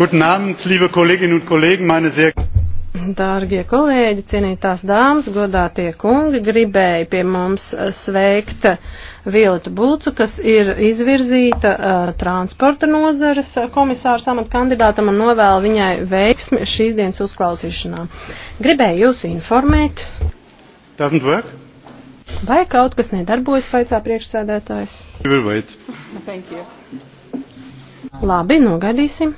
Guten Abend, liebe Kolleginnen und Kollegen, meine sehr Dārgie kolēģi, cienītās dāmas, godātie kungi, gribēju pie mums eh, sveikt Violetu Bulcu, kas ir izvirzīta uh, transporta nozares eh, komisāra samat kandidātam un novēlu viņai veiksmi šīs dienas uzklausīšanā. Gribēju jūs informēt. Doesn't work? Vai kaut kas nedarbojas, vaicā priekšsēdētājs? Labi, nogaidīsim.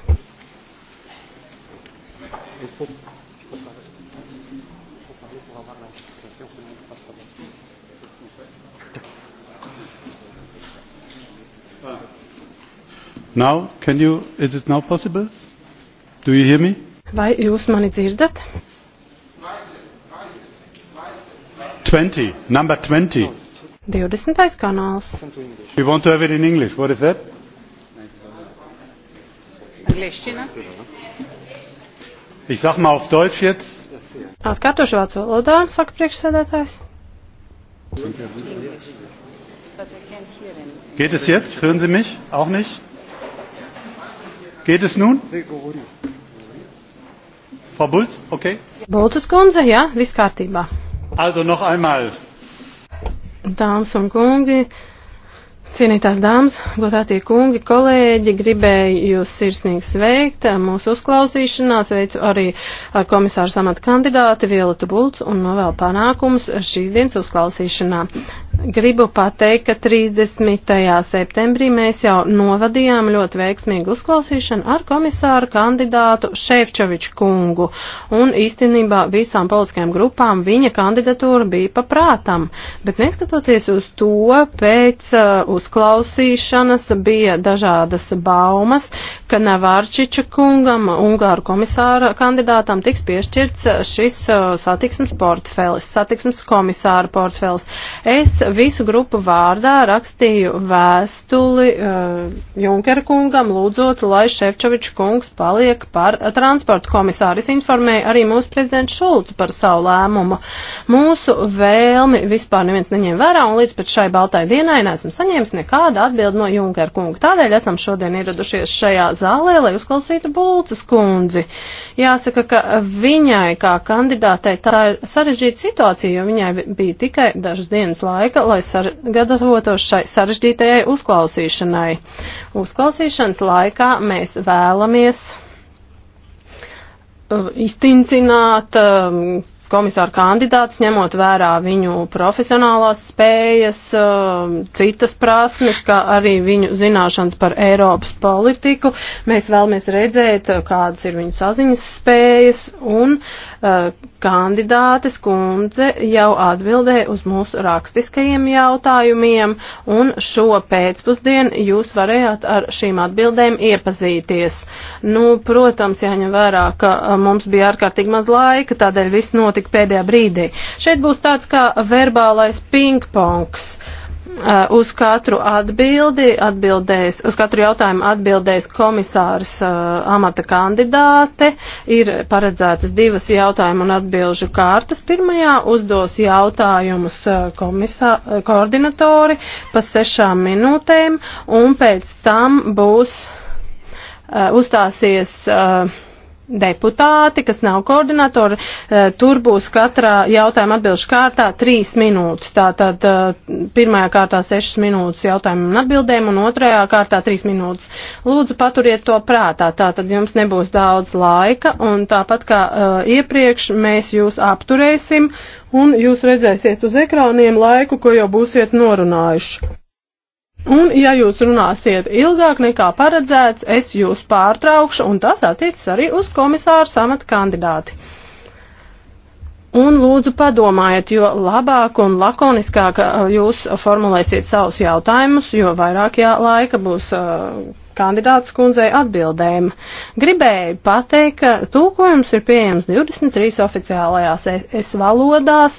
Il faut, il faut parler, il faut parler pour avoir l'interprétation, sinon on ne peut pas savoir. Qu'est-ce qu'on fait ah. Now, can you, is it now possible? Do you hear me? Vai jūs mani dzirdat? 20, number 20. 20. kanāls. You want to have it in English, what is that? Anglišķina. Ich sag mal auf Deutsch jetzt. Atkārtošu vācu valodā, saka priekšsēdētājs. Geht es jetzt? Hören Sie mich? Auch nicht? Geht es nun? Frau Bulc, okay. Bulces kundze, jā, viss kārtībā. Also noch einmal. Dāmas un kungi, Cienītās dāmas, godātie kungi, kolēģi, gribēju jūs sirsnīgi sveikt mūsu uzklausīšanā, sveicu arī ar komisāru samata kandidāti Violetu Bulcu un novēlu panākums šīs dienas uzklausīšanā. Gribu pateikt, ka 30. septembrī mēs jau novadījām ļoti veiksmīgu uzklausīšanu ar komisāru kandidātu Šefčoviču kungu, un īstenībā visām politiskajām grupām viņa kandidatūra bija paprātam, bet neskatoties uz to, pēc uh, uzklausīšanas bija dažādas baumas, ka Navārčiča kungam, Ungāru komisāra kandidātam, tiks piešķirts šis uh, satiksmes portfelis, satiksmes komisāra portfelis. Es visu grupu vārdā rakstīju vēstuli uh, eh, Junkera kungam, lūdzot, lai Šefčoviča kungs paliek par transporta komisāris. Informēja arī mūsu prezidents Šulcu par savu lēmumu. Mūsu vēlmi vispār neviens neņem vērā, un līdz pat šai baltai dienai neesam saņēmis nekādu atbildi no Junkera kunga. Tādēļ esam šodien ieradušies šajā zālē, lai uzklausītu Bulcas kundzi. Jāsaka, ka viņai kā kandidātei tā ir sarežģīta situācija, jo viņai bija tikai dažas dienas laika laika, lai gatavotos šai sarežģītajai uzklausīšanai. Uzklausīšanas laikā mēs vēlamies uh, iztincināt um, komisāru kandidātus, ņemot vērā viņu profesionālās spējas, um, citas prasmes, kā arī viņu zināšanas par Eiropas politiku. Mēs vēlamies redzēt, uh, kādas ir viņu saziņas spējas un uh, Eh, kandidātes kundze jau atbildēja uz mūsu rakstiskajiem jautājumiem, un šo pēcpusdienu jūs varējāt ar šīm atbildēm iepazīties. Nu, protams, jāņem vērā, ka eh, mums bija ārkārtīgi maz laika, tādēļ viss notika pēdējā brīdī. Šeit būs tāds kā verbālais pingpongs. Uh, Uh, uz katru atbildi atbildēs, uz katru jautājumu atbildēs komisārs uh, amata kandidāte. Ir paredzētas divas jautājumu un atbilžu kārtas. Pirmajā uzdos jautājumus uh, komisā, uh, koordinatori pa sešām minūtēm un pēc tam būs uh, uzstāsies. Uh, deputāti, kas nav koordinatori, e, tur būs katrā jautājuma atbilžu kārtā trīs minūtes. Tātad e, pirmajā kārtā sešas minūtes jautājumam un atbildēm, un otrajā kārtā trīs minūtes. Lūdzu, paturiet to prātā, tātad jums nebūs daudz laika, un tāpat kā e, iepriekš mēs jūs apturēsim, un jūs redzēsiet uz ekrāniem laiku, ko jau būsiet norunājuši. Un, ja jūs runāsiet ilgāk nekā paredzēts, es jūs pārtraukšu, un tas attiecas arī uz komisāru samata kandidāti. Un lūdzu padomājiet, jo labāk un lakoniskāk uh, jūs formulēsiet savus jautājumus, jo vairāk jā, laika būs uh, kandidātas kundzei atbildēm. Gribēju pateikt, ka tulkojums ir pieejams 23 oficiālajās es valodās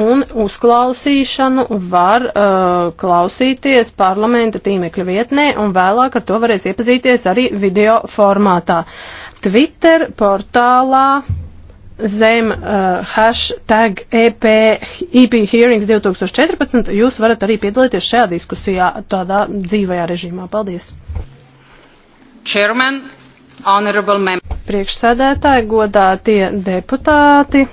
un uzklausīšanu var uh, klausīties parlamenta tīmekļa vietnē un vēlāk ar to varēs iepazīties arī video formātā. Twitter portālā zem uh, hashtag EP, EP Hearings 2014 jūs varat arī piedalīties šajā diskusijā tādā dzīvajā režīmā. Paldies! Chairman, honorable members. Priekšsēdētāji, godātie deputāti.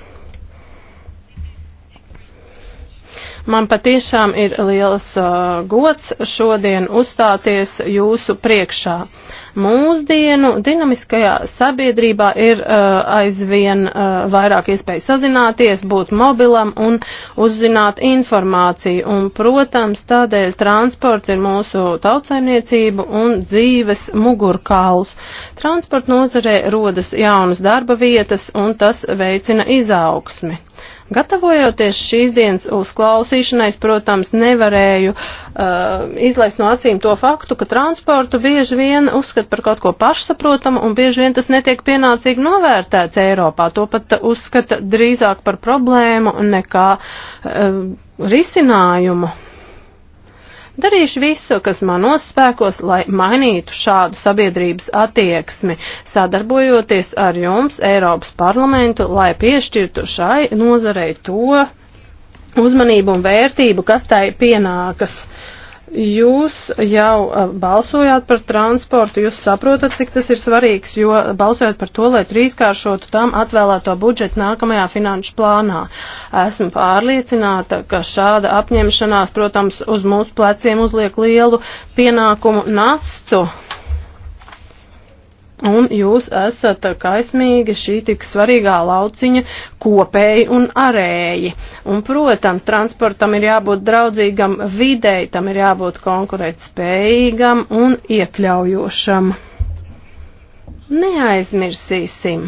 Man patiešām ir liels uh, gods šodien uzstāties jūsu priekšā. Mūsdienu dinamiskajā sabiedrībā ir uh, aizvien uh, vairāk iespēju sazināties, būt mobilam un uzzināt informāciju. Un, protams, tādēļ transports ir mūsu tautsaimniecību un dzīves mugurkauls. Transporta nozarē rodas jaunas darba vietas un tas veicina izaugsmi. Gatavojoties šīs dienas uzklausīšanai, protams, nevarēju uh, izlaist no acīm to faktu, ka transportu bieži vien uzskata par kaut ko pašsaprotamu un bieži vien tas netiek pienācīgi novērtēts Eiropā. To pat uzskata drīzāk par problēmu nekā uh, risinājumu. Darīšu visu, kas manos spēkos, lai mainītu šādu sabiedrības attieksmi, sadarbojoties ar jums, Eiropas parlamentu, lai piešķirtu šai nozarei to uzmanību un vērtību, kas tai pienākas. Uh, Jūs jau uh, balsojāt par transportu, jūs saprotat, cik tas ir svarīgs, jo balsojāt par to, lai trīskāršotu tam atvēlēto budžetu nākamajā finanšu plānā. Esmu pārliecināta, ka šāda apņemšanās, protams, uz mūsu pleciem uzliek lielu pienākumu nastu Un jūs esat kaismīgi šī tik svarīgā lauciņa kopēji un arēji. Un, protams, transportam ir jābūt draudzīgam videi, tam ir jābūt konkurētspējīgam un iekļaujošam. Neaizmirsīsim.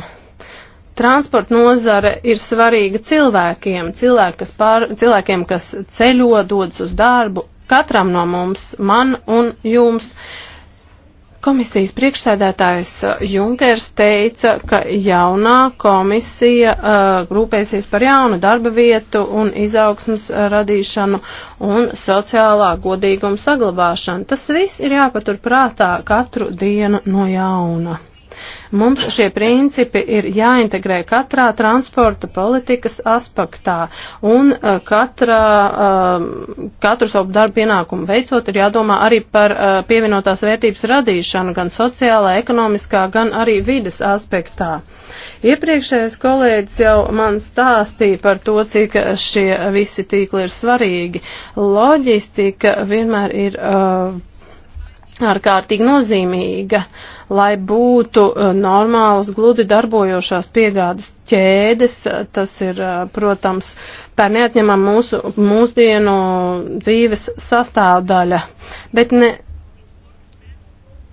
Transporta nozare ir svarīga cilvēkiem, cilvēki, kas pār, cilvēkiem, kas ceļo, dodas uz darbu, katram no mums, man un jums. Uh, Komisijas priekšsēdētājs uh, Junkers teica, ka jaunā komisija uh, rūpēsies par jaunu darba vietu un izaugsmas uh, radīšanu un sociālā godīguma saglabāšanu. Tas viss ir jāpatur prātā katru dienu no jauna. Mums šie principi ir jāintegrē katrā transporta politikas aspektā un eh, katrā, eh, katru savu darbu pienākumu veicot ir jādomā arī par eh, pievienotās vērtības radīšanu gan sociālā, ekonomiskā, gan arī vides aspektā. Iepriekšējais kolēģis jau man stāstīja par to, cik šie visi tīkli ir svarīgi. Loģistika vienmēr ir uh, ārkārtīgi nozīmīga, lai būtu uh, normālas, gludi darbojošās piegādes ķēdes. Uh, tas ir, uh, protams, tā ir neatņemama mūsu mūsdienu dzīves sastāvdaļa. Bet ne,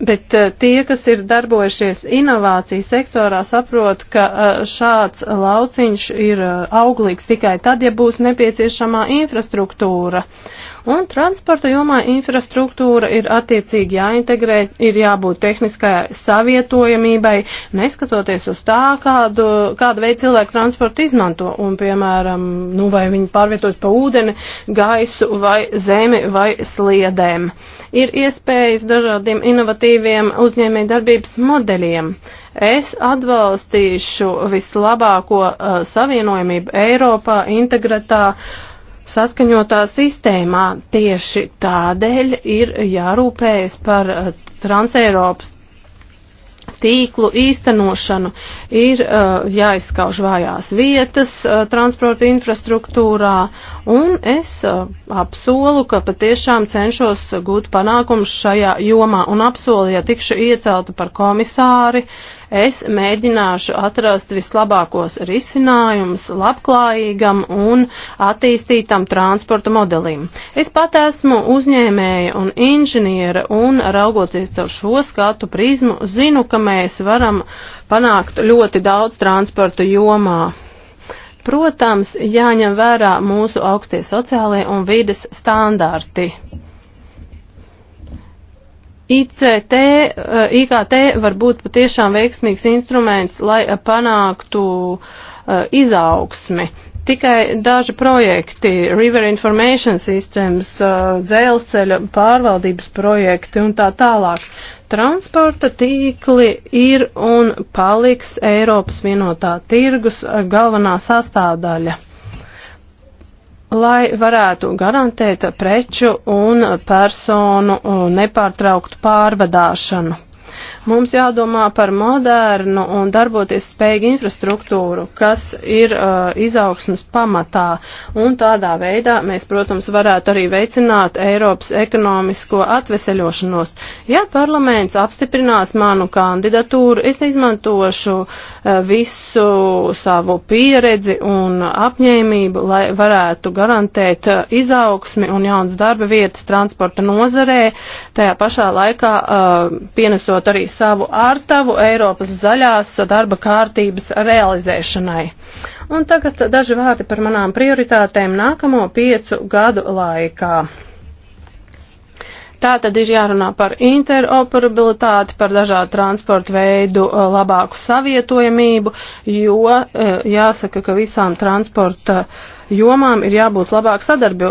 Bet tie, kas ir darbojušies inovāciju sektorā, saprot, ka šāds lauciņš ir auglīgs tikai tad, ja būs nepieciešamā infrastruktūra. Uh, Un transporta jomā infrastruktūra ir attiecīgi jāintegrē, ir jābūt tehniskai savietojamībai, neskatoties uz tā, kādu, kādu veidu cilvēku transportu izmanto. Un, piemēram, nu, vai viņi pārvietojas pa ūdeni, gaisu vai zemi vai sliedēm. Ir iespējas dažādiem inovatīviem uzņēmēju darbības modeļiem. Es atbalstīšu vislabāko uh, savienojumību Eiropā, integratā uh, saskaņotā sistēmā. Tieši tādēļ ir jārūpējas par eh, Transeiropas tīklu īstenošanu, ir uh, jāizskauž vājās vietas uh, transporta infrastruktūrā, un es uh, apsolu, ka patiešām cenšos gūt panākumus šajā jomā, un apsolu, ja tikšu iecelta par komisāri, uh, Es mēģināšu atrast vislabākos risinājumus labklājīgam un attīstītam transporta modelim. Es pat esmu uzņēmēja un inženiera un raugoties caur šo skatu prizmu, zinu, ka mēs varam panākt ļoti daudz transporta jomā. Protams, jāņem vērā mūsu augstie sociālie un vides standarti. ICT, eh, IKT var būt patiešām veiksmīgs instruments, lai eh, panāktu eh, izaugsmi. Tikai daži projekti, River Information Systems, dzelzceļa pārvaldības projekti un tā tālāk. Transporta tīkli ir un paliks Eiropas vienotā tirgus galvenā sastāvdaļa lai varētu garantēt preču un personu uh, nepārtrauktu pārvadāšanu. Mums jādomā par modernu un darboties spējīgu infrastruktūru, kas ir uh, izaugsmas pamatā. Un tādā veidā mēs, protams, varētu arī veicināt Eiropas ekonomisko atveseļošanos. Ja parlaments apstiprinās manu kandidatūru, es izmantošu uh, visu savu pieredzi un apņēmību, lai varētu garantēt uh, izaugsmi un jaunas darba vietas transporta nozarē, tajā pašā laikā uh, pienesot arī savu ārtavu Eiropas zaļās darba kārtības realizēšanai. Un tagad daži vārdi par manām prioritātēm nākamo piecu gadu laikā. Tā tad ir jārunā par interoperabilitāti, par dažādu transportu veidu eh, labāku savietojamību, jo eh, jāsaka, ka visām transporta jomām ir jābūt labāk sadarbi,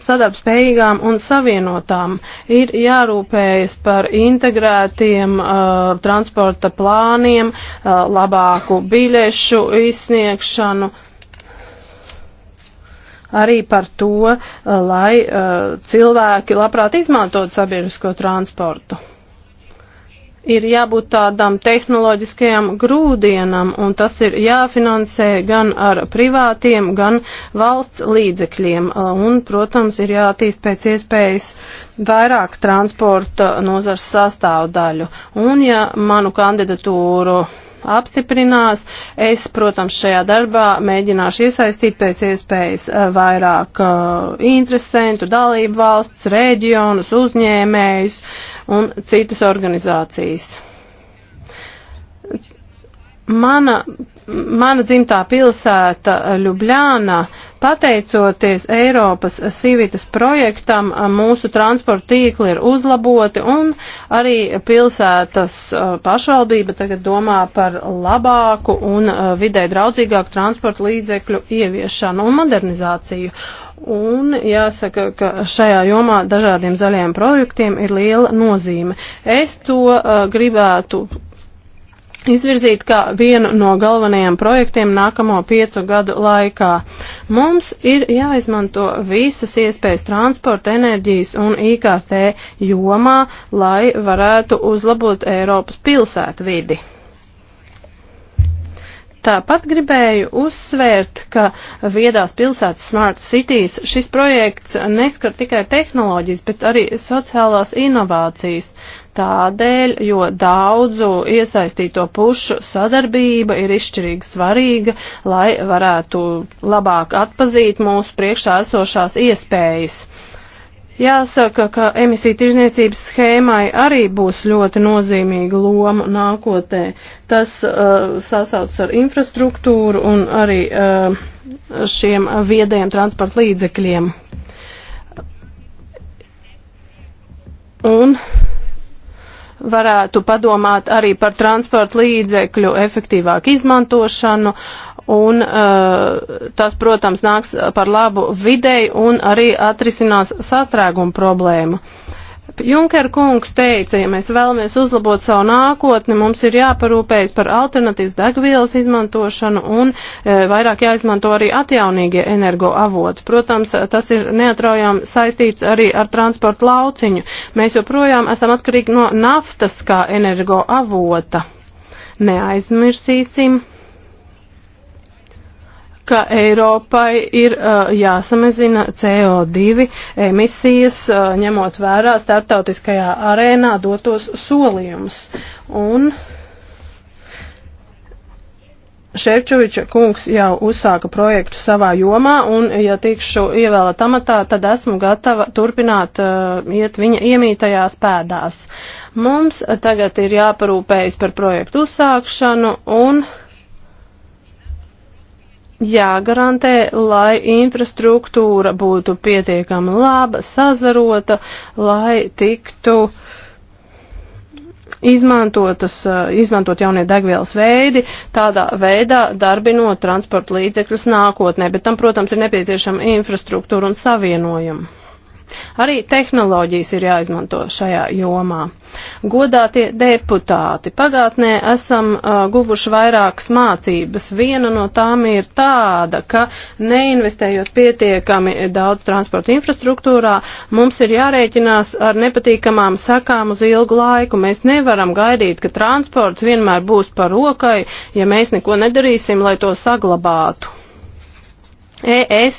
sadarbspējīgām un savienotām. Ir jārūpējas par integrētiem uh, transporta plāniem, uh, labāku biļešu izsniegšanu, arī par to, uh, lai uh, cilvēki labprāt izmantot sabiedrisko transportu ir jābūt tādam tehnoloģiskajam grūdienam, un tas ir jāfinansē gan ar privātiem, gan valsts līdzekļiem. Un, protams, ir jātīst pēc iespējas vairāk transporta nozars sastāvdaļu. Un, ja manu kandidatūru apstiprinās. Es, protams, šajā darbā mēģināšu iesaistīt pēc iespējas vairāk uh, interesentu, dalību valsts, reģionus, uzņēmējus, uh, un citas organizācijas. Mana, mana dzimtā pilsēta eh, Ljubljāna Pateicoties Eiropas Sīvitas projektam, eh, mūsu transporta tīkli ir uzlaboti un arī pilsētas eh, pašvaldība tagad domā par labāku un vidē draudzīgāku transporta līdzekļu ieviešanu un modernizāciju. Un jāsaka, ka šajā jomā dažādiem zaļajiem projektiem ir liela nozīme. Es to uh, gribētu izvirzīt kā vienu no galvenajiem projektiem nākamo piecu gadu laikā. Mums ir jāizmanto visas iespējas transporta, enerģijas un IKT jomā, lai varētu uzlabot Eiropas pilsētu vidi. Tāpat gribēju uzsvērt, ka viedās pilsētas Smart Cities šis projekts neskar tikai tehnoloģijas, bet arī sociālās inovācijas. Tādēļ, jo daudzu iesaistīto pušu sadarbība ir izšķirīgi svarīga, lai varētu labāk atpazīt mūsu priekšā esošās iespējas. Jāsaka, ka emisiju tirzniecības schēmai arī būs ļoti nozīmīga loma nākotnē. Tas uh, sasauc ar infrastruktūru un arī uh, šiem viedajiem transporta līdzekļiem. Un varētu padomāt arī par transporta līdzekļu efektīvāku izmantošanu. Uh, un uh, tas, protams, nāks par labu videi un arī atrisinās sastrēgumu problēmu. Junker kungs teica, ja mēs vēlamies uzlabot savu nākotni, mums ir jāparūpējas par alternatīvas degvielas izmantošanu un e, vairāk jāizmanto arī atjaunīgie energoavoti. Protams, tas ir neatraujām saistīts arī ar transportu lauciņu. Mēs joprojām esam atkarīgi no naftas kā energoavota. Neaizmirsīsim ka Eiropai ir uh, jāsamazina CO2 emisijas, uh, ņemot vērā starptautiskajā arēnā dotos solījumus. Un Šefčoviča kungs jau uzsāka projektu savā jomā, un, ja tikšu ievēlēt amatā, tad esmu gatava turpināt uh, iet viņa iemītajās pēdās. Mums tagad ir jāparūpējas par projektu uzsākšanu un. Uh, jāgarantē, lai infrastruktūra būtu pietiekama laba, sazarota, lai tiktu izmantotas, eh, izmantot jaunie degvielas veidi, tādā veidā darbinot transporta līdzekļus nākotnē, bet tam, protams, ir nepieciešama infrastruktūra un savienojuma. Arī tehnoloģijas ir jāizmanto šajā jomā. Godātie deputāti, pagātnē esam uh, guvuši vairākas mācības. Viena no tām ir tāda, ka neinvestējot pietiekami daudz transporta infrastruktūrā, mums ir jārēķinās ar nepatīkamām sakām uz ilgu laiku. Mēs nevaram gaidīt, ka transports vienmēr būs par rokai, ja mēs neko nedarīsim, lai to saglabātu. ES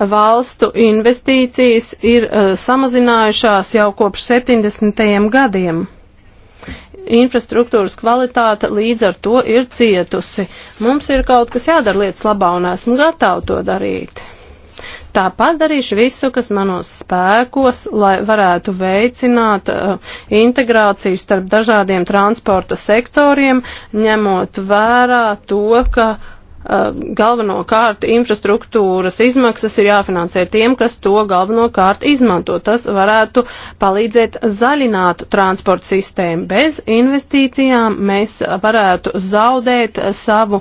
valstu investīcijas ir uh, samazinājušās jau kopš 70. gadiem. Infrastruktūras kvalitāte līdz ar to ir cietusi. Mums ir kaut kas jādara lietas labā un esmu gatava to darīt. Tāpat darīšu visu, kas manos spēkos, lai varētu veicināt uh, integrāciju starp dažādiem transporta sektoriem, ņemot vērā to, ka uh, Ehm, galvenokārt infrastruktūras izmaksas ir jāfinansē tiem, kas to galvenokārt izmanto. Tas varētu palīdzēt zaļināt transporta sistēmu. Bez investīcijām mēs varētu zaudēt savu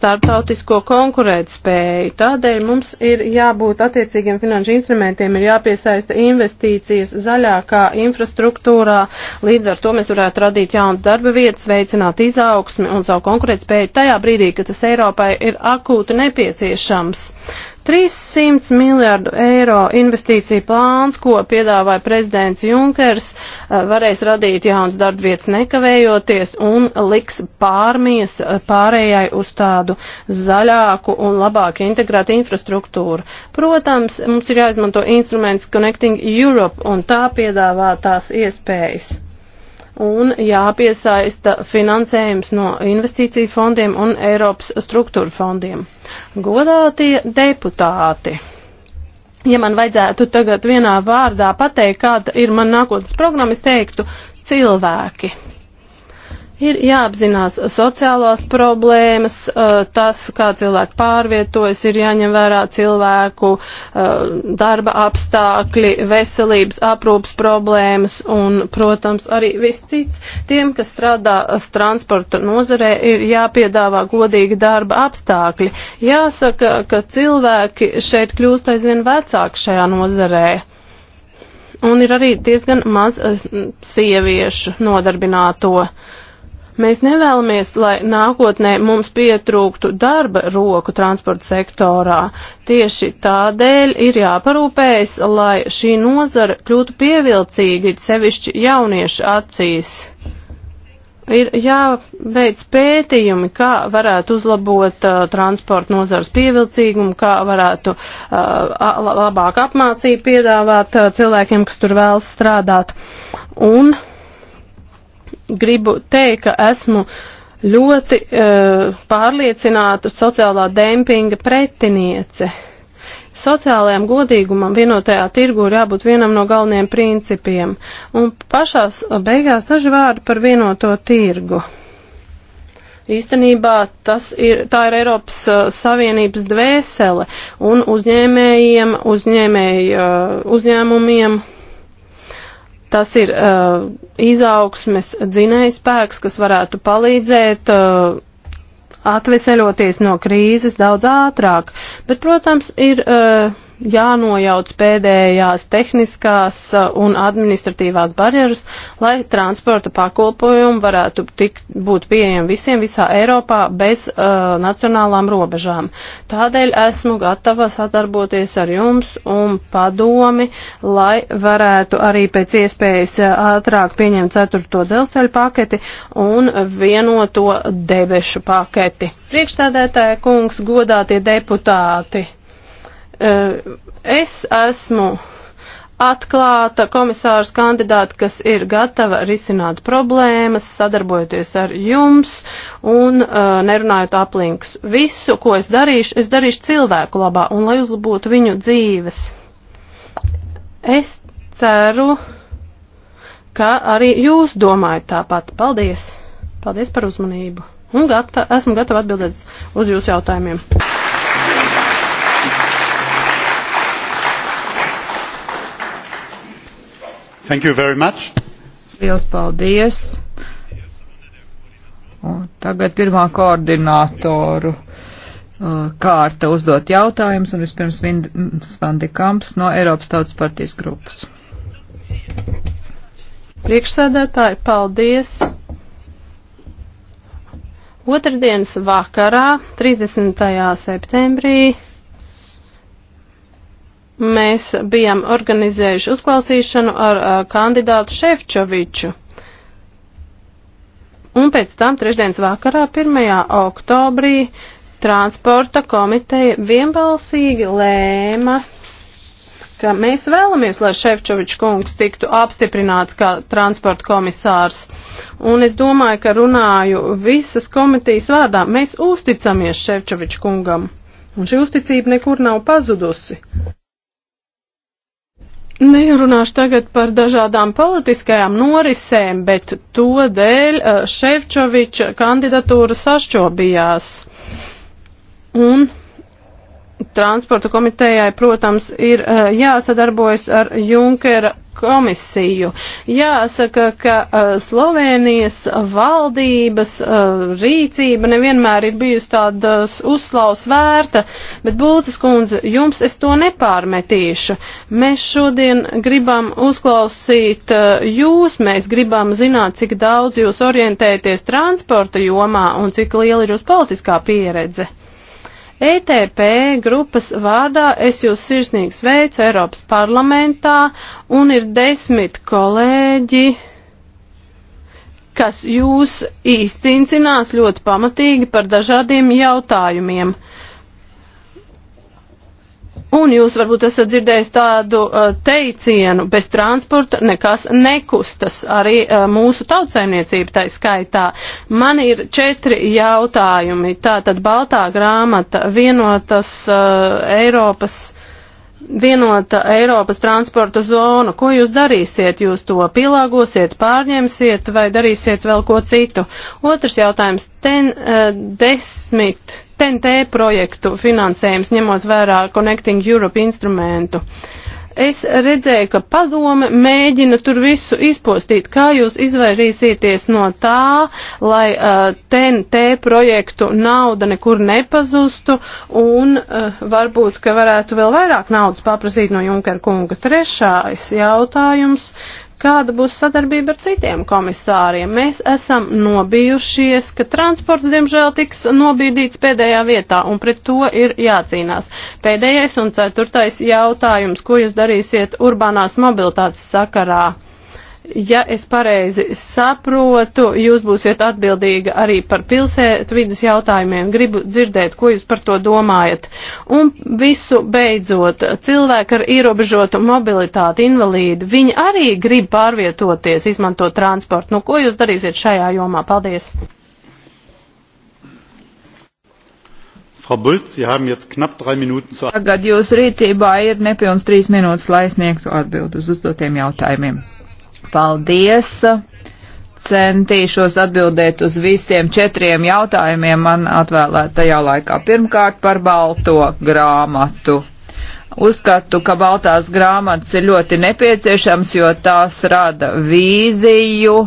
starptautisko konkurētspēju. Tādēļ mums ir jābūt attiecīgiem finanšu instrumentiem, ir jāpiesaista investīcijas zaļākā infrastruktūrā. Līdz ar to mēs varētu radīt jaunas darba vietas, veicināt izaugsmi un savu konkurētspēju tajā brīdī, kad tas Eiropai ir akūti nepieciešams. 300 miljārdu eiro investīcija plāns, ko piedāvāja prezidents Junkers, eh, varēs radīt jauns darba vietas nekavējoties un liks pārmies eh, pārējai uz tādu zaļāku un labāk integrētu infrastruktūru. Protams, mums ir jāizmanto instruments Connecting Europe un tā piedāvā tās iespējas un jāpiesaista finansējums no investīciju fondiem un Eiropas struktūra fondiem. Godātie deputāti! Ja man vajadzētu tagad vienā vārdā pateikt, kāda ir man nākotnes programma, es teiktu cilvēki. Ir jāapzinās sociālās problēmas, uh, tas, kā cilvēki pārvietojas, ir jāņem vērā cilvēku uh, darba apstākļi, veselības aprūpas problēmas un, protams, arī viss cits. Tiem, kas strādā uh, transporta nozarē, ir jāpiedāvā godīgi darba apstākļi. Jāsaka, ka cilvēki šeit kļūst aizvien vecāki šajā nozarē un ir arī diezgan maz sieviešu nodarbināto. Mēs nevēlamies, lai nākotnē mums pietrūktu darba roku transporta sektorā. Tieši tādēļ ir jāparūpējas, lai šī nozara kļūtu pievilcīga sevišķi jauniešu acīs. Ir jāveic pētījumi, kā varētu uzlabot uh, transporta nozares pievilcīgumu, kā varētu uh, labāk apmācību piedāvāt uh, cilvēkiem, kas tur vēlas strādāt. Un uh, gribu teikt, ka esmu ļoti uh, pārliecināta sociālā dempinga pretiniece. Sociālajam godīgumam vienotajā tirgu ir jābūt vienam no galvenajiem principiem. Un pašās eh, beigās daži vārdi par vienoto tirgu. Īstenībā tas ir, tā ir Eiropas uh, Savienības dvēsele un uzņēmējiem, uzņēmēju uh, uzņēmumiem Tas ir uh, izaugsmes dzinējspēks, kas varētu palīdzēt uh, atveseļoties no krīzes daudz ātrāk. Bet, protams, ir. Uh, jānojauc pēdējās tehniskās uh, un administratīvās barjeras, lai transporta pakalpojumi varētu tik, būt pieejami visiem visā Eiropā bez uh, nacionālām robežām. Tādēļ esmu gatava sadarboties ar jums un padomi, lai varētu arī pēc iespējas uh, ātrāk pieņemt ceturto dzelzceļu paketi un vienoto debešu paketi. Priekšstādētāja kungs, godātie deputāti! Eh, es esmu atklāta komisārs kandidāta, kas ir gatava risināt problēmas, sadarbojoties ar jums un uh, nerunājot aplinks. Visu, ko es darīšu, es darīšu cilvēku labā un lai uzlabotu viņu dzīves. Es ceru, ka arī jūs domājat tāpat. Paldies! Paldies par uzmanību! Un gata, esmu gatava atbildēt uz jūsu jautājumiem. Thank you very much. Liels paldies. Un tagad pirmā koordinātoru uh, kārta uzdot jautājumus, un vispirms Svandi Kamps no Eiropas Tautas partijas grupas. Priekšsēdētāji, paldies! Otradienas vakarā, 30. septembrī, mēs bijām organizējuši uzklausīšanu ar uh, kandidātu Šefčoviču. Un pēc tam trešdienas vakarā, 1. oktobrī, transporta komiteja vienbalsīgi lēma, ka mēs vēlamies, lai Šefčovičs kungs tiktu apstiprināts kā transporta komisārs. Un es domāju, ka runāju visas komitejas vārdā. Mēs uzticamies Šefčovičs kungam. Un šī uzticība nekur nav pazudusi. Nerunāšu tagad par dažādām politiskajām norisēm, bet to dēļ eh, Ševčoviča kandidatūra sašķobījās. Un transporta komitejai, protams, ir eh, jāsadarbojas ar Junkera komisiju. Jāsaka, ka uh, Slovenijas valdības uh, rīcība nevienmēr ir bijusi tādas uh, uzslaus vērta, bet Bulces kundze, jums es to nepārmetīšu. Mēs šodien gribam uzklausīt uh, jūs, mēs gribam zināt, cik daudz jūs orientēties transporta jomā un cik liela ir jūsu politiskā pieredze. ETP grupas vārdā es jūs sirsnīgi sveicu Eiropas parlamentā un ir desmit kolēģi, kas jūs īstincinās ļoti pamatīgi par dažādiem jautājumiem. Un jūs varbūt esat dzirdējis tādu uh, teicienu, bez transporta nekas nekustas, arī uh, mūsu tautsaimniecība tai skaitā. Man ir četri jautājumi. Tātad Baltā grāmata, vienotas uh, Eiropas vienota Eiropas transporta zona. Ko jūs darīsiet? Jūs to pielāgosiet, pārņemsiet vai darīsiet vēl ko citu? Otrs jautājums. Ten uh, desmit TNT projektu finansējums ņemot vērā Connecting Europe instrumentu. Uh, Es redzēju, ka padome mēģina tur visu izpostīt. Kā jūs izvairīsieties no tā, lai uh, TNT projektu nauda nekur nepazustu un uh, varbūt, ka varētu vēl vairāk naudas paprasīt no Junkera kunga? Trešais jautājums kāda būs sadarbība ar citiem komisāriem. Mēs esam nobijušies, ka transports, diemžēl, tiks nobīdīts pēdējā vietā, un pret to ir jācīnās. Pēdējais un ceturtais jautājums, ko jūs darīsiet urbānās mobilitātes sakarā? Ja es pareizi saprotu, jūs būsiet atbildīga arī par pilsētvidas jautājumiem. Gribu dzirdēt, ko jūs par to domājat. Un visu beidzot, cilvēki ar ierobežotu mobilitāti, invalīdi, viņi arī grib pārvietoties, izmantot transportu. Nu, ko jūs darīsiet šajā jomā? Paldies! Frau Bulc, Sie haben jetzt knapp drei Minuten zu. Tagad jūsu rīcībā ir nepilns trīs minūtes, lai sniegtu atbildus uz uzdotiem jautājumiem. Paldies! Centīšos atbildēt uz visiem četriem jautājumiem man atvēlētajā laikā. Pirmkārt par balto grāmatu. Uzskatu, ka baltās grāmatas ir ļoti nepieciešams, jo tās rada vīziju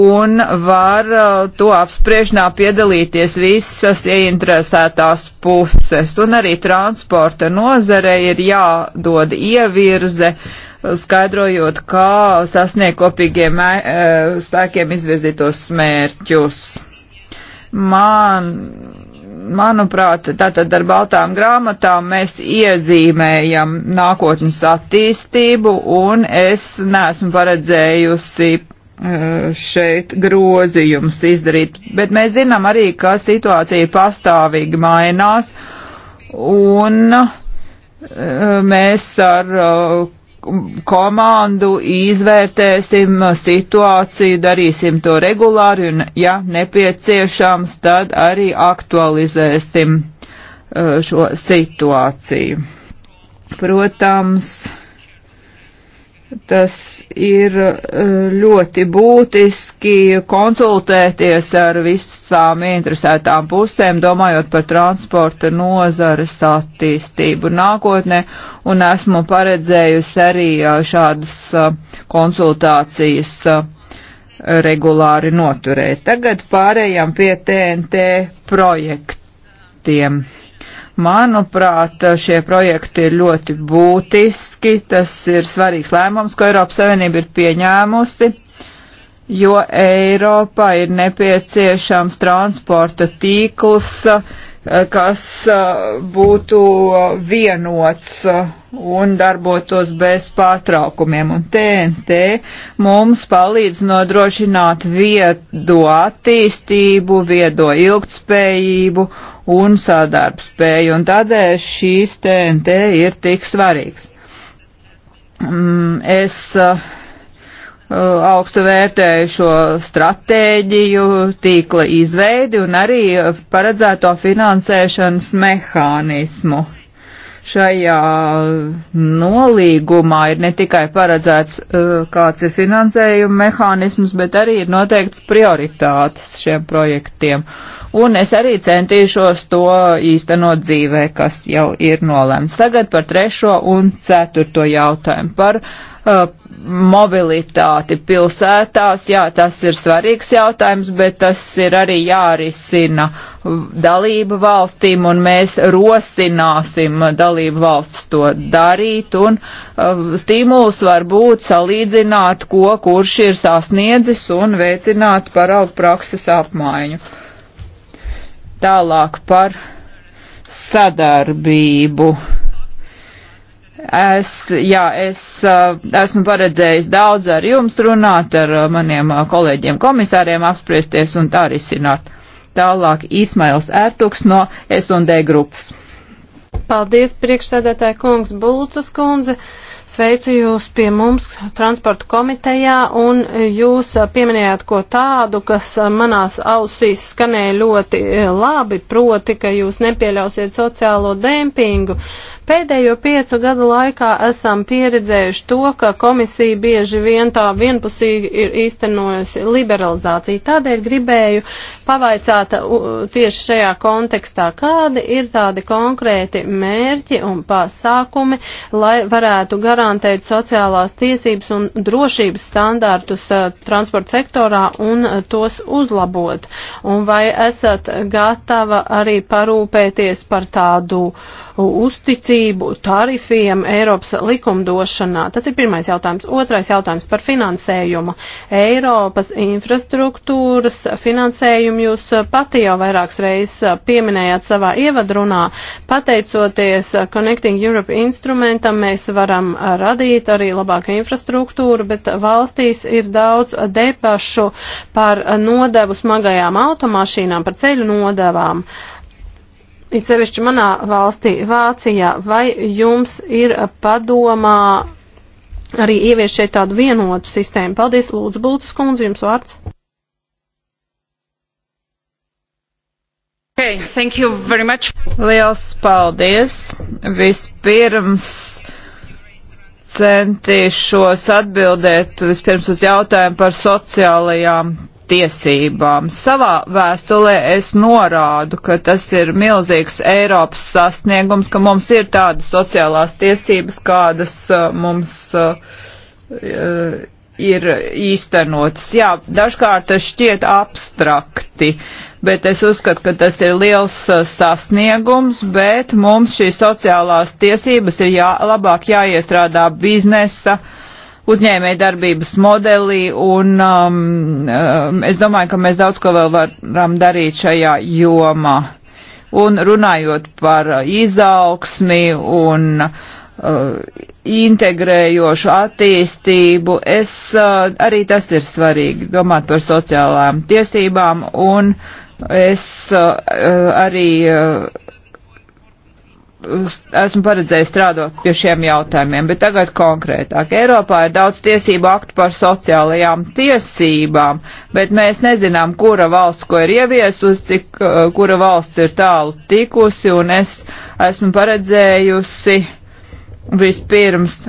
un var uh, to apspriešanā piedalīties visas ieinteresētās puses. Un arī transporta nozarei ir jādod ievirze skaidrojot, kā sasniegt kopīgiem eh, spēkiem izvirzītos smērķus. Man, manuprāt, tātad ar baltām grāmatām mēs iezīmējam nākotnes attīstību, un es neesmu paredzējusi eh, šeit grozījums izdarīt, bet mēs zinām arī, ka situācija pastāvīgi mainās, un eh, mēs ar komandu, izvērtēsim situāciju, darīsim to regulāri un, ja nepieciešams, tad arī aktualizēsim eh, šo situāciju. Protams, Tas ir eh, ļoti būtiski konsultēties ar visām interesētām pusēm, domājot par transporta nozares attīstību nākotnē, un esmu paredzējusi arī eh, šādas eh, konsultācijas regulāri noturēt. Tagad pārējām pie TNT projektiem. Manuprāt, šie projekti ir ļoti būtiski, tas ir svarīgs lēmums, ko Eiropas Savienība ir pieņēmusi, jo Eiropā ir nepieciešams transporta tīkls, kas būtu vienots un darbotos bez pārtraukumiem. Un TNT mums palīdz nodrošināt viedo attīstību, viedo ilgtspējību un sadarbspēju, un tādēļ šīs TNT ir tik svarīgs. Mm, es uh, uh, augstu vērtēju šo stratēģiju, tīkla izveidi un arī uh, paredzēto finansēšanas mehānismu. Šajā nolīgumā ir ne tikai paredzēts, kāds ir finansējuma mehānisms, bet arī ir noteikts prioritātes šiem projektiem. Uh, un es arī centīšos to īstenot dzīvē, kas jau ir nolēmts. Tagad par trešo un ceturto jautājumu par uh, mobilitāti pilsētās. Jā, tas ir svarīgs jautājums, bet tas ir arī jārisina dalību valstīm, un mēs rosināsim dalību valsts to darīt, un uh, stimuls var būt salīdzināt, ko kurš ir sasniedzis, un veicināt paraugu prakses apmaiņu. Tālāk par sadarbību. Es, jā, es eh, esmu paredzējis daudz ar jums runāt, ar eh, maniem eh, kolēģiem komisāriem apspriesties un tā risināt. Tālāk Ismails Ertuks no S&D grupas. Paldies, priekšsēdētāja kungs Bulcas kundze. Uh, Sveicu jūs pie mums transporta komitejā un jūs pieminējāt ko tādu, kas manās ausīs skanēja ļoti eh, labi, proti, ka jūs nepieļausiet sociālo dempingu. Pēdējo piecu gadu laikā esam pieredzējuši to, ka komisija bieži vien tā vienpusīgi ir īstenojusi liberalizāciju. Tādēļ gribēju pavaicāt tieši šajā kontekstā, kādi ir tādi konkrēti mērķi un pasākumi, lai varētu garantēt sociālās tiesības un drošības standārtus uh, transporta sektorā un uh, tos uzlabot. Un vai esat gatava arī parūpēties par tādu uh, uzticību tarifiem Eiropas likumdošanā? Tas ir pirmais jautājums. Otrais jautājums par finansējumu. Eiropas infrastruktūras finansējumu jūs pati jau vairākas reizes pieminējāt savā ievadrunā. Pateicoties Connecting Europe instrumentam, mēs varam radīt arī labāku infrastruktūru, bet valstīs ir daudz depašu par nodevu smagajām automašīnām, par ceļu nodevām. Uh, it sevišķi manā valstī, Vācijā, vai jums ir padomā arī ievies šeit tādu vienotu sistēmu? Paldies, Lūdzu, Bultas kundze, jums vārds. Okay, thank you very much. Liels paldies. Vispirms centīšos atbildēt vispirms uz jautājumu par sociālajām tiesībām. Savā vēstulē es norādu, ka tas ir milzīgs Eiropas sasniegums, ka mums ir tādas sociālās tiesības, kādas uh, mums uh, ir īstenotas. Jā, dažkārt tas šķiet abstrakti, bet es uzskatu, ka tas ir liels uh, sasniegums, bet mums šīs sociālās tiesības ir jā, labāk jāiestrādā biznesa, uh, uzņēmē darbības modelī, un um, um, es domāju, ka mēs daudz ko vēl varam darīt šajā jomā. Un runājot par izaugsmi un uh, integrējošu attīstību, es, uh, arī tas ir svarīgi, domāt par sociālām tiesībām, un es uh, arī uh, esmu paredzējis strādāt pie šiem jautājumiem, bet tagad konkrētāk. Eiropā ir daudz tiesību aktu par sociālajām tiesībām, bet mēs nezinām, kura valsts ko ir ieviesusi, cik, uh, kura valsts ir tālu tikusi, un es esmu paredzējusi uh, vispirms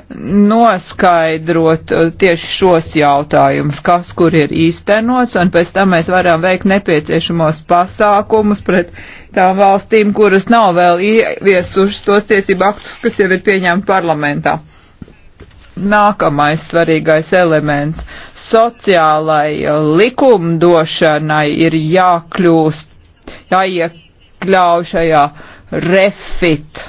noskaidrot uh, tieši šos jautājumus, kas kur ir īstenots, un pēc tam mēs varam veikt nepieciešamos pasākumus pret tām valstīm, kuras nav vēl ieviesušas tos tiesību aktus, kas jau ir pieņemti parlamentā. Nākamais svarīgais elements - sociālai uh, likumdošanai ir jākļūst, jāiekļauj šajā refit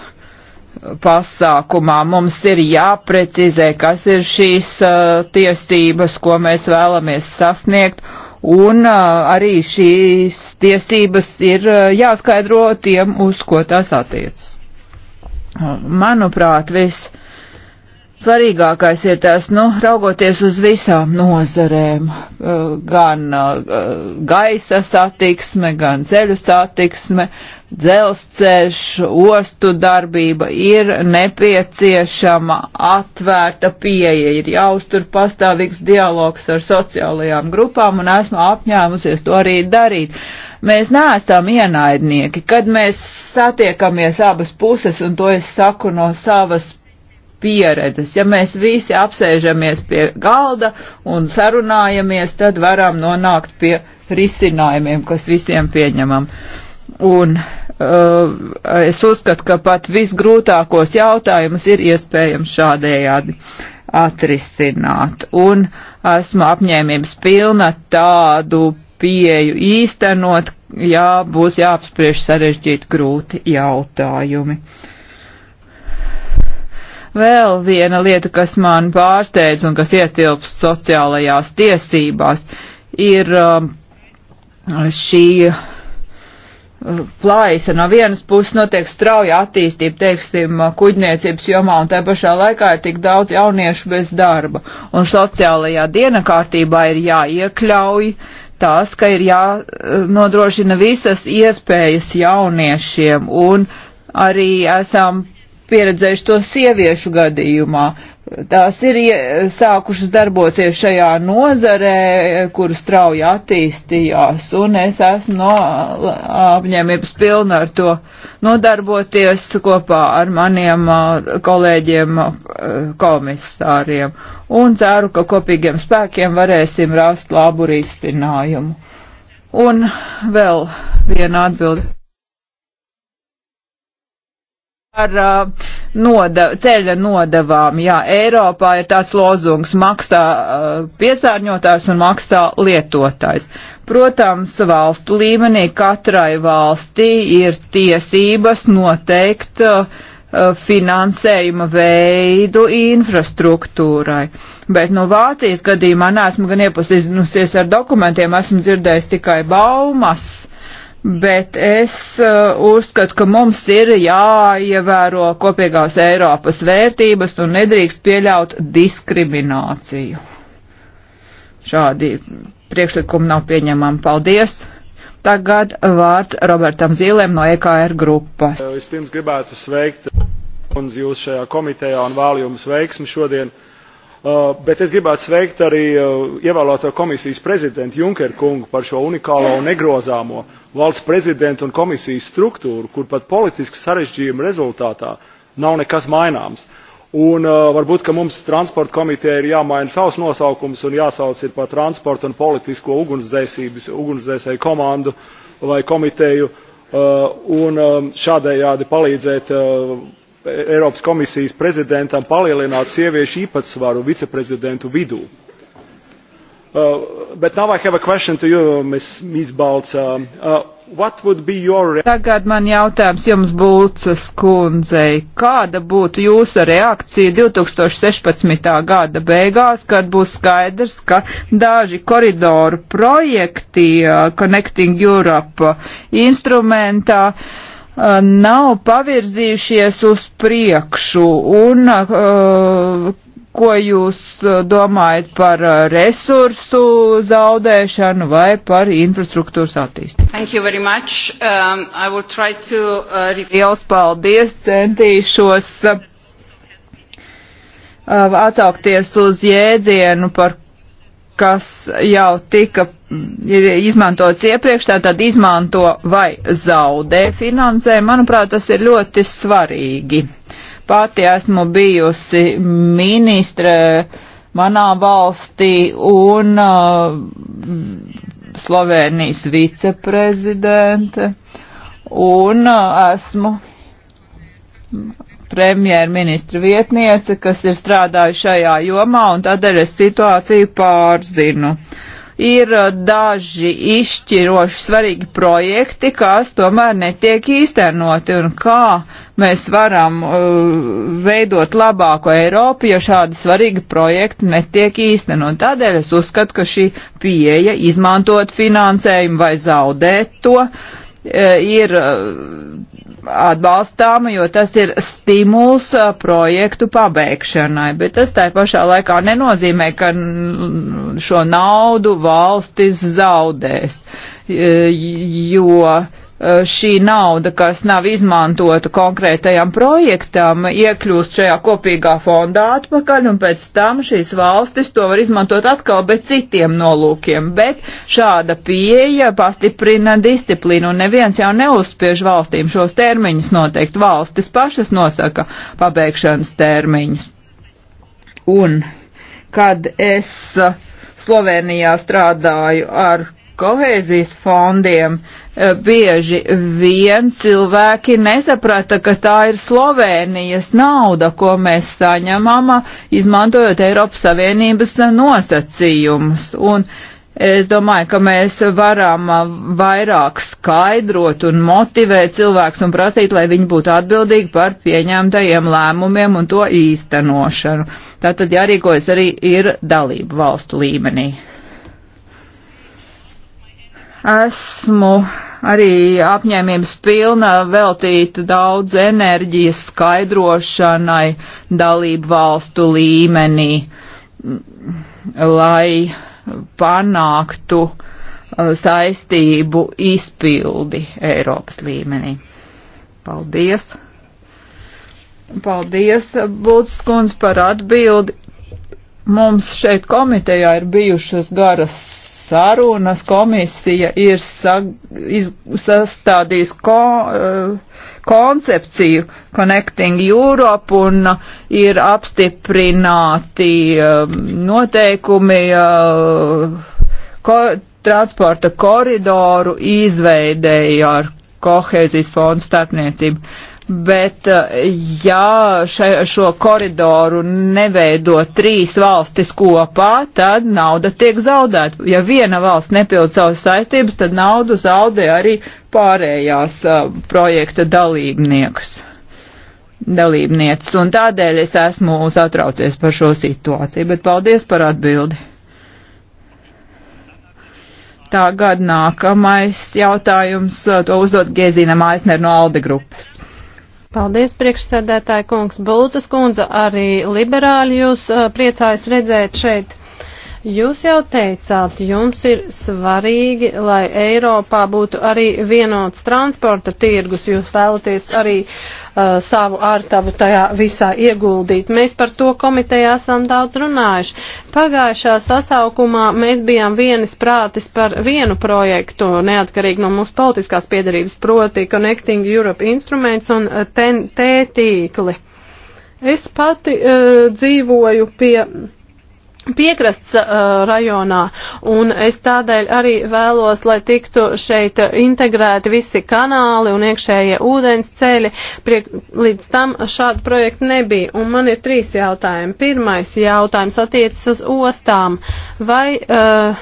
pasākumā. Mums ir jāprecizē, kas ir šīs uh, tiesības, ko mēs vēlamies sasniegt, un uh, arī šīs tiesības ir uh, jāskaidro tiem, uz ko tās attiecas. Uh, manuprāt, viss Svarīgākais ir tas, nu, raugoties uz visām nozarēm, eh, gan eh, gaisa satiksme, gan ceļu satiksme, dzelzceļš, ostu darbība ir nepieciešama atvērta pieeja, ir jāuztur pastāvīgs dialogs ar sociālajām grupām, un esmu apņēmusies to arī darīt. Mēs neesam ienaidnieki, kad mēs satiekamies abas puses, un to es saku no savas pieredzes. Ja mēs visi apsēžamies pie galda un sarunājamies, tad varam nonākt pie risinājumiem, kas visiem pieņemam. Un uh, es uzskatu, ka pat visgrūtākos jautājumus ir iespējams šādējādi atrisināt. Un esmu apņēmības pilna tādu pieju īstenot, jā, būs jāapspriež sarežģīti grūti jautājumi. Vēl viena lieta, kas man pārsteidz un kas ietilpst sociālajās tiesībās, ir um, šī uh, plaisa. No vienas puses notiek strauja attīstība, teiksim, kuģniecības jomā, un tā pašā laikā ir tik daudz jauniešu bez darba. Un sociālajā dienakārtībā ir jāiekļauj tas, ka ir jānodrošina uh, visas iespējas jauniešiem, un arī esam pieredzējuši to sieviešu gadījumā. Tās ir sākušas darboties šajā nozarē, kuru strauji attīstījās, un es esmu no apņēmības pilna ar to nodarboties kopā ar maniem kolēģiem komisāriem, un ceru, ka kopīgiem spēkiem varēsim rast labu risinājumu. Un vēl viena atbilde par uh, noda, ceļa nodavām. Jā, Eiropā ir tāds lozungs - maksā uh, piesārņotājs un maksā lietotājs. Protams, valstu līmenī katrai valstī ir tiesības noteikt uh, uh, finansējuma veidu infrastruktūrai. Bet no Vācijas gadījumā neesmu gan iepazinusies ar dokumentiem, esmu dzirdējis tikai baumas. Uh, bet es uh, uzskatu, ka mums ir jāievēro kopīgās Eiropas vērtības un nedrīkst pieļaut diskrimināciju. Šādi priekšlikumi nav pieņemami. Paldies! Tagad vārds Robertam Zīlēm no EKR grupas. Vispirms gribētu sveikt un jūs šajā komitejā un vēlu jums veiksmi šodien. Uh, bet es gribētu sveikt arī uh, ievēlēto komisijas prezidentu Junkeru kungu par šo unikālo un negrozāmo valsts prezidentu un komisijas struktūru, kur pat politiski sarežģījuma rezultātā nav nekas maināms. Un uh, varbūt, ka mums transporta komiteja ir jāmaina savs nosaukums un jāsauc ir par transporta un politisko ugunsdzēsības, ugunsdzēsēju komandu vai komiteju, uh, un um, šādējādi palīdzēt uh, Eiropas komisijas prezidentam palielināt sieviešu īpatsvaru viceprezidentu vidū. Uh, but now I have a question to you, Ms. Ms. Balts. Uh, uh, what would be your... Tagad man jautājums jums, Bulcas kundzei. Kāda būtu jūsu reakcija 2016. gada beigās, kad būs skaidrs, ka daži koridoru projekti uh, Connecting Europe instrumentā uh, Uh, nav pavirzījušies uz priekšu un uh, ko jūs uh, domājat par resursu zaudēšanu vai par infrastruktūras attīstību? Thank you very much. Um, I will try to... Uh, Liels paldies, centīšos uh, atsaukties uz jēdzienu, par kas jau tika mm, ir izmantots iepriekš, tātad izmanto vai zaudē finansē, manuprāt, tas ir ļoti svarīgi. Pati esmu bijusi ministre manā valstī un uh, Slovenijas viceprezidente un uh, esmu premjerministra vietniece, kas ir strādājusi šajā jomā, un tādēļ es situāciju pārzinu. Ir uh, daži izšķiroši svarīgi projekti, kas tomēr netiek īstenoti, un kā mēs varam uh, veidot labāko Eiropu, ja šādi svarīgi projekti netiek īstenot. Tādēļ es uzskatu, ka šī pieeja izmantot finansējumu vai zaudēt to uh, Eh, ir eh, atbalstāma, jo tas ir stimuls eh, projektu pabeigšanai, bet tas tā pašā laikā nenozīmē, ka šo naudu valstis zaudēs, jo Eh, šī nauda, kas nav izmantota konkrētajam projektam, iekļūst šajā kopīgā fondā atpakaļ, un pēc tam šīs valstis to var izmantot atkal, bet citiem nolūkiem. Bet šāda pieeja pastiprina disciplīnu, un neviens jau neuzspiež valstīm šos termiņus noteikt. Valstis pašas nosaka pabeigšanas termiņus. Un kad es eh, Slovenijā strādāju ar kohēzijas fondiem, uh, Eh, bieži vien cilvēki nesaprata, ka tā ir Slovēnijas nauda, ko mēs saņemam, izmantojot Eiropas Savienības nosacījumus. Un es domāju, ka mēs varam vairāk skaidrot un motivēt cilvēks un prasīt, lai viņi būtu atbildīgi par pieņemtajiem lēmumiem un to īstenošanu. Tātad jārīkojas arī ir dalību valstu līmenī. Esmu arī apņēmības pilna veltīt daudz enerģijas skaidrošanai dalību valstu līmenī, lai panāktu uh, saistību izpildi Eiropas līmenī. Paldies! Paldies, Būtskundz, par atbildi. Mums šeit komitejā ir bijušas garas sarunas komisija ir sa, iz, sastādījis ko, uh, koncepciju Connecting Europe un uh, ir apstiprināti uh, noteikumi ko, transporta koridoru izveidēja ar kohēzijas fondu starpniecību. Bet, eh, ja še, šo koridoru neveido trīs valstis kopā, tad nauda tiek zaudēta. Ja viena valsts nepild savas saistības, tad naudu zaudē arī pārējās uh, projekta dalībnieks. Dalībnieces, un tādēļ es esmu satraucies par šo situāciju, bet paldies par atbildi. Tagad nākamais jautājums, eh, to uzdot Gezīna Maisner no Alde grupas. Paldies, priekšsēdētāji kungs Bultas kundze, arī liberāļi jūs priecājas redzēt šeit. Jūs jau teicāt, jums ir svarīgi, lai Eiropā būtu arī vienots transporta tirgus. Jūs vēlaties arī uh, savu ārtavu tajā visā ieguldīt. Mēs par to komiteja esam daudz runājuši. Pagājušā sasaukumā mēs bijām vienis prātis par vienu projektu, neatkarīgi no mūsu politiskās piedarības, proti Connecting Europe instruments un TNT uh, tīkli. Es pati uh, dzīvoju pie piekrasts uh, rajonā, un es tādēļ arī vēlos, lai tiktu šeit integrēti visi kanāli un iekšējie ūdens ceļi, Priek, līdz tam šādu projektu nebija, un man ir trīs jautājumi. Pirmais jautājums attiecas uz ostām. Vai, uh,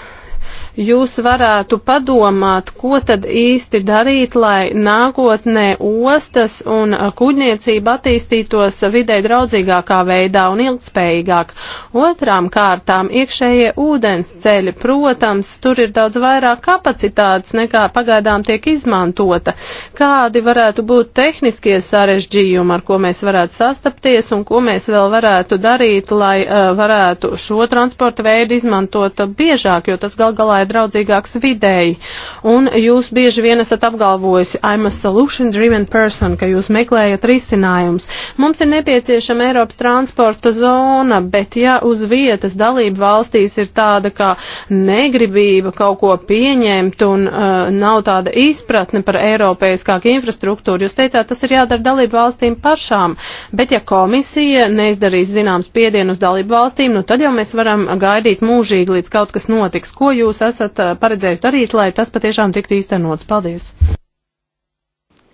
jūs varētu padomāt, ko tad īsti darīt, lai nākotnē ostas un kuģniecība attīstītos vidē draudzīgākā veidā un ilgspējīgāk. Otrām kārtām iekšējie ūdens ceļi, protams, tur ir daudz vairāk kapacitātes nekā pagaidām tiek izmantota. Kādi varētu būt tehniskie sarežģījumi, ar ko mēs varētu sastapties un ko mēs vēl varētu darīt, lai uh, varētu šo transporta veidu izmantot biežāk, jo tas gal galā lai draudzīgāks videi. Un jūs bieži vien esat apgalvojusi, I'm a solution driven person, ka jūs meklējat risinājums. Mums ir nepieciešama Eiropas transporta zona, bet ja uz vietas dalība valstīs ir tāda kā negribība kaut ko pieņemt un uh, nav tāda izpratne par eiropeiskāku infrastruktūru, jūs teicāt, tas ir jādara dalību valstīm pašām. Bet ja komisija neizdarīs zināms piedienu uz dalību valstīm, nu tad jau mēs varam gaidīt mūžīgi, līdz kaut kas notiks. Ko jūs esat paredzējis darīt, lai tas patiešām tiktu īstenots? Paldies!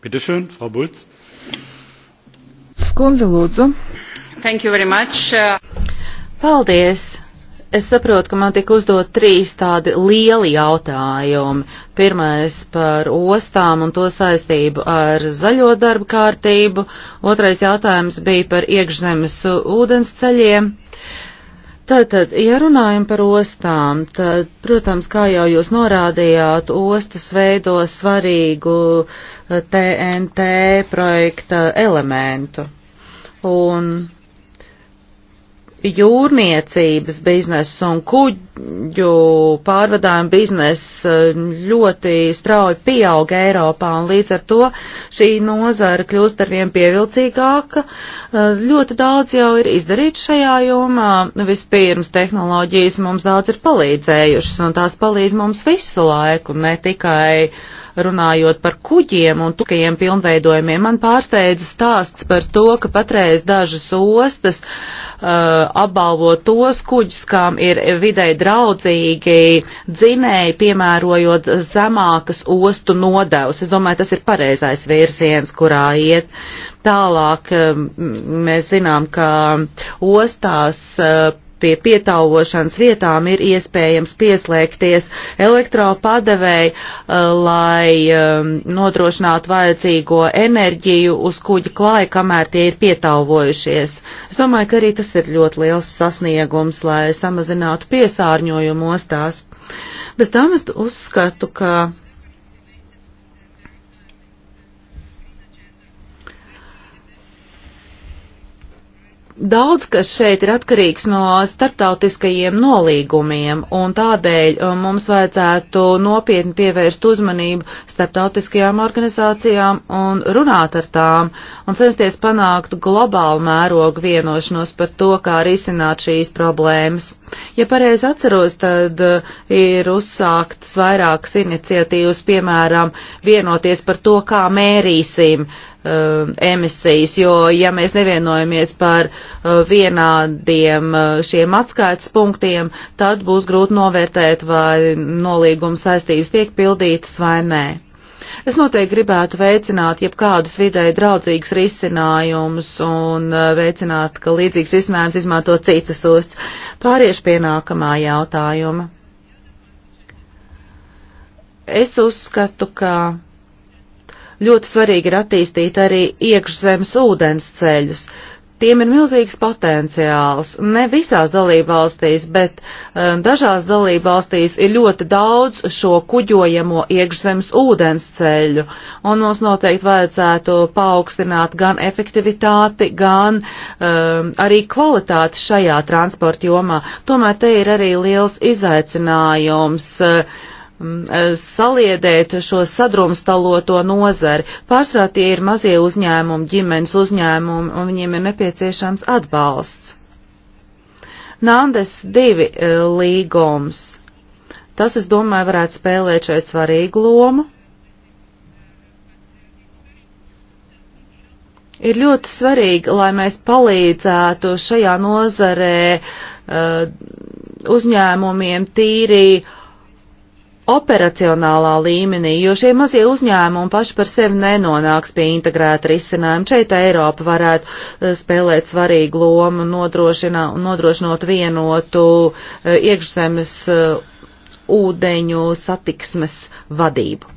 Bitešön, Frau Bulc. Skundze, lūdzu. Thank you very much. Paldies! Es saprotu, ka man tika uzdot trīs tādi lieli jautājumi. Pirmais par ostām un to saistību ar zaļo darbu kārtību. Otrais jautājums bija par iekšzemes ūdens ceļiem. Tātad, ja runājam par ostām, tad, protams, kā jau jūs norādījāt, ostas veido svarīgu TNT eh, projekta elementu. Un jūrniecības bizness un kuģu pārvadājuma bizness eh, ļoti strauji pieauga Eiropā, un līdz ar to šī nozara kļūst arvien pievilcīgāka. Eh, ļoti daudz jau ir izdarīts šajā jomā. Vispirms tehnoloģijas mums daudz ir palīdzējušas, un tās palīdz mums visu laiku, ne tikai uh, runājot par kuģiem un tukajiem pilnveidojumiem, man pārsteidza stāsts par to, ka patreiz dažas ostas uh, apbalvo tos kuģus, kam ir videi draudzīgi dzinēji, piemērojot zemākas ostu nodevs. Es domāju, tas ir pareizais virziens, kurā iet. Tālāk uh, mēs zinām, ka ostās uh, pie pietaulošanas vietām ir iespējams pieslēgties elektropadevēji, eh, lai ehm, nodrošinātu vajadzīgo enerģiju uz kuģa klāja, kamēr tie ir pietaulojušies. Es domāju, ka arī tas ir ļoti liels sasniegums, lai samazinātu piesārņojumu ostās. Bez tam es uzskatu, ka Daudz kas šeit ir atkarīgs no starptautiskajiem nolīgumiem, un tādēļ um, mums vajadzētu nopietni pievērst uzmanību starptautiskajām organizācijām un runāt ar tām, un censties panākt globālu mērogu vienošanos par to, kā risināt šīs problēmas. Ja pareizi atceros, tad uh, ir uzsāktas vairākas iniciatīvas, piemēram, vienoties par to, kā mērīsim uh, Um, emisijas, jo ja mēs nevienojamies par uh, vienādiem uh, šiem atskaites punktiem, tad būs grūti novērtēt, vai nolīguma saistības tiek pildītas vai nē. Es noteikti gribētu veicināt jebkādus vidēji draudzīgus risinājumus un uh, veicināt, ka līdzīgs risinājums izmanto citas osts. Pāriešu pie nākamā jautājuma. Es uzskatu, ka Ļoti svarīgi ir attīstīt arī iekšzemes ūdens ceļus. Tiem ir milzīgs potenciāls. Ne visās dalībvalstīs, bet um, dažās dalībvalstīs ir ļoti daudz šo kuģojamo iekšzemes ūdens ceļu, un mums noteikti vajadzētu paaugstināt gan efektivitāti, gan um, arī kvalitāti šajā transporta jomā. Tomēr te ir arī liels izaicinājums. Uh, Mm, eh, saliedēt šo sadrumstaloto nozari. Pārsvarā tie ir mazie uzņēmumi, ģimenes uzņēmumi, un viņiem ir nepieciešams atbalsts. Nandes divi eh, līgums. Tas, es domāju, varētu spēlēt šeit svarīgu lomu. Ir ļoti svarīgi, lai mēs palīdzētu šajā nozarē uh, uzņēmumiem tīrī uh, operacionālā līmenī, jo šie mazie uzņēmumi paši par sevi nenonāks pie integrēta risinājuma. Šeit Eiropa varētu eh, spēlēt svarīgu lomu, nodrošinot vienotu eh, iekšzemes eh, ūdeņu satiksmes vadību.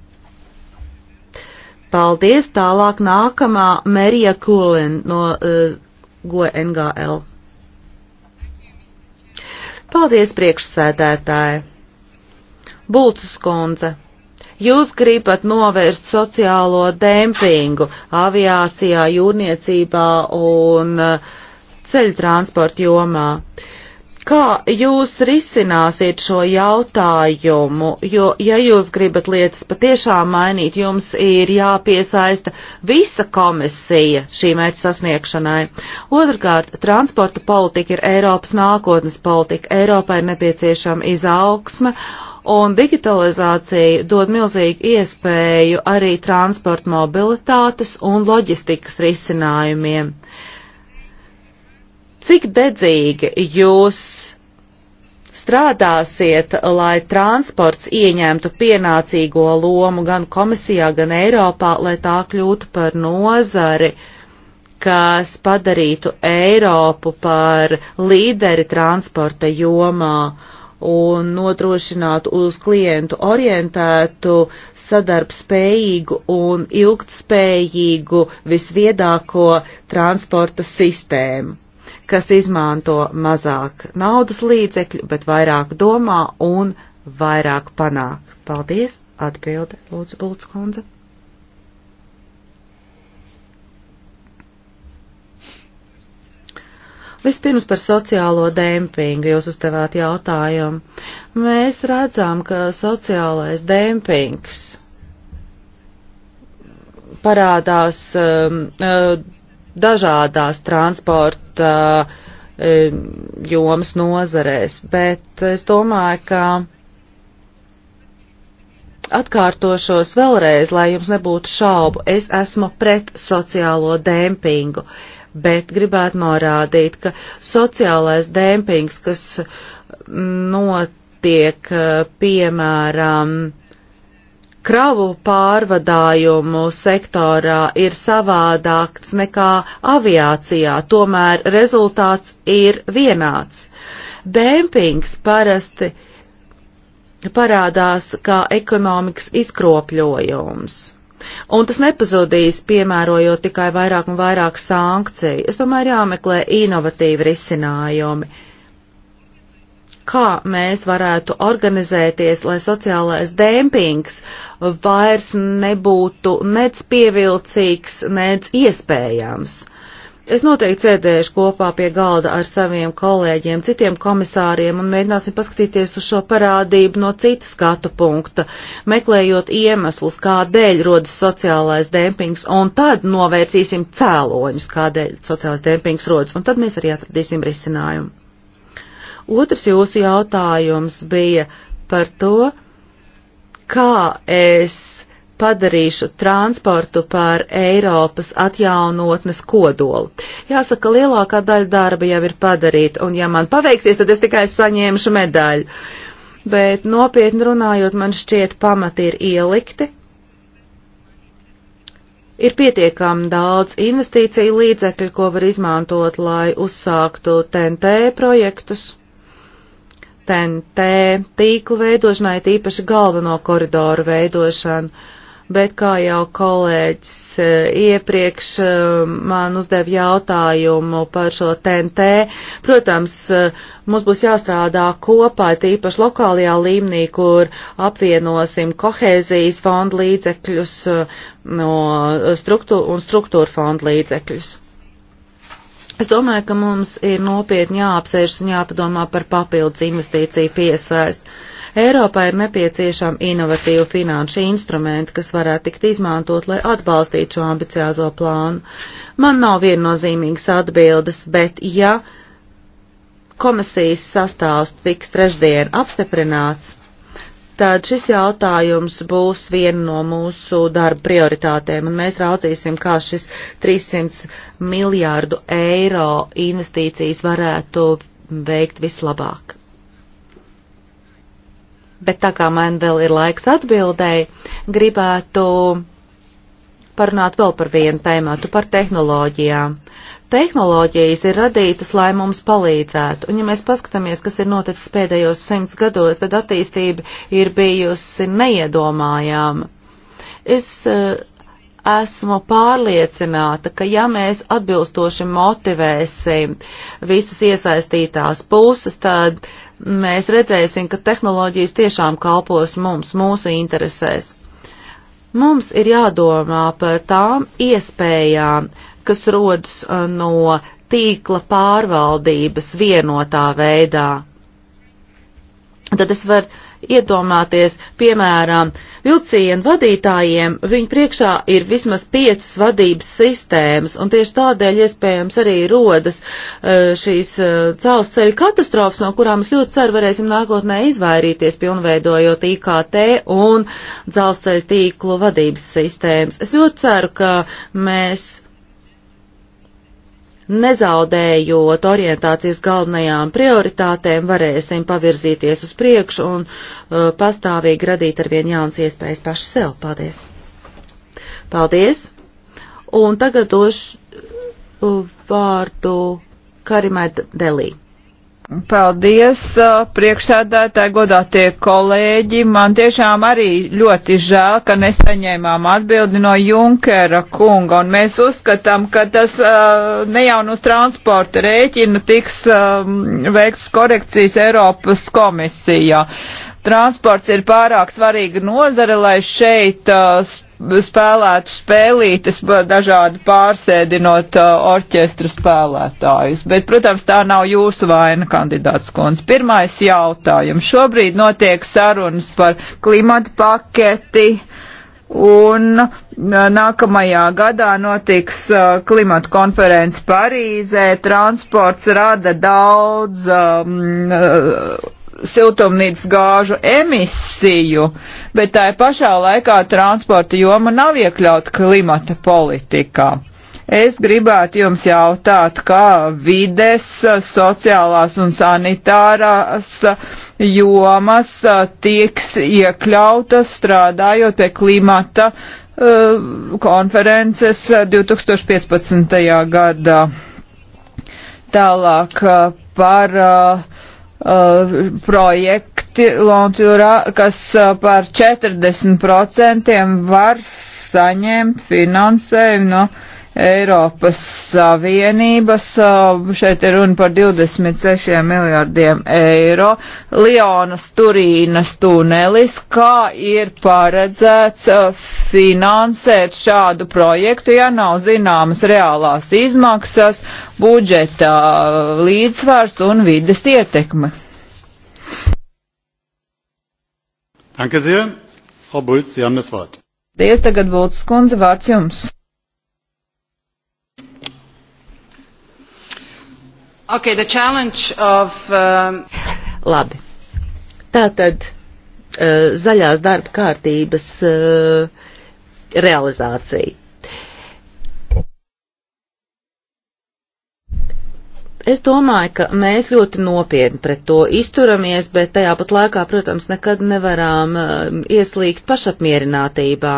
Paldies! Tālāk nākamā Merija Kulin no uh, GoNGL. Paldies, priekšsēdētāji! Bulcis kundze, jūs gribat novērst sociālo dempingu aviācijā, jūrniecībā un eh, ceļtransporta jomā. Kā jūs risināsiet šo jautājumu, jo, ja jūs gribat lietas patiešām mainīt, jums ir jāpiesaista visa komisija šī mērķa sasniegšanai. Otrkārt, transporta politika ir Eiropas nākotnes politika. Eiropai nepieciešama izaugsme un digitalizācija dod milzīgu iespēju arī transporta mobilitātes un loģistikas risinājumiem. Cik dedzīgi jūs strādāsiet, lai transports ieņemtu pienācīgo lomu gan komisijā, gan Eiropā, lai tā kļūtu par nozari, kas padarītu Eiropu par līderi transporta jomā un nodrošināt uz klientu orientētu, sadarbspējīgu un ilgtspējīgu visviedāko transporta sistēmu, kas izmanto mazāk naudas līdzekļu, bet vairāk domā un vairāk panāk. Paldies! Atbilde, Lūdzu, Bulc kundze. Vispirms par sociālo dempingu jūs uzdevāt jautājumu. Mēs redzam, ka sociālais dempings parādās um, uh, dažādās transporta um, jomas nozarēs, bet es domāju, ka atkārtošos vēlreiz, lai jums nebūtu šaubu, es esmu pret sociālo dempingu. Uh, bet gribētu norādīt, ka sociālais dēmpings, kas notiek, piemēram, kravu pārvadājumu sektorā ir savādāks nekā aviācijā, tomēr rezultāts ir vienāds. Dēmpings parasti parādās kā ekonomikas izkropļojums. Un tas nepazudīs, piemērojot tikai vairāk un vairāk sankciju. Es domāju, ir jāmeklē inovatīvi risinājumi. Kā mēs varētu organizēties, lai sociālais dempings vairs nebūtu nec pievilcīgs, nec iespējams? Es noteikti sēdēšu kopā pie galda ar saviem kolēģiem, citiem komisāriem un mēģināsim paskatīties uz šo parādību no citas skatu punkta, meklējot iemeslus, kādēļ rodas sociālais dempings, un tad novērsīsim cēloņus, kādēļ sociālais dempings rodas, un tad mēs arī atradīsim risinājumu. Otrs jūsu jautājums bija par to, kā es padarīšu transportu par Eiropas atjaunotnes kodolu. Jāsaka, lielākā daļa darba jau ir padarīta, un ja man paveiksies, tad es tikai saņēmušu medaļu. Bet nopietni runājot, man šķiet pamati ir ielikti. Ir pietiekami daudz investīciju līdzekļu, ko var izmantot, lai uzsāktu TNT projektus. TNT tīklu veidošanai, tīpaši galveno koridoru veidošanu bet kā jau kolēģis e, iepriekš e, man uzdev jautājumu par šo TNT, protams, e, mums būs jāstrādā kopā, tīpaši lokālajā līmenī, kur apvienosim kohēzijas fondu līdzekļus no struktūra un struktūra fondu līdzekļus. Es domāju, ka mums ir nopietni jāapsēžas un jāpadomā par papildus investīciju piesaist. Uh, Eiropā ir nepieciešama inovatīva finanšu instrumenta, kas varētu tikt izmantot, lai atbalstītu šo ambiciozo plānu. Man nav viennozīmīgas atbildes, bet ja komisijas sastāvs tiks trešdien apstiprināts, tad šis jautājums būs viena no mūsu darba prioritātēm, un mēs raudzīsim, kā šis 300 miljārdu eiro investīcijas varētu veikt vislabāk bet tā kā man vēl ir laiks atbildēji, gribētu parunāt vēl par vienu tēmātu, par tehnoloģijām. Tehnoloģijas ir radītas, lai mums palīdzētu, un ja mēs paskatāmies, kas ir noticis pēdējos simts gados, tad attīstība ir bijusi neiedomājama. Es uh, esmu pārliecināta, ka ja mēs atbilstoši motivēsim visas iesaistītās puses, tad mēs redzēsim, ka tehnoloģijas tiešām kalpos mums, mūsu interesēs. Mums ir jādomā par tām iespējām, kas rodas uh, no tīkla pārvaldības vienotā veidā. Tad es varu iedomāties, piemēram, vilcienu vadītājiem, viņu priekšā ir vismaz piecas vadības sistēmas, un tieši tādēļ iespējams arī rodas e, šīs e, celsceļa katastrofas, no kurām es ļoti ceru varēsim nākotnē izvairīties, pilnveidojot IKT un dzelzceļa tīklu vadības sistēmas. Es ļoti ceru, ka mēs nezaudējot orientācijas galvenajām prioritātēm, varēsim pavirzīties uz priekšu un uh, pastāvīgi radīt arvien jauns iespējas paši sev. Paldies! Paldies! Un tagad došu uh, vārdu Karimai Delī. Paldies, priekšsēdētāji, godātie kolēģi. Man tiešām arī ļoti žēl, ka nesaņēmām atbildi no Junkera kunga, un mēs uzskatām, ka tas ne jau uz transporta rēķina tiks veikts korekcijas Eiropas komisijā. Transports ir pārāk svarīga nozare, lai šeit uh, spēlētu spēlītes, dažādi pārsēdinot uh, orķestra spēlētājus. Bet, protams, tā nav jūsu vaina, kandidāts Kons. Pirmais jautājums. Šobrīd notiek sarunas par klimata paketi. Un uh, nākamajā gadā notiks uh, klimata konferences Parīzē. Transports rada daudz um, uh, siltumnīcas gāžu emisiju, bet tā pašā laikā transporta joma nav iekļauta klimata politikā. Es gribētu jums jautāt, kā vides, sociālās un sanitārās jomas tiks iekļautas strādājot pie klimata uh, konferences 2015. gadā. Tālāk uh, par uh, Uh, projekti Lontjūrā, kas uh, par 40% var saņemt finansējumu no. Eiropas Savienības. Šeit ir runa par 26 miljārdiem eiro. Lionas Turīnas tunelis, kā ir paredzēts finansēt šādu projektu, ja nav zināmas reālās izmaksas, budžeta līdzsvars un vides ietekme. Danke sehr. Frau Bulc, Sie haben das Wort. Paldies, tagad Bulc skundze, vārds jums. Okay, the challenge of. Um... Labi. Tātad uh, zaļās darba kārtības uh, realizācija. Es domāju, ka mēs ļoti nopietni pret to izturamies, bet tajā pat laikā, protams, nekad nevaram uh, ieslīgt pašapmierinātībā.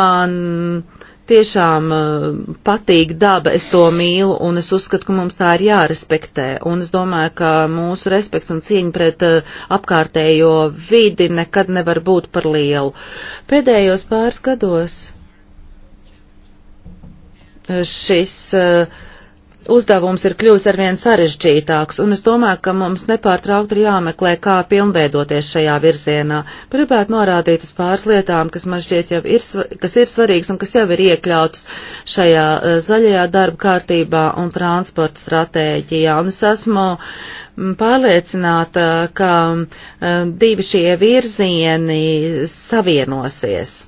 Man uh, tiešām eh, patīk daba, es to mīlu un es uzskatu, ka mums tā ir jārespektē. Un es domāju, ka mūsu respekts un cieņa pret eh, apkārtējo vidi nekad nevar būt par lielu. Pēdējos pāris gados eh, šis uh, uzdevums ir kļuvis arvien sarežģītāks, un es domāju, ka mums nepārtraukt ir jāmeklē, kā pilnveidoties šajā virzienā. Gribētu norādīt uz pāris lietām, kas man šķiet jau ir, kas ir svarīgas un kas jau ir iekļautas šajā eh, zaļajā darba kārtībā un transporta stratēģijā. Un es esmu mm, pārliecināta, ka eh, divi šie virzieni savienosies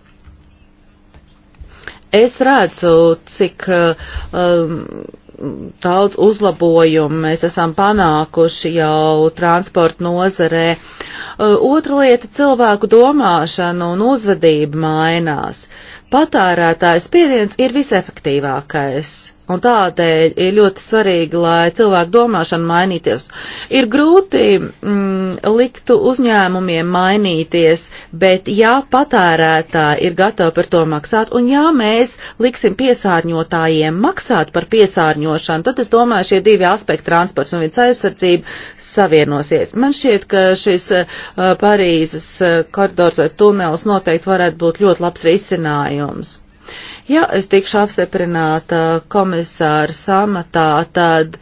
es redzu, cik um, daudz uzlabojumu mēs esam panākuši jau transporta nozarē. Uh, otra lieta - cilvēku domāšana un uzvedība mainās. Patērētājs spiediens ir visefektīvākais Un tādēļ ir ļoti svarīgi, lai cilvēku domāšana mainīties. Ir grūti mm, likt uzņēmumiem mainīties, bet ja patērētāji ir gatavi par to maksāt, un ja mēs liksim piesārņotājiem maksāt par piesārņošanu, tad es domāju, šie divi aspekti, transports un vidas aizsardzība, savienosies. Man šķiet, ka šis uh, Parīzes eh, koridors vai tunelis noteikti varētu būt ļoti labs risinājums. Ja es tikšu apstiprināta komisāra samatā, tad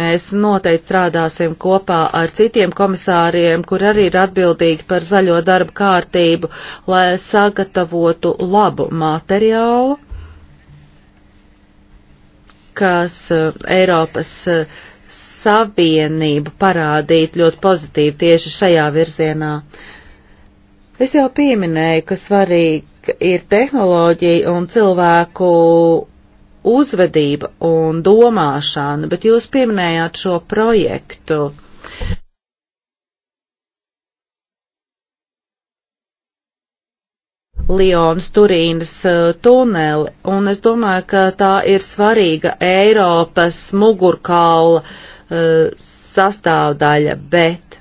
mēs noteikti strādāsim kopā ar citiem komisāriem, kur arī ir atbildīgi par zaļo darbu kārtību, lai sagatavotu labu materiālu, kas e, Eiropas e, Savienību parādīt ļoti pozitīvi tieši šajā virzienā. Es jau pieminēju, ka svarīgi ir tehnoloģija un cilvēku uzvedība un domāšana, bet jūs pieminējāt šo projektu. Lions Turīnas uh, tuneli, un es domāju, ka tā ir svarīga Eiropas mugurkaula uh, sastāvdaļa, bet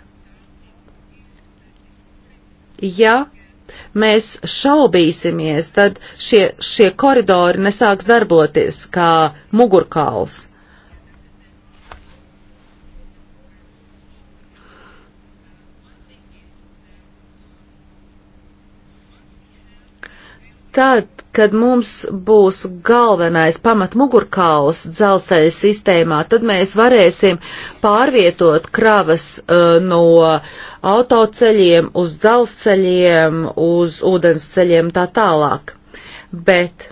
ja mēs šaubīsimies, tad šie, šie koridori nesāks darboties kā mugurkauls. Tad, kad mums būs galvenais pamat mugurkauls dzelzceļa sistēmā, tad mēs varēsim pārvietot kravas uh, no autoceļiem uz dzelzceļiem, uz ūdensceļiem tā tālāk. Bet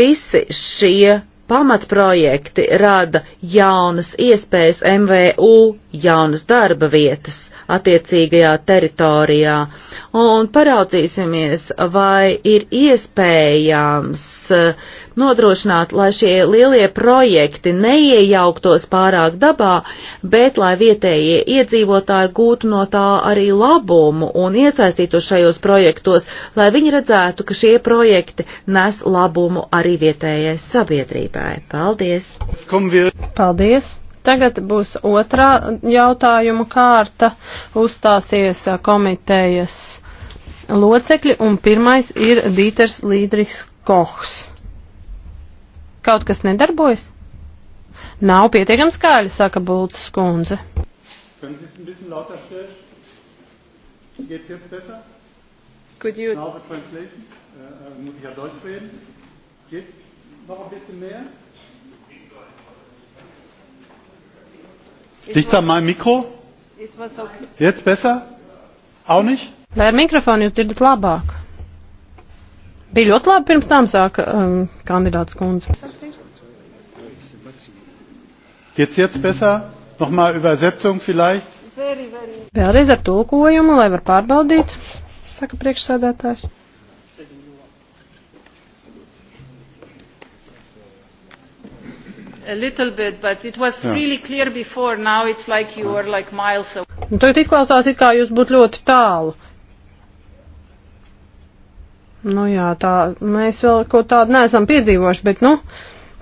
visi šie pamatprojekti rada jaunas iespējas MVU jaunas darba vietas attiecīgajā teritorijā un paraudzīsimies, vai ir iespējams eh, nodrošināt, lai šie lielie projekti neiejauktos pārāk dabā, bet lai vietējie iedzīvotāji gūtu no tā arī labumu un iesaistītu šajos projektos, lai viņi redzētu, ka šie projekti nes labumu arī vietējai sabiedrībai. Paldies! Paldies! Tagad būs otrā jautājuma kārta. Uzstāsies komitejas locekļi un pirmais ir Dīters Līdriks Kohs. Kaut kas nedarbojas? Nav pietiekami skaļi, saka Bultas skundze. Could you... Now the translation. Uh, muss ich ja Deutsch reden? Geht noch ein bisschen mehr? Liegt an meinem Mikro? Okay. Jetzt besser? Auch nicht? Vai ar mikrofonu jūs dzirdat labāk? Bija ļoti labi pirms tam sāka um, kandidāts kundze. Jetzt jetzt besser? Nochmal Übersetzung vielleicht? Very, very. Vēlreiz ar tulkojumu, lai var pārbaudīt, saka priekšsēdētājs. a little bit, but it was Jā. really clear before. Now it's like you are like miles away. Un nu, tagad izklausās, it kā jūs būtu ļoti tālu. Nu jā, tā, mēs vēl ko tādu neesam piedzīvojuši, bet, nu,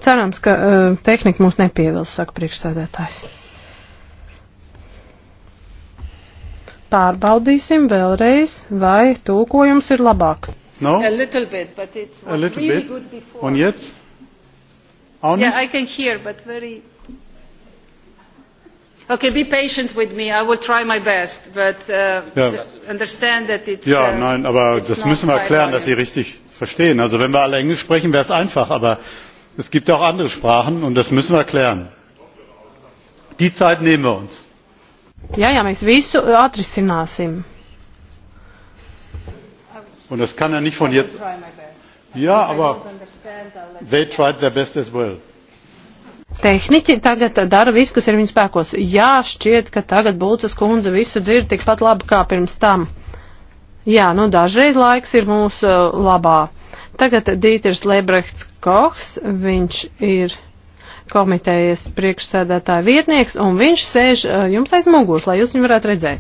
cerams, ka uh, tehnika mūs nepievils, saka priekšsēdētājs. Pārbaudīsim vēlreiz, vai tūkojums ir labāks. No? A little bit, but it was really bit. good before. Un jetzt? honest? Yeah, I can hear, but very. Okay, be patient with me. I will try my best, but uh, ja. understand that it's. Ja, uh, nein, aber das müssen wir klären, dass Sie richtig verstehen. Also wenn wir alle Englisch sprechen, wäre es einfach, aber es gibt auch andere Sprachen und das müssen wir klären. Die Zeit nehmen wir uns. Ja, ja, mēs visu atrisināsim. Und das kann ja nicht von jetzt. Ja, aber. They tried their best as well. Tehniķi tagad dara visu, kas ir viņu spēkos. Jā, šķiet, ka tagad Bulcas kundze visu dzird tikpat labi kā pirms tam. Jā, nu dažreiz laiks ir mūsu uh, labā. Tagad Dīters Lebrechts Kochs, viņš ir komitejas priekšsēdētāja vietnieks, un viņš sēž uh, jums aiz muguras, lai jūs viņu varētu redzēt.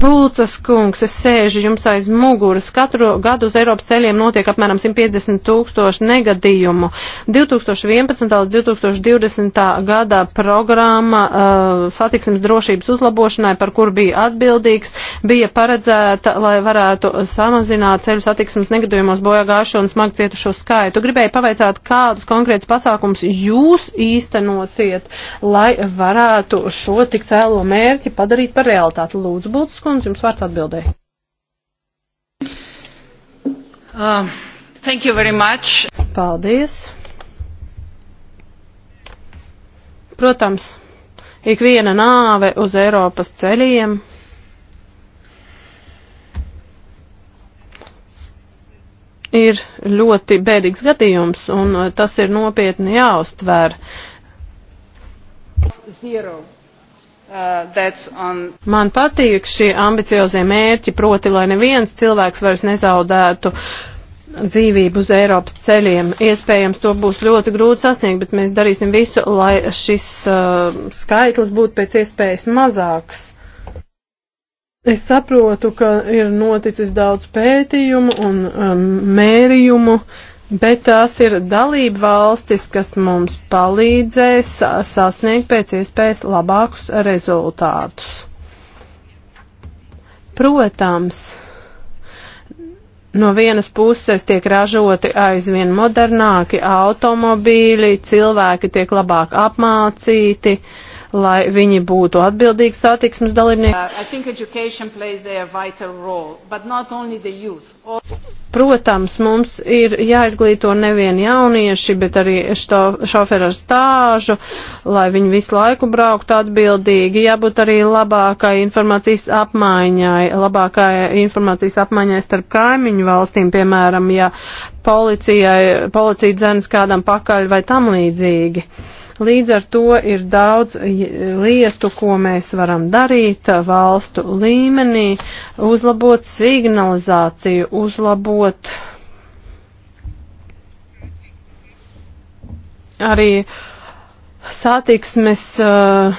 Bulcas kungs, es sēžu jums aiz muguras. Katru gadu uz Eiropas ceļiem notiek apmēram 150 tūkstoši negadījumu. 2011. līdz 2020. gadā programma uh, satiksmes drošības uzlabošanai, par kur bija atbildīgs, bija paredzēta, lai varētu samazināt ceļu satiksmes negadījumos bojā gājušo un smagi cietušo skaitu. Gribēju pavaicāt, kādus konkrētus pasākums jūs īstenosiet, lai varētu šo tik cēlo mērķi padarīt par realitāti. Lūdzu, Lūdzu, skundz, jums vārds atbildē. Uh, um, thank you very much. Paldies. Protams, ikviena nāve uz Eiropas ceļiem ir ļoti bēdīgs gadījums, un tas ir nopietni jāuztver. Zero. Uh, on... Man patīk šie ambiciozie mērķi, proti, lai neviens cilvēks vairs nezaudētu dzīvību uz Eiropas ceļiem. Iespējams, to būs ļoti grūti sasniegt, bet mēs darīsim visu, lai šis uh, skaitlis būtu pēc iespējas mazāks. Es saprotu, ka ir noticis daudz pētījumu un um, mērījumu. Uh, Bet tās ir dalība valstis, kas mums palīdzēs sasniegt pēc iespējas labākus rezultātus. Protams, no vienas puses tiek ražoti aizvien modernāki automobīļi, cilvēki tiek labāk apmācīti, uh, lai viņi būtu atbildīgi satiksmes dalībnieki. Uh, Protams, mums ir jāizglīto nevien jaunieši, bet arī šoferi ar stāžu, lai viņi visu laiku brauktu atbildīgi, jābūt arī labākai informācijas apmaiņai, labākai informācijas apmaiņai starp kaimiņu valstīm, piemēram, ja policijai, policija dzenas kādam pakaļ vai tam līdzīgi. Līdz ar to ir daudz lietu, ko mēs varam darīt valstu līmenī, uzlabot signalizāciju, uzlabot arī satiksmes eh,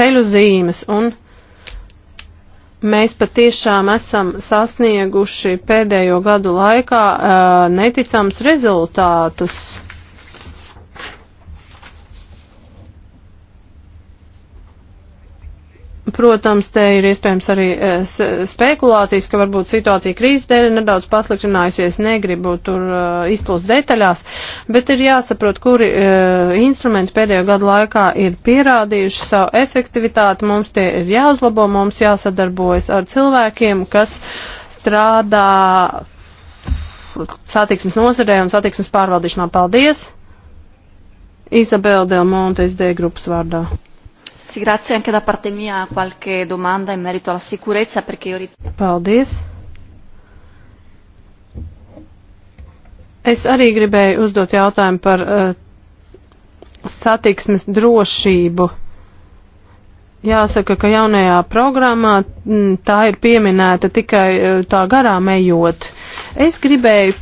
ceļu zīmes un Mēs patiešām esam sasnieguši pēdējo gadu laikā uh, neticams rezultātus. Protams, te ir iespējams arī e, spekulācijas, ka varbūt situācija krīzes dēļ nedaudz pasliktinājusies, negribu tur e, izplūst detaļās, bet ir jāsaprot, kuri e, instrumenti pēdējo gadu laikā ir pierādījuši savu efektivitāti, mums tie ir jāuzlabo, mums jāsadarbojas ar cilvēkiem, kas strādā satiksmes nozarē un satiksmes pārvaldīšanā. Paldies! Izabela Delmonte SD grupas vārdā. Sì, grazie anche da parte mia qualche domanda in merito alla sicurezza perché io ritengo. Paldies. Es arī gribēju uzdot jautājumu par uh, satiksmes drošību. Jāsaka, ka jaunajā programmā m, mm, tā ir pieminēta tikai uh, tā garām ejot. Es gribēju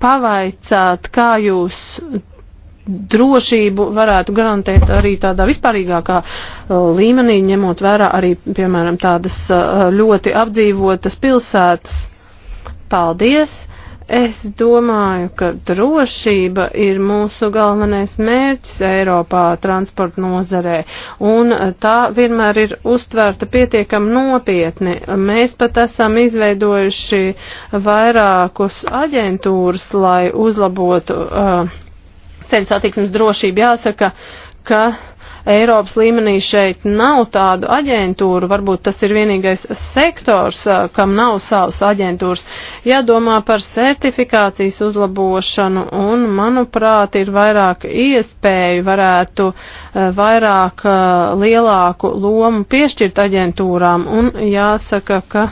pavaicāt, kā jūs drošību varētu garantēt arī tādā vispārīgākā uh, līmenī, ņemot vērā arī, piemēram, tādas uh, ļoti apdzīvotas pilsētas. Paldies! Es domāju, ka drošība ir mūsu galvenais mērķis Eiropā transporta nozarē, un tā vienmēr ir uztvērta pietiekam nopietni. Mēs pat esam izveidojuši vairākus aģentūras, lai uzlabotu uh, ceļu satiksmes drošību. Jāsaka, ka Eiropas līmenī šeit nav tādu aģentūru, varbūt tas ir vienīgais sektors, kam nav savas aģentūras. Jādomā par certifikācijas uzlabošanu un, manuprāt, ir vairāk iespēju, varētu vairāk lielāku lomu piešķirt aģentūrām un jāsaka, ka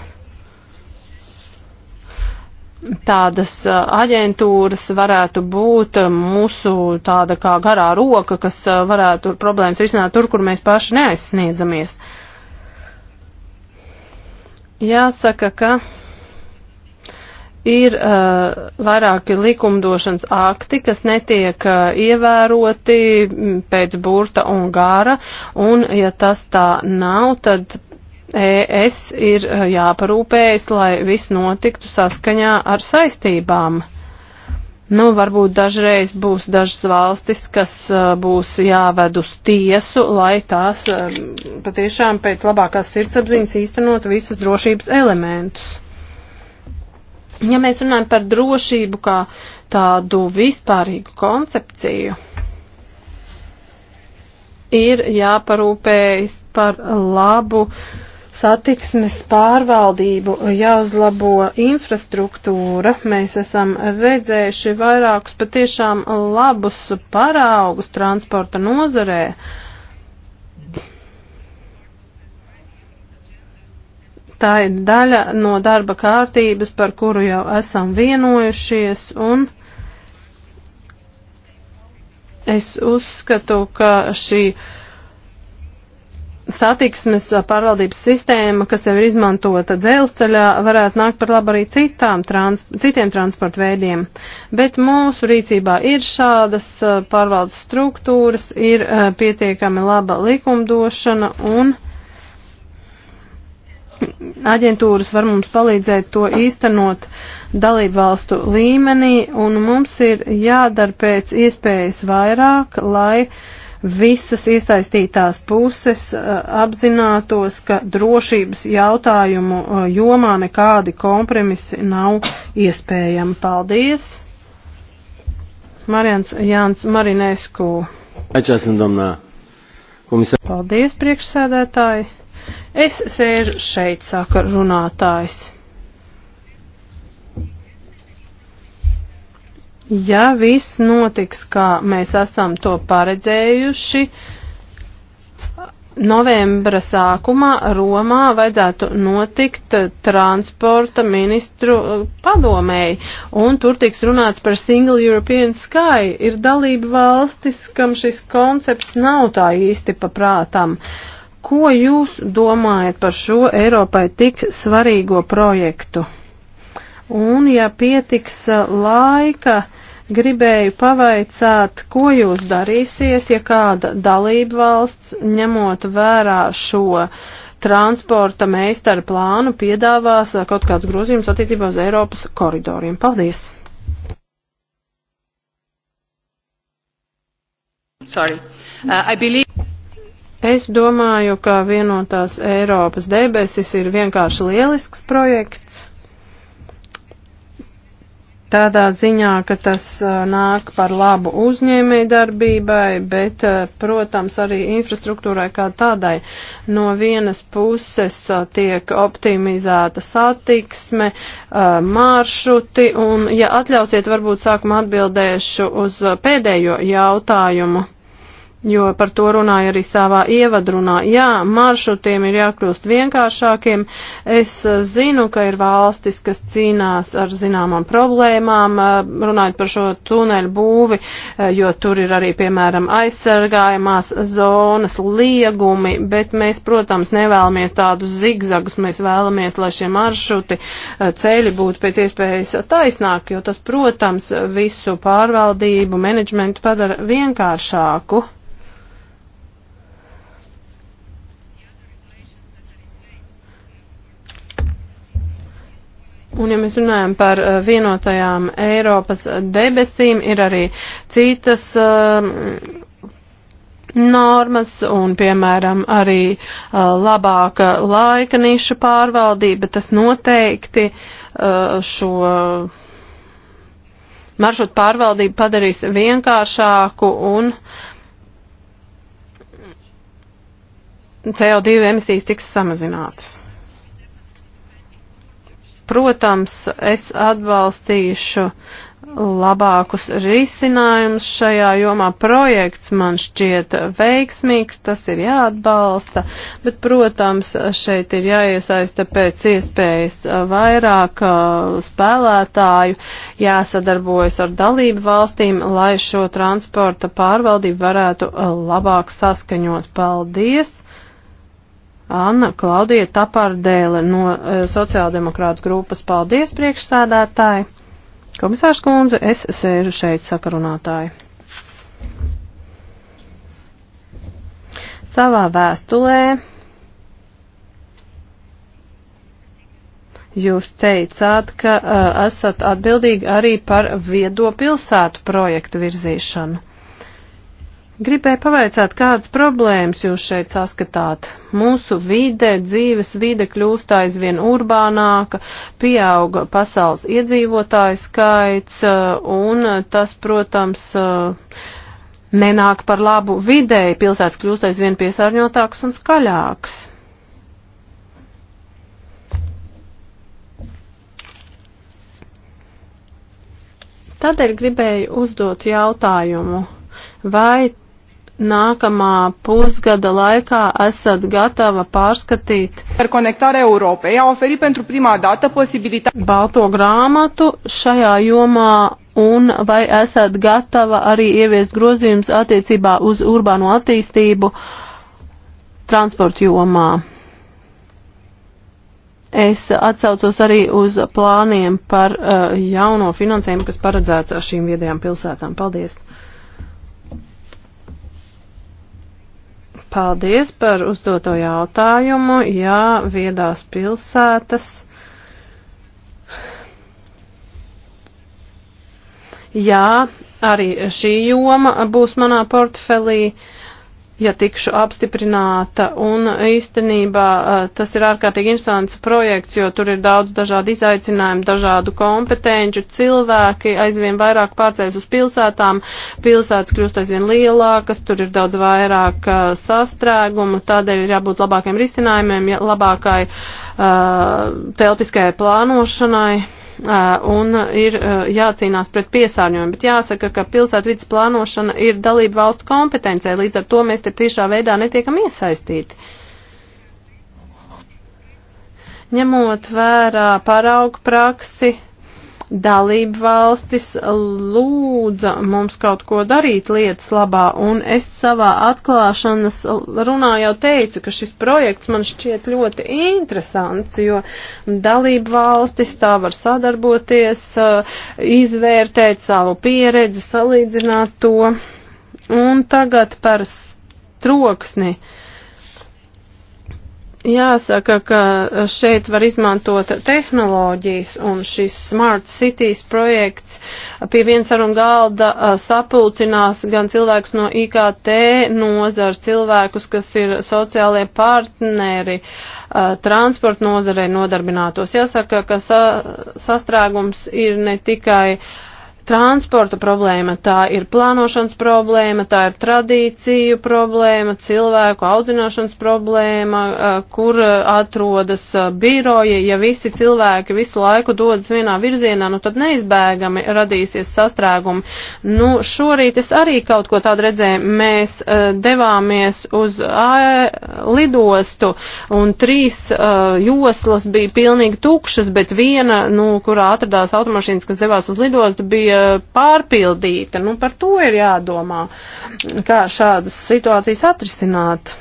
tādas aģentūras varētu būt mūsu tāda kā garā roka, kas varētu problēmas risināt tur, kur mēs paši neaizsniedzamies. Jāsaka, ka ir uh, vairāki likumdošanas akti, kas netiek uh, ievēroti pēc burta un gara, un ja tas tā nav, tad ES ir eh, jāparūpējas, lai viss notiktu saskaņā ar saistībām. Nu, varbūt dažreiz būs dažas valstis, kas uh, būs jāved uz tiesu, lai tās uh, patiešām pēc labākās sirdsapziņas īstenot visus drošības elementus. Ja mēs runājam par drošību kā tādu vispārīgu koncepciju, ir jāparūpējas par labu uh, satiksmes pārvaldību, jāuzlabo infrastruktūra. Mēs esam redzējuši vairākus patiešām labus paraugus transporta nozarē. Tā ir daļa no darba kārtības, par kuru jau esam vienojušies, un es uzskatu, ka šī uh, satiksmes pārvaldības sistēma, kas jau ir izmantota dzelzceļā, varētu nākt par labu arī citām, trans, citiem transporta veidiem. Bet mūsu rīcībā ir šādas pārvaldes struktūras, ir pietiekami laba likumdošana un aģentūras var mums palīdzēt to īstenot dalību valstu līmenī un mums ir jādara pēc iespējas vairāk, lai uh, visas iesaistītās puses uh, apzinātos, ka drošības jautājumu uh, jomā nekādi kompromisi nav iespējami. Paldies! Marians Jānis Marinēsku. Ačāsim, domnā. Komisār. Paldies, priekšsēdētāji. Es sēžu šeit, saka runātājs. Ja viss notiks, kā mēs esam to paredzējuši, novembra sākumā Romā vajadzētu notikt transporta ministru uh, padomēji, un tur tiks runāts par Single European Sky. Ir dalība valstis, kam šis koncepts nav tā īsti paprātam. Ko jūs domājat par šo Eiropai tik svarīgo projektu? Un ja pietiks uh, laika, Gribēju pavaicāt, ko jūs darīsiet, ja kāda dalība valsts, ņemot vērā šo transporta meistaru plānu, piedāvās kaut kāds grozījums attiecībā uz Eiropas koridoriem. Paldies! Sorry. Uh, I believe... Es domāju, ka vienotās Eiropas debesis ir vienkārši lielisks projekts tādā ziņā, ka tas nāk par labu uzņēmēju darbībai, bet, protams, arī infrastruktūrai kā tādai. No vienas puses tiek optimizēta satiksme, maršruti, un, ja atļausiet, varbūt sākumā atbildēšu uz pēdējo jautājumu jo par to runāju arī savā ievadrunā. Jā, maršrutiem ir jākļūst vienkāršākiem. Es eh, zinu, ka ir valstis, kas cīnās ar zināmām problēmām, eh, runājot par šo tuneļu būvi, eh, jo tur ir arī, piemēram, aizsargājumās zonas liegumi, bet mēs, protams, nevēlamies tādus zigzagus, mēs vēlamies, lai šie maršruti ceļi būtu pēc iespējas taisnāki, jo tas, protams, visu pārvaldību, menedžmentu padara vienkāršāku. Un, ja mēs runājam par eh, vienotajām Eiropas debesīm, ir arī citas uh, normas un, piemēram, arī uh, labāka laika nišu pārvaldība. Tas noteikti uh, šo maršrutu pārvaldību padarīs vienkāršāku un CO2 emisijas tiks samazinātas. Protams, es atbalstīšu labākus risinājumus šajā jomā. Projekts man šķiet veiksmīgs, tas ir jāatbalsta, bet, protams, šeit ir jāiesaista pēc iespējas vairāk uh, spēlētāju, jāsadarbojas ar dalību valstīm, lai šo transporta pārvaldību varētu uh, labāk saskaņot. Paldies! Anna Klaudija Tapardēle no e, sociāldemokrāta grupas. Paldies, priekšsēdētāji! Komisārs kundze, es sēžu šeit sakarunātāji. Savā vēstulē Jūs teicāt, ka uh, esat atbildīgi arī par viedo pilsētu projektu virzīšanu. Gribēju pavaicāt, kādas problēmas jūs šeit saskatāt. Mūsu vide, dzīves vide kļūst aizvien urbānāka, pieauga pasaules iedzīvotāju skaits, un tas, protams, nenāk par labu videi. Pilsētas kļūst aizvien piesārņotāks un skaļāks. Tādēļ gribēju uzdot jautājumu vai nākamā pusgada laikā esat gatava pārskatīt Interconectare Eiropa. Ea oferi pentru prima dată posibilitāti balto grāmatu šajā jomā un vai esat gatava arī ieviest grozījums attiecībā uz urbāno attīstību transporta jomā. Es atsaucos arī uz plāniem par uh, jauno finansējumu, kas paredzēts šīm viedajām pilsētām. Paldies! Paldies par uzdoto jautājumu. Jā, viedās pilsētas. Jā, arī šī joma būs manā portfelī. Uh, ja tikšu apstiprināta. Un īstenībā eh, tas ir ārkārtīgi interesants projekts, jo tur ir daudz dažādu izaicinājumu, dažādu kompetenču. Cilvēki aizvien vairāk pārcēs uz pilsētām, pilsētas kļūst aizvien lielākas, tur ir daudz vairāk uh, sastrēgumu, tādēļ ir jābūt labākiem risinājumiem, labākai uh, eh, telpiskajai plānošanai Uh, un uh, ir uh, jācīnās pret piesārņojumu. Bet jāsaka, ka pilsētvidas plānošana ir dalība valstu kompetencē, līdz ar to mēs te tiešā veidā netiekam iesaistīti. Ņemot vērā paraugu praksi, dalību valstis lūdza mums kaut ko darīt lietas labā, un es savā atklāšanas runā jau teicu, ka šis projekts man šķiet ļoti interesants, jo dalību valstis tā var sadarboties, eh, izvērtēt savu pieredzi, salīdzināt to. Un tagad par troksni. Uh, Jāsaka, ka šeit var izmantot tehnoloģijas un šis Smart Cities projekts pie viens ar un galda sapulcinās gan cilvēkus no IKT nozars, cilvēkus, kas ir sociālie partneri, transporta nozarē nodarbinātos. Jāsaka, ka sa sastrēgums ir ne tikai uh, transporta problēma, tā ir plānošanas problēma, tā ir tradīciju problēma, cilvēku audzināšanas problēma, kur atrodas biroji. Ja visi cilvēki visu laiku dodas vienā virzienā, nu tad neizbēgami radīsies sastrēgumi. Nu, šorīt es arī kaut ko tādu redzēju. Mēs devāmies uz lidostu un trīs joslas bija pilnīgi tukšas, bet viena, nu, kurā atradās automašīnas, kas devās uz lidostu, bija Eh, pārpildīta. Nu, par to ir jādomā, kā šādas situācijas atrisināt.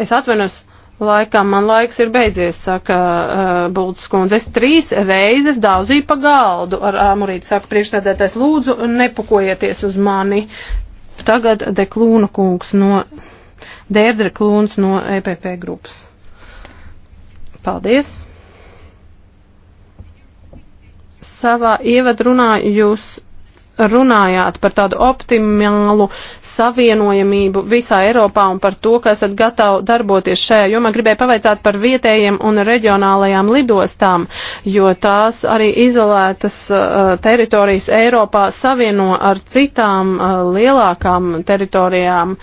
Es atvenos, laikam man laiks ir beidzies, saka uh, Bultas kundze. Es trīs reizes dauzīju pa galdu ar āmurīti, saka priekšsēdētais, lūdzu, nepakojieties uz mani. Tagad Deklūna kungs no, Dērdre Klūns no EPP grupas. Paldies! savā ievadrunā jūs runājāt par tādu optimālu savienojamību visā Eiropā un par to, ka esat gatavi darboties šajā jomā. Gribēju pavaicāt par vietējiem un reģionālajām lidostām, jo tās arī izolētas uh, teritorijas Eiropā savieno ar citām uh, lielākām teritorijām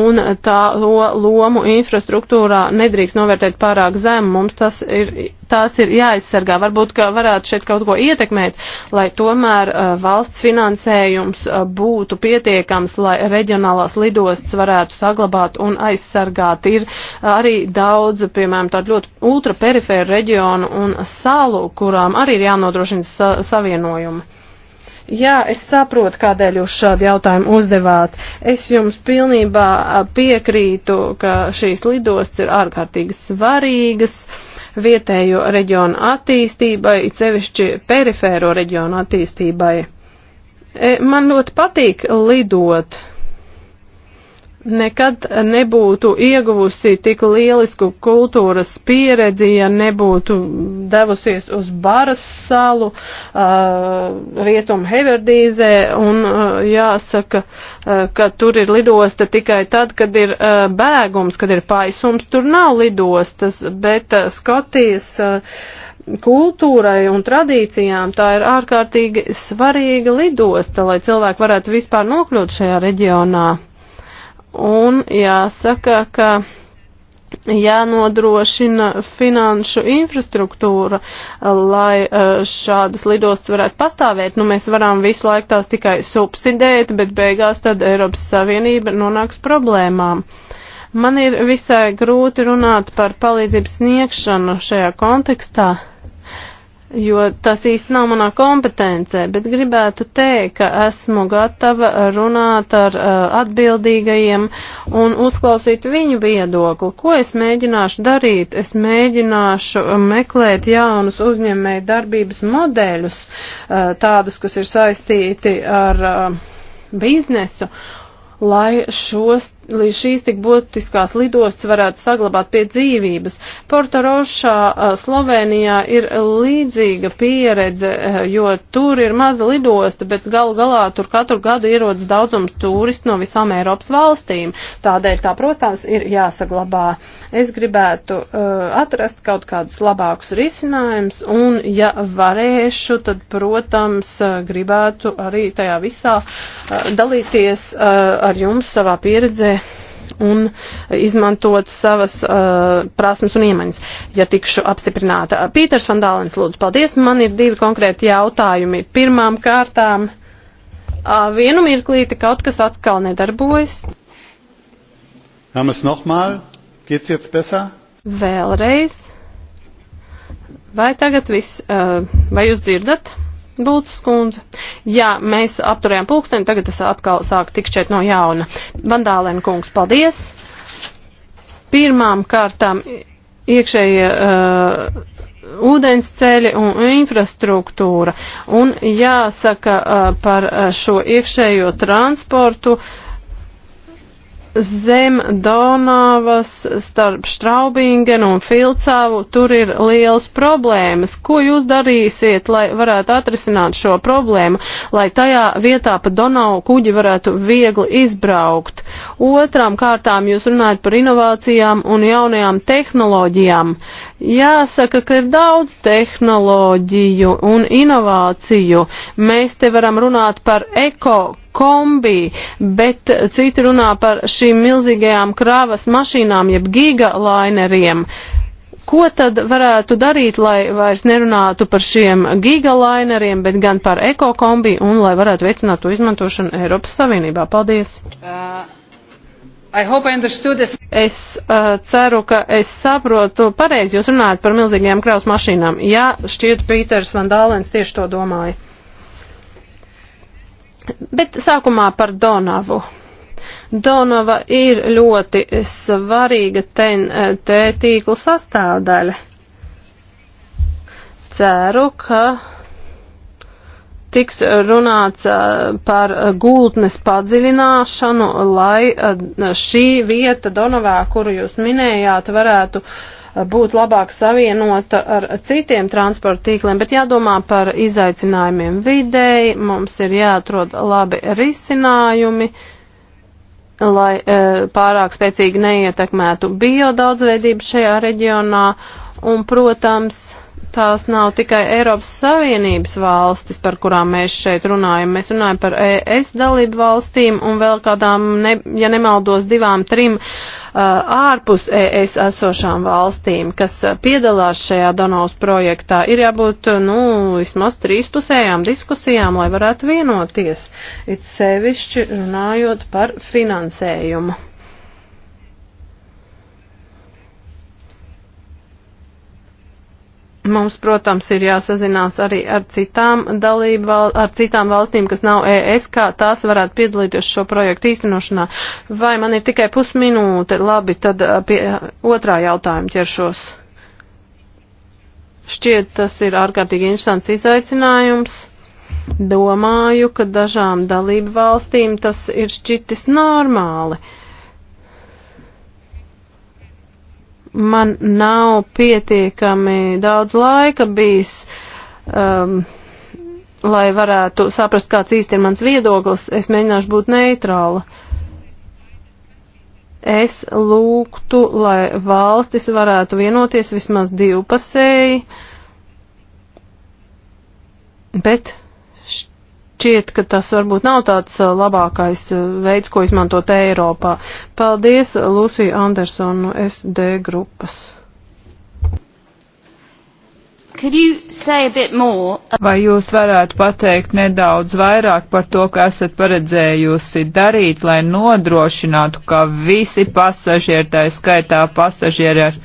un tā lo, lomu infrastruktūrā nedrīkst novērtēt pārāk zem. Mums tas ir tās ir jāaizsargā. Varbūt, ka varētu šeit kaut ko ietekmēt, lai tomēr uh, valsts finansējums uh, būtu pietiekams, lai reģionālās lidostas varētu saglabāt un aizsargāt. Ir uh, arī daudz, piemēram, tādu ļoti ultraperifēru reģionu un salu, kurām arī ir jānodrošina sa savienojumi. Jā, es saprotu, kādēļ jūs šādu jautājumu uzdevāt. Es jums pilnībā uh, piekrītu, ka šīs lidostas ir ārkārtīgi svarīgas. Uh, vietējo reģionu attīstībai, it sevišķi perifēro reģionu attīstībai. E, man ļoti patīk lidot nekad nebūtu ieguvusi tik lielisku kultūras pieredzi, ja nebūtu devusies uz Baras salu, uh, Rietumu Heverdīzē, un uh, jāsaka, uh, ka tur ir lidosta tikai tad, kad ir uh, bēgums, kad ir paisums, tur nav lidostas, bet uh, Skotijas. Uh, kultūrai un tradīcijām tā ir ārkārtīgi svarīga lidosta, lai cilvēki varētu vispār nokļūt šajā reģionā. Un jāsaka, ka jānodrošina finanšu infrastruktūra, lai e, šādas lidostas varētu pastāvēt. Nu, mēs varam visu laiku tās tikai subsidēt, bet beigās tad Eiropas Savienība nonāks problēmām. Man ir visai grūti runāt par palīdzības sniegšanu šajā kontekstā jo tas īsti nav manā kompetencē, bet gribētu teikt, ka esmu gatava runāt ar uh, atbildīgajiem un uzklausīt viņu viedokli. Ko es mēģināšu darīt? Es mēģināšu uh, meklēt jaunus uzņēmēju darbības modeļus, uh, tādus, kas ir saistīti ar uh, biznesu, lai šos lai šīs tik būtiskās lidostas varētu saglabāt pie dzīvības. Portorošā Slovenijā ir līdzīga pieredze, jo tur ir maza lidosta, bet galu galā tur katru gadu ierodas daudzums turistu no visām Eiropas valstīm. Tādēļ tā, protams, ir jāsaglabā. Es gribētu uh, atrast kaut kādus labākus risinājumus, un, ja varēšu, tad, protams, gribētu arī tajā visā uh, dalīties uh, ar jums savā pieredzē dzīvē un izmantot savas uh, prasmes un iemaņas, ja tikšu apstiprināta. Pīters Vandālens, lūdzu, paldies. Man ir divi konkrēti jautājumi. Pirmām kārtām, uh, vienu mirklīti kaut kas atkal nedarbojas. Namas nohmāl, geht's jetzt besser? Vēlreiz. Vai tagad viss, uh, vai jūs dzirdat? Bultas kundze. Jā, mēs apturējām pulksteni, tagad tas atkal sāk tikšķēt no jauna. Vandālēna kungs, paldies. Pirmām kārtām iekšēja. Uh, ūdens ceļi un infrastruktūra. Un jāsaka uh, par uh, šo iekšējo transportu, uh, zem Donavas starp Štraubingenu un Filcavu tur ir liels problēmas. Ko jūs darīsiet, lai varētu atrisināt šo problēmu, lai tajā vietā pa Donavu kuģi varētu viegli izbraukt? Otram kārtām jūs runājat par inovācijām un jaunajām tehnoloģijām. Jāsaka, ka ir daudz tehnoloģiju un inovāciju. Mēs te varam runāt par eko kombi, bet citi runā par šīm milzīgajām krāvas mašīnām, jeb gigalaineriem. Ko tad varētu darīt, lai vairs nerunātu par šiem gigalaineriem, bet gan par ekokombi un lai varētu veicināt to izmantošanu Eiropas Savienībā? Paldies! Uh, I I es uh, ceru, ka es saprotu pareizi, jūs runājat par milzīgajām kraus mašīnām. Jā, šķiet, Pīters Vandālens tieši to domāja. Bet sākumā par Donavu. Donava ir ļoti svarīga TNT e, tīkla sastāvdaļa. Ceru, ka tiks runāts e, par gultnes padziļināšanu, lai e, šī vieta Donavā, kuru jūs minējāt, varētu uh, būt labāk savienota ar citiem transporta tīkliem, bet jādomā par izaicinājumiem videi, mums ir jāatrod labi risinājumi, lai e, pārāk spēcīgi neietekmētu biodaudzveidību šajā reģionā un, protams, tās nav tikai Eiropas Savienības valstis, par kurām mēs šeit runājam. Mēs runājam par ES dalību valstīm un vēl kādām, ne, ja nemaldos, divām, trim uh, ārpus ES esošām valstīm, kas uh, piedalās šajā Donaus projektā. Ir jābūt, uh, nu, vismaz trīspusējām diskusijām, lai varētu vienoties, it sevišķi runājot par finansējumu. Mums, protams, ir jāsazinās arī ar citām, dalību, ar citām valstīm, kas nav ES, kā tās varētu piedalīties šo projektu īstenošanā. Vai man ir tikai pusminūte? Labi, tad pie otrā jautājuma ķeršos. Šķiet, tas ir ārkārtīgi interesants izaicinājums. Domāju, ka dažām dalību valstīm tas ir šķitis normāli. Uh, man nav pietiekami daudz laika bijis, um, lai varētu saprast, kāds īsti ir mans viedoklis. Es mēģināšu būt neitrāla. Es lūgtu, lai valstis varētu vienoties vismaz divpasēji, bet šķiet, ka tas varbūt nav tāds uh, labākais uh, veids, ko izmantot Eiropā. Paldies, Lūsija Andersonu, SD grupas. Vai jūs varētu pateikt nedaudz vairāk par to, ko esat paredzējusi darīt, lai nodrošinātu, ka visi pasažieri, tā skaitā pasažieri ar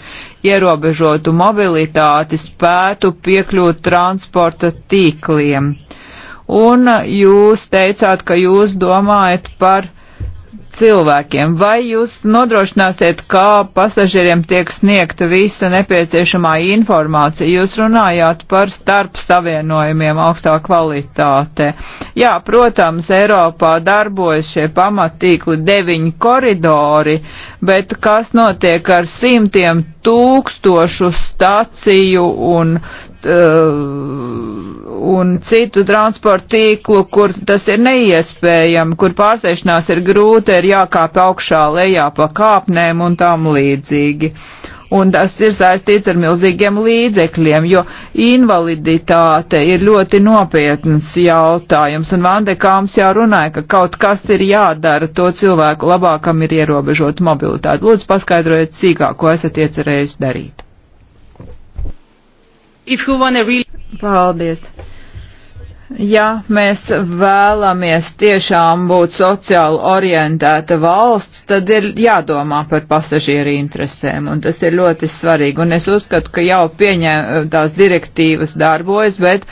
ierobežotu mobilitāti, spētu piekļūt transporta tīkliem? Uh, un uh, jūs teicāt, ka jūs domājat par cilvēkiem. Vai jūs nodrošināsiet, kā pasažieriem tiek sniegta visa nepieciešamā informācija? Jūs runājāt par starp savienojumiem augstā kvalitāte. Jā, protams, Eiropā darbojas šie pamatīkli deviņi koridori, bet kas notiek ar simtiem tūkstošu staciju un Uh, un citu transportu tīklu, kur tas ir neiespējami, kur pārsēšanās ir grūta, ir jākāp augšā, lejā pa kāpnēm un tam līdzīgi. Un tas ir saistīts ar milzīgiem līdzekļiem, jo invaliditāte ir ļoti nopietns jautājums. Un Vandekāms jau runāja, ka kaut kas ir jādara to cilvēku labākam ir ierobežota mobilitāte. Lūdzu, paskaidrojiet sīkāk, ko esat iecerējis darīt. Really... Paldies! Ja mēs vēlamies tiešām būt sociāli orientēta valsts, tad ir jādomā par pasažieru interesēm, un tas ir ļoti svarīgi. Un es uzskatu, ka jau pieņemtās direktīvas darbojas, bet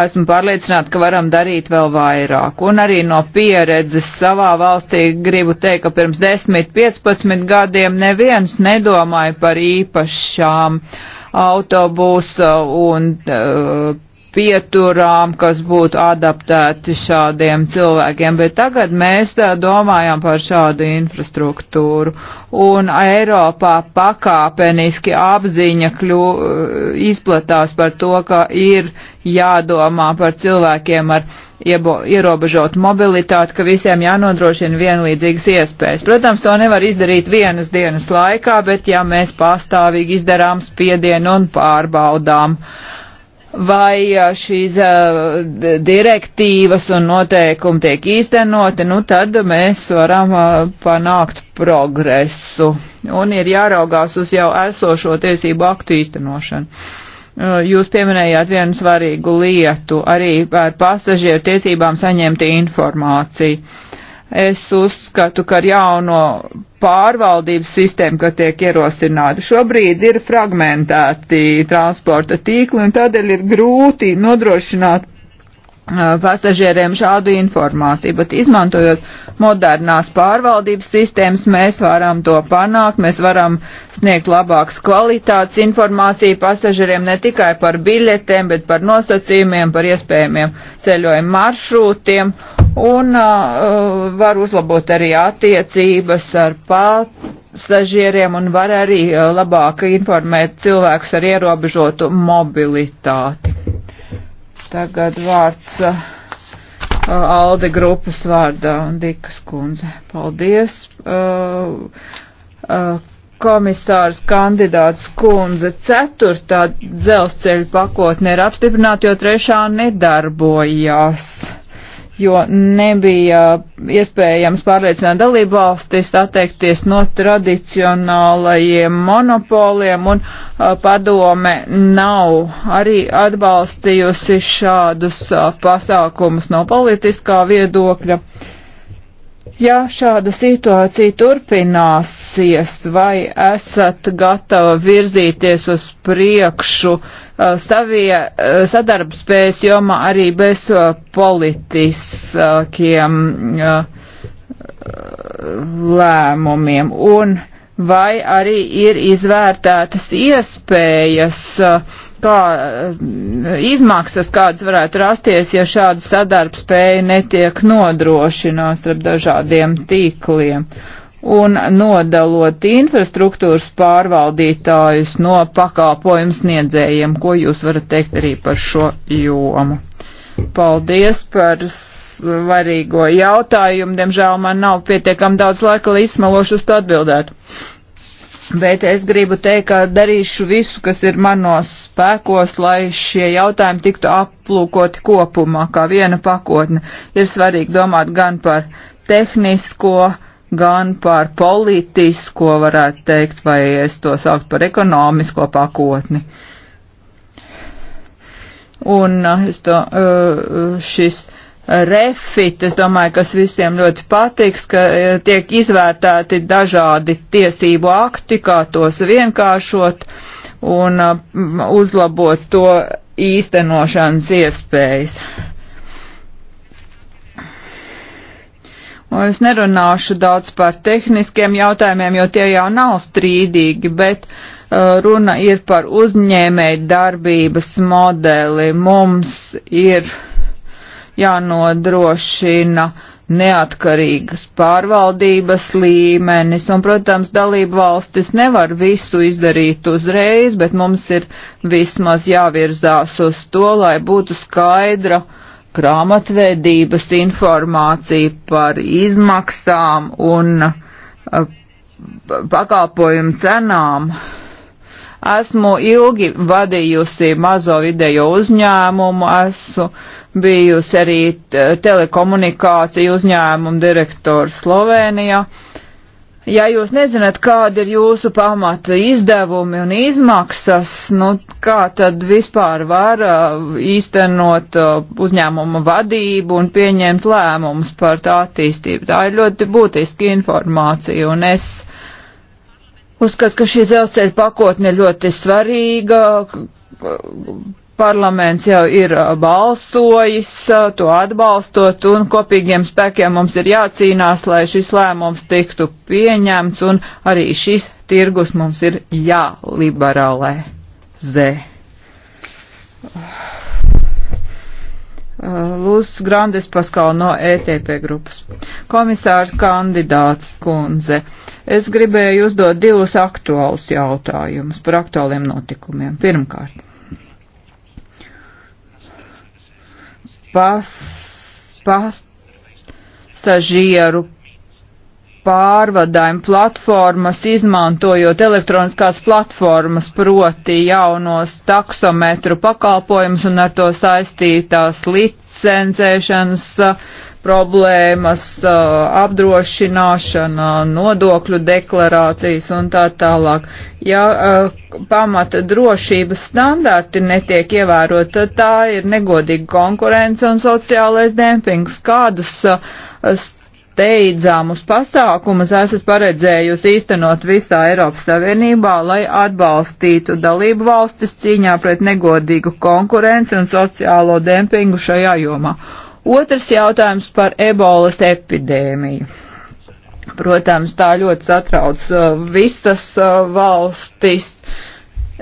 esmu pārliecināta, ka varam darīt vēl vairāk. Un arī no pieredzes savā valstī gribu teikt, ka pirms 10-15 gadiem neviens nedomāja par īpašām. Uh, autobusa uh, un uh, pieturām, kas būtu adaptēti šādiem cilvēkiem, bet tagad mēs domājam par šādu infrastruktūru. Un Eiropā pakāpeniski apziņa kļu, eh, izplatās par to, ka ir jādomā par cilvēkiem ar iebo, ierobežotu mobilitāti, ka visiem jānodrošina vienlīdzīgas iespējas. Protams, to nevar izdarīt vienas dienas laikā, bet ja mēs pastāvīgi izdarām spiedienu un pārbaudām, uh, vai uh, šīs uh, direktīvas un noteikumi tiek īstenoti, nu tad mēs varam uh, panākt progresu. Un ir jāraugās uz jau esošo tiesību aktu īstenošanu. Jūs pieminējāt vienu svarīgu lietu, arī par pasažieru tiesībām saņemt informāciju. Es uzskatu, ka ar jauno pārvaldības sistēma, ka tiek ierosināta. Šobrīd ir fragmentēti transporta tīkli un tādēļ ir grūti nodrošināt Uh, pasažieriem šādu informāciju, bet izmantojot modernās pārvaldības sistēmas, mēs varam to panākt, mēs varam sniegt labākas kvalitātes informāciju pasažieriem ne tikai par biļetēm, bet par nosacījumiem, par iespējamiem ceļojumu maršrūtiem un uh, uh var uzlabot arī attiecības ar pasažieriem un var arī uh, labāk informēt cilvēkus ar ierobežotu mobilitāti. Tagad vārds uh, Alde grupas vārdā un Dikas kundze. Paldies. Uh, uh, komisārs kandidāts kundze ceturtā dzelzceļa pakotne ir apstiprināta, jo trešā nedarbojās jo nebija iespējams pārliecināt dalību valstis atteikties no tradicionālajiem monopoliem, un padome nav arī atbalstījusi šādus pasākumus no politiskā viedokļa. Uh, Ja šāda situācija turpināsies, vai esat gatava virzīties uz priekšu uh, savie uh, sadarbspējas jomā arī bez uh, politiskiem lēmumiem? Un vai arī ir izvērtētas iespējas uh, kā eh, izmaksas kādas varētu rasties, ja šāda sadarbspēja netiek nodrošināts starp dažādiem tīkliem un nodalot infrastruktūras pārvaldītājus no pakalpojumu sniedzējiem, ko jūs varat teikt arī par šo jomu. Paldies par svarīgo jautājumu. Diemžēl man nav pietiekam daudz laika, lai izsmalošu uz to atbildētu. Bet es gribu teikt, ka darīšu visu, kas ir manos spēkos, lai šie jautājumi tiktu aplūkoti kopumā, kā viena pakotne. Ir svarīgi domāt gan par tehnisko, gan par politisko, varētu teikt, vai es to sauktu par ekonomisko pakotni. Un uh, es to, uh, uh, šis refit, es domāju, kas visiem ļoti patiks, ka e, tiek izvērtēti dažādi tiesību akti, kā tos vienkāršot un uzlabot to īstenošanas iespējas. Un es nerunāšu daudz par tehniskiem jautājumiem, jo tie jau nav strīdīgi, bet uh, runa ir par uzņēmēju darbības modeli. Mums ir uh, jānodrošina neatkarīgas pārvaldības līmenis, un, protams, dalību valstis nevar visu izdarīt uzreiz, bet mums ir vismaz jāvirzās uz to, lai būtu skaidra grāmatvedības informācija par izmaksām un eh, pakalpojumu cenām. Esmu ilgi vadījusi mazo video uzņēmumu, esmu bijusi arī telekomunikāciju uzņēmumu direktors Slovenijā. Ja jūs nezināt, kāda ir jūsu pamata izdevumi un izmaksas, nu, kā tad vispār var īstenot uzņēmuma vadību un pieņemt lēmumus par tā attīstību? Tā ir ļoti būtiska informācija, un es uzskatu, ka šī dzelzceļa pakotne ir ļoti svarīga parlaments jau ir uh, balsojis, uh, to atbalstot, un kopīgiem spēkiem mums ir jācīnās, lai šis lēmums tiktu pieņemts, un arī šis tirgus mums ir jāliberalē. Zē. Uh, Lūs Grandes Paskal no ETP grupas. Komisārs kandidāts kundze, es gribēju uzdot divus aktuālus jautājumus par aktuāliem notikumiem. Pirmkārt, pasažieru pārvadājumu platformas, izmantojot elektroniskās platformas, proti jaunos taksometru pakalpojumus un ar to saistītās licencēšanas problēmas, apdrošināšana, nodokļu deklarācijas un tā tālāk. Ja pamata drošības standarti netiek ievērot, tad tā ir negodīga konkurence un sociālais dempings. Kādus steidzamus pasākumus esat paredzējusi īstenot visā Eiropas Savienībā, lai atbalstītu dalību valstis cīņā pret negodīgu konkurenci un sociālo dempingu šajā jomā? Otrs jautājums par ebolas epidēmiju. Protams, tā ļoti satrauc uh, visas uh, valstis.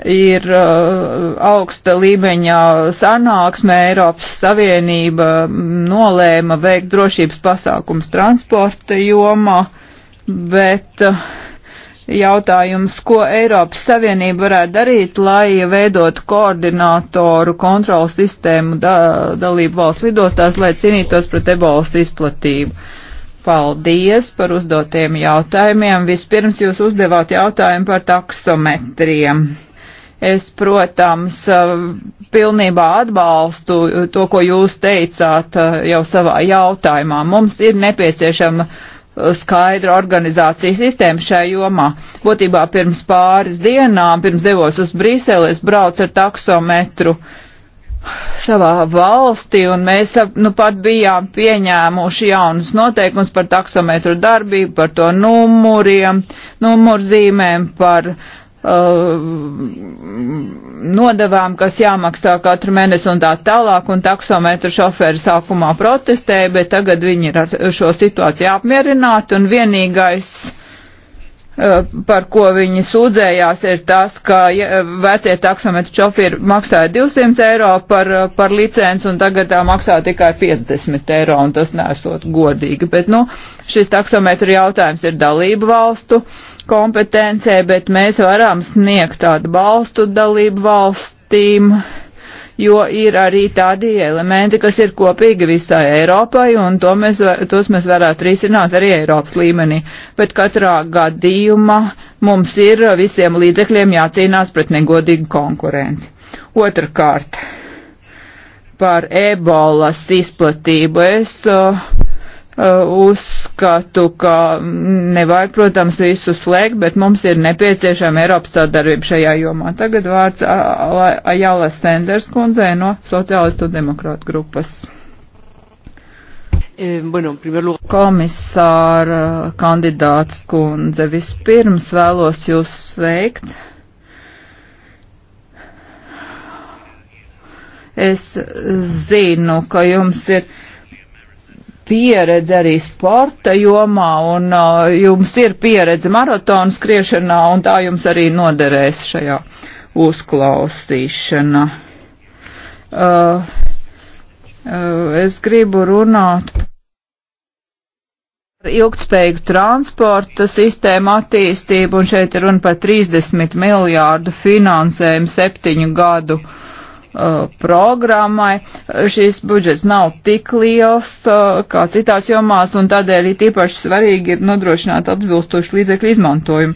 Ir uh, augsta līmeņa sanāksme Eiropas Savienība nolēma veikt drošības pasākums transporta jomā, bet uh, jautājums, ko Eiropas Savienība varētu darīt, lai veidot koordinātoru kontrolas sistēmu da dalību valsts lidostās, lai cīnītos pret ebolas izplatību. Paldies par uzdotiem jautājumiem. Vispirms jūs uzdevāt jautājumu par taksometriem. Es, protams, pilnībā atbalstu to, ko jūs teicāt eh, jau savā jautājumā. Mums ir nepieciešama uh, skaidra organizācijas sistēma šajā jomā. Būtībā pirms pāris dienām, pirms devos uz Brīseli, es braucu ar taksometru savā valstī, un mēs nu pat bijām pieņēmuši jaunus noteikumus par taksometru darbību, par to numuriem, numurzīmēm, par uh, Uh, nodevām, kas jāmaksā katru mēnesi un tā tālāk, un taksometru šoferi sākumā protestēja, bet tagad viņi ir ar šo situāciju apmierināti, un vienīgais uh, Eh, par ko viņi sūdzējās, ir tas, ka eh, vecie taksometru šoferi maksāja 200 eiro par, eh, par licenci un tagad tā maksā tikai 50 eiro, un tas nesot godīgi. Bet, nu, šis taksometru jautājums ir dalību valstu kompetencē, bet mēs varam sniegt tādu balstu dalību valstīm. Uh, jo ir arī tādi elementi, kas ir kopīgi visai Eiropai, un to mēs, tos mēs varētu risināt arī Eiropas līmenī. Bet katrā gadījumā mums ir visiem līdzekļiem jācīnās pret negodīgu konkurenci. Otrakārt, par ebolas izplatību es. Uh, Uh, uzskatu, ka nevajag, protams, visu slēgt, bet mums ir nepieciešama Eiropas sadarbība šajā jomā. Tagad vārds Ajala Sanders kundzei no Sociālistu demokrātu grupas. Eh, Komisāra kandidāts kundze, vispirms vēlos jūs sveikt. Es zinu, ka jums ir pieredze arī sporta jomā, un uh, jums ir pieredze maratonu skriešanā, un tā jums arī noderēs šajā uzklausīšanā. Uh, uh, es gribu runāt par ilgtspējīgu transporta sistēmu attīstību, un šeit ir runa par 30 miljārdu finansējumu septiņu gadu uh, Uh, programmai. Šis budžets nav tik liels uh, kā citās jomās, un tādēļ ir tīpaši svarīgi ir nodrošināt atbilstošu līdzekļu izmantojumu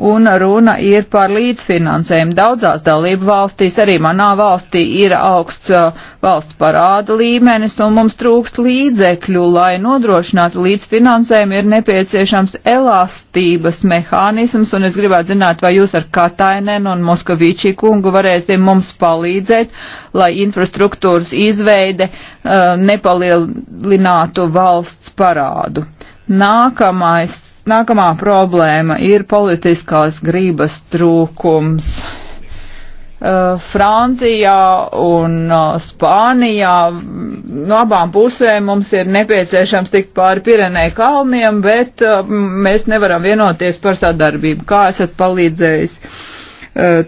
un runa ir par līdzfinansējumu. Daudzās dalību valstīs, arī manā valstī, ir augsts uh, valsts parāda līmenis, un mums trūkst līdzekļu, lai nodrošinātu līdzfinansējumu, ir nepieciešams elastības mehānisms, un es gribētu zināt, vai jūs ar Katainen un Moskavīčī kungu varēsim mums palīdzēt, lai infrastruktūras izveide uh, nepalielinātu valsts parādu. Nākamais Nākamā problēma ir politiskās grības trūkums. Uh, Francijā un uh, Spānijā mm, no abām pusēm mums ir nepieciešams tikt pāri Pirenē kalniem, bet uh, mēs nevaram vienoties par sadarbību. Kā esat palīdzējis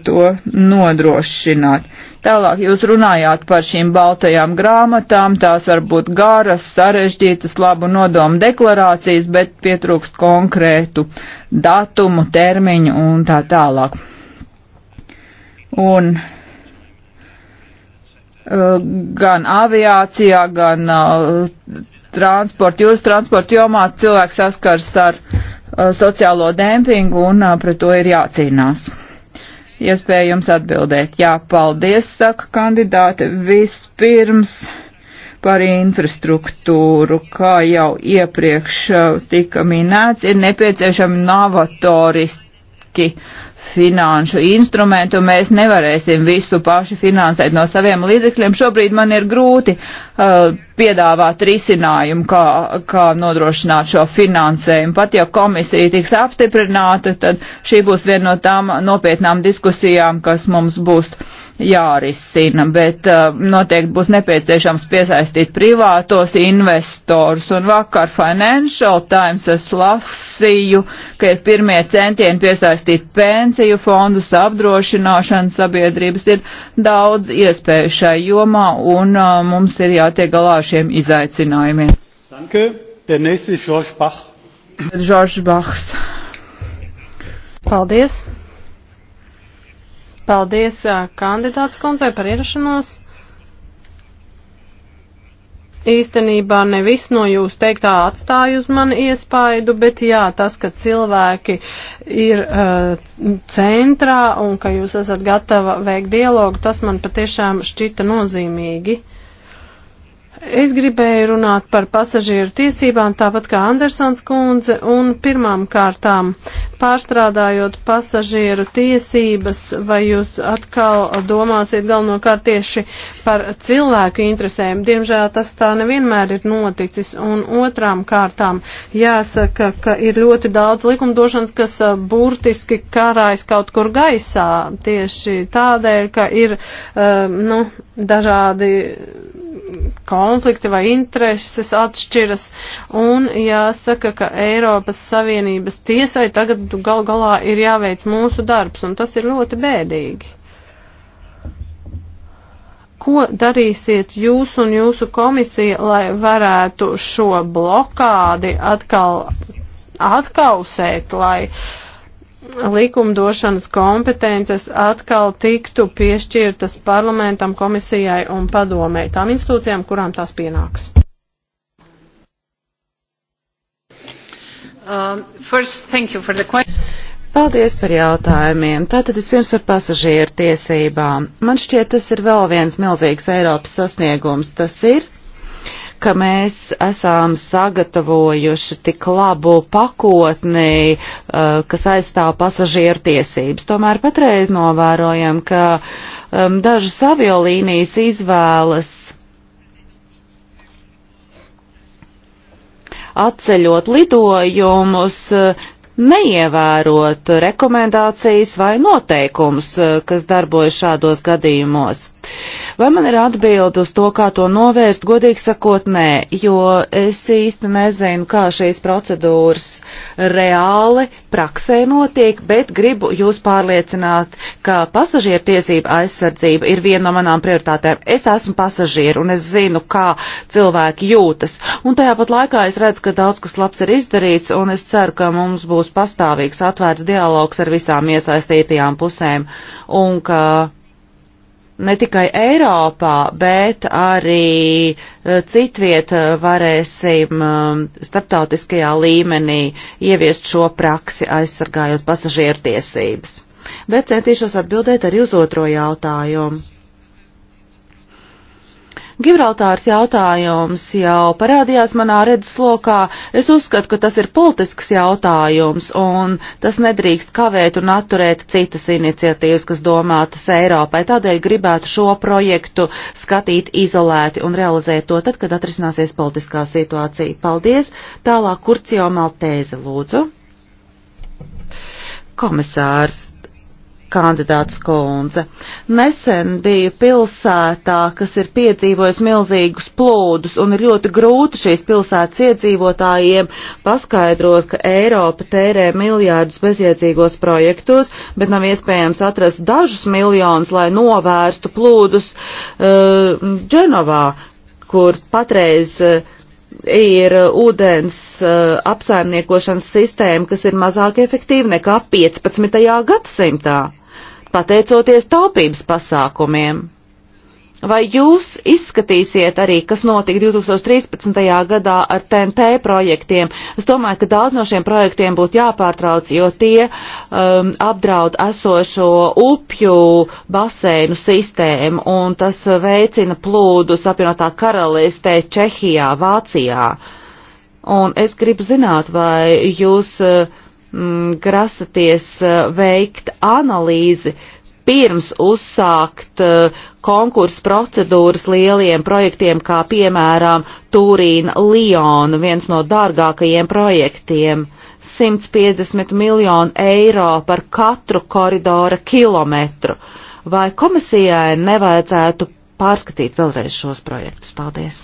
to nodrošināt? Tālāk jūs runājāt par šīm baltajām grāmatām, tās var būt garas, sarežģītas, labu nodomu deklarācijas, bet pietrūkst konkrētu datumu, termiņu un tā tālāk. Un uh, gan aviācijā, gan uh, transporta, jūras transporta jomā cilvēks saskars ar uh, sociālo dempingu un uh, pret to ir jācīnās iespējams atbildēt. Jā, paldies, saka kandidāte. Vispirms par infrastruktūru, kā jau iepriekš uh, tika minēts, ir nepieciešami novatoriski finanšu instrumentu, mēs nevarēsim visu paši finansēt no saviem līdzekļiem. Šobrīd man ir grūti uh, piedāvāt risinājumu, kā, kā nodrošināt šo finansējumu. Pat ja komisija tiks apstiprināta, tad šī būs viena no tām nopietnām diskusijām, kas mums būs. Uh, jārisina, bet uh, noteikti būs nepieciešams piesaistīt privātos investors. Un vakar Financial Times es lasīju, ka ir pirmie centieni piesaistīt pensiju fondus, apdrošināšanas sabiedrības. Ir daudz iespēju šai jomā un uh, mums ir jātiek galā ar šiem izaicinājumiem. Danke. Der nächste ist George Bach. George Bachs. Paldies. Paldies kandidāts kundzei par ierašanos. Īstenībā nevis no jūs teiktā atstāja uz mani iespaidu, bet jā, tas, ka cilvēki ir uh, centrā un ka jūs esat gatava veikt dialogu, tas man patiešām šķita nozīmīgi. Es gribēju runāt par pasažieru tiesībām, tāpat kā Andersons kundze, un pirmām kārtām pārstrādājot pasažieru tiesības, vai jūs atkal domāsiet galvenokārt tieši par cilvēku interesēm? Diemžēl tas tā nevienmēr ir noticis. Un otrām kārtām jāsaka, ka ir ļoti daudz likumdošanas, kas uh, burtiski karājas kaut kur gaisā. Tieši tādēļ, ka ir uh, nu, dažādi konflikti vai intereses atšķiras, un jāsaka, ka Eiropas Savienības tiesai tagad budžetu gal galā ir jāveic mūsu darbs, un tas ir ļoti bēdīgi. Ko darīsiet jūs un jūsu komisija, lai varētu šo blokādi atkal atkausēt, lai uh, likumdošanas kompetences atkal tiktu piešķirtas parlamentam, komisijai un padomē, tām institūcijām, kurām tās pienāks. Um, first, Paldies par jautājumiem. Tātad vispirms par pasažieru tiesībām. Man šķiet, tas ir vēl viens milzīgs Eiropas sasniegums. Tas ir, ka mēs esam sagatavojuši tik labu pakotni, uh, kas aizstāv pasažieru tiesības. Tomēr patreiz novērojam, ka um, dažas aviolīnijas izvēlas atceļot lidojumus, neievērot rekomendācijas vai noteikumus, kas darbojas šādos gadījumos. Vai man ir atbildi uz to, kā to novērst? Godīgi sakot, nē, jo es īsti nezinu, kā šīs procedūras reāli praksē notiek, bet gribu jūs pārliecināt, ka pasažieru tiesība aizsardzība ir viena no manām prioritātēm. Es esmu pasažieru un es zinu, kā cilvēki jūtas. Un tajā pat laikā es redzu, ka daudz kas labs ir izdarīts, un es ceru, ka mums būs pastāvīgs atvērts dialogs ar visām iesaistītajām pusēm. Un ka ne tikai Eiropā, bet arī eh, citviet eh, varēsim eh, starptautiskajā līmenī ieviest šo praksi, aizsargājot pasažieru tiesības. Bet centīšos atbildēt arī uz otro jautājumu. Gibraltārs jautājums jau parādījās manā redzeslokā. Es uzskatu, ka tas ir politisks jautājums, un tas nedrīkst kavēt un atturēt citas iniciatīvas, kas domātas Eiropai. Tādēļ gribētu šo projektu skatīt izolēti un realizēt to tad, kad atrisināsies politiskā situācija. Paldies! Tālāk Kurcio Maltēze, lūdzu. Komisārs kandidāts kundze. Nesen bija pilsētā, kas ir piedzīvojis milzīgus plūdus, un ir ļoti grūti šīs pilsētas iedzīvotājiem paskaidrot, ka Eiropa tērē miljārdus bezjēdzīgos projektos, bet nav iespējams atrast dažus miljonus, lai novērstu plūdus uh, Dženovā, kur patreiz uh, ir ūdens uh, apsaimniekošanas sistēma, kas ir mazāk efektīva nekā 15. gadsimtā pateicoties taupības pasākumiem. Vai jūs izskatīsiet arī, kas notika 2013. gadā ar TNT projektiem? Es domāju, ka daudz no šiem projektiem būtu jāpārtrauc, jo tie um, apdraud esošo upju baseinu sistēmu, un tas veicina plūdus apvienotā karalistē, Čehijā, Vācijā. Un es gribu zināt, vai jūs. Uh, m, mm, grasaties eh, veikt analīzi pirms uzsākt eh, konkursu procedūras lieliem projektiem, kā piemēram Turīna Liona, viens no dārgākajiem projektiem. 150 miljonu eiro par katru koridora kilometru. Vai komisijai nevajadzētu pārskatīt vēlreiz šos projektus? Paldies!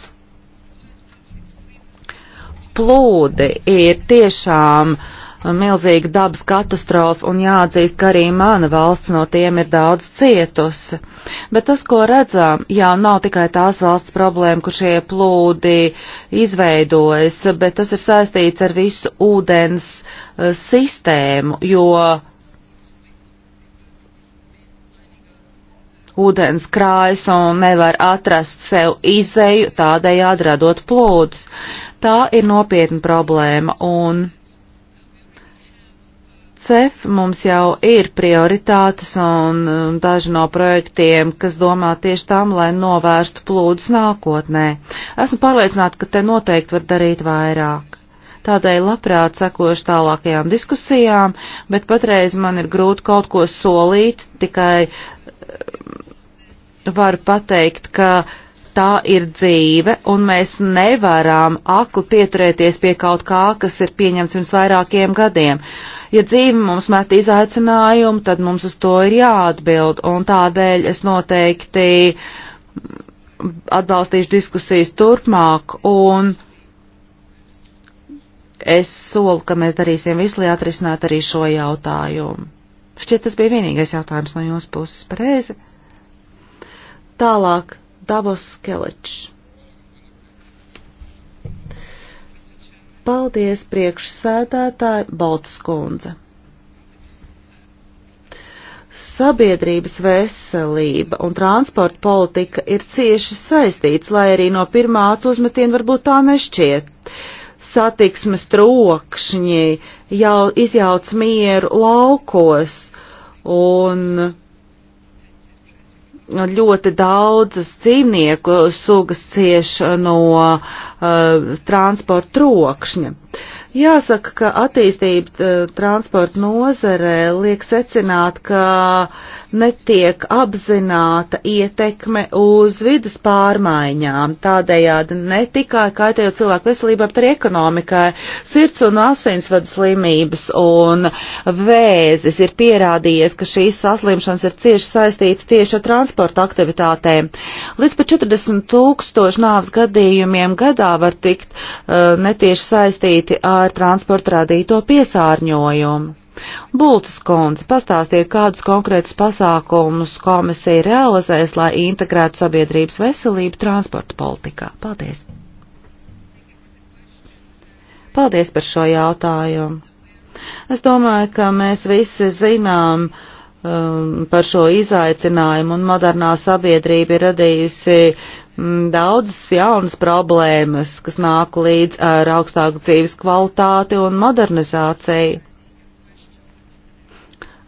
Plūdi ir tiešām uh, milzīga dabas katastrofa, un jāatzīst, ka arī mana valsts no tiem ir daudz cietusi. Bet tas, ko redzam, jau nav tikai tās valsts problēma, kur šie plūdi izveidojas, bet tas ir saistīts ar visu ūdens uh, sistēmu, jo ūdens krājas un nevar atrast sev izēju, tādējādi radot plūdus. Tā ir nopietna problēma, un CEF mums jau ir prioritātes un daži no projektiem, kas domā tieši tam, lai novērstu plūdus nākotnē. Esmu pārliecināta, ka te noteikti var darīt vairāk. Tādēļ labprāt sekošu tālākajām diskusijām, bet patreiz man ir grūti kaut ko solīt, tikai eh, varu pateikt, ka uh, tā ir dzīve, un mēs nevaram akli pieturēties pie kaut kā, kas ir pieņemts pirms vairākiem gadiem. Ja dzīve mums met izaicinājumu, tad mums uz to ir jāatbild, un tādēļ es noteikti atbalstīšu diskusijas turpmāk, un es solu, ka mēs darīsim visu, lai atrisinātu arī šo jautājumu. Šķiet, tas bija vienīgais jautājums no jūsu puses, pareizi? Tālāk Davos Kelečs. Paldies priekšsēdētāji Baltskundze. Sabiedrības veselība un transporta politika ir cieši saistīts, lai arī no pirmā uzmetiena varbūt tā nešķiet. Satiksmes trokšņi jau izjauc mieru laukos un ļoti daudzas dzīvnieku sugas cieš no uh, transporta trokšņa. Jāsaka, ka attīstība uh, transporta nozarē liek secināt, ka uh, netiek apzināta ietekme uz vidas pārmaiņām, tādējādi ne tikai kaitējot cilvēku veselībai, bet arī ekonomikai. Sirds un asinsvadu slimības un vēzis ir pierādījies, ka šīs saslimšanas ir cieši saistītas tieši ar transporta aktivitātēm. Līdz pat 40 tūkstoši nāvs gadījumiem gadā var tikt uh, netieši saistīti ar transporta radīto piesārņojumu. Bulcis kundze, pastāstiet, kādus konkrētus pasākumus komisija realizēs, lai integrētu sabiedrības veselību transporta politikā. Paldies! Paldies par šo jautājumu. Es domāju, ka mēs visi zinām um, par šo izaicinājumu, un modernā sabiedrība ir radījusi mm, daudzas jaunas problēmas, kas nāk līdz ar augstāku dzīves kvalitāti un modernizāciju.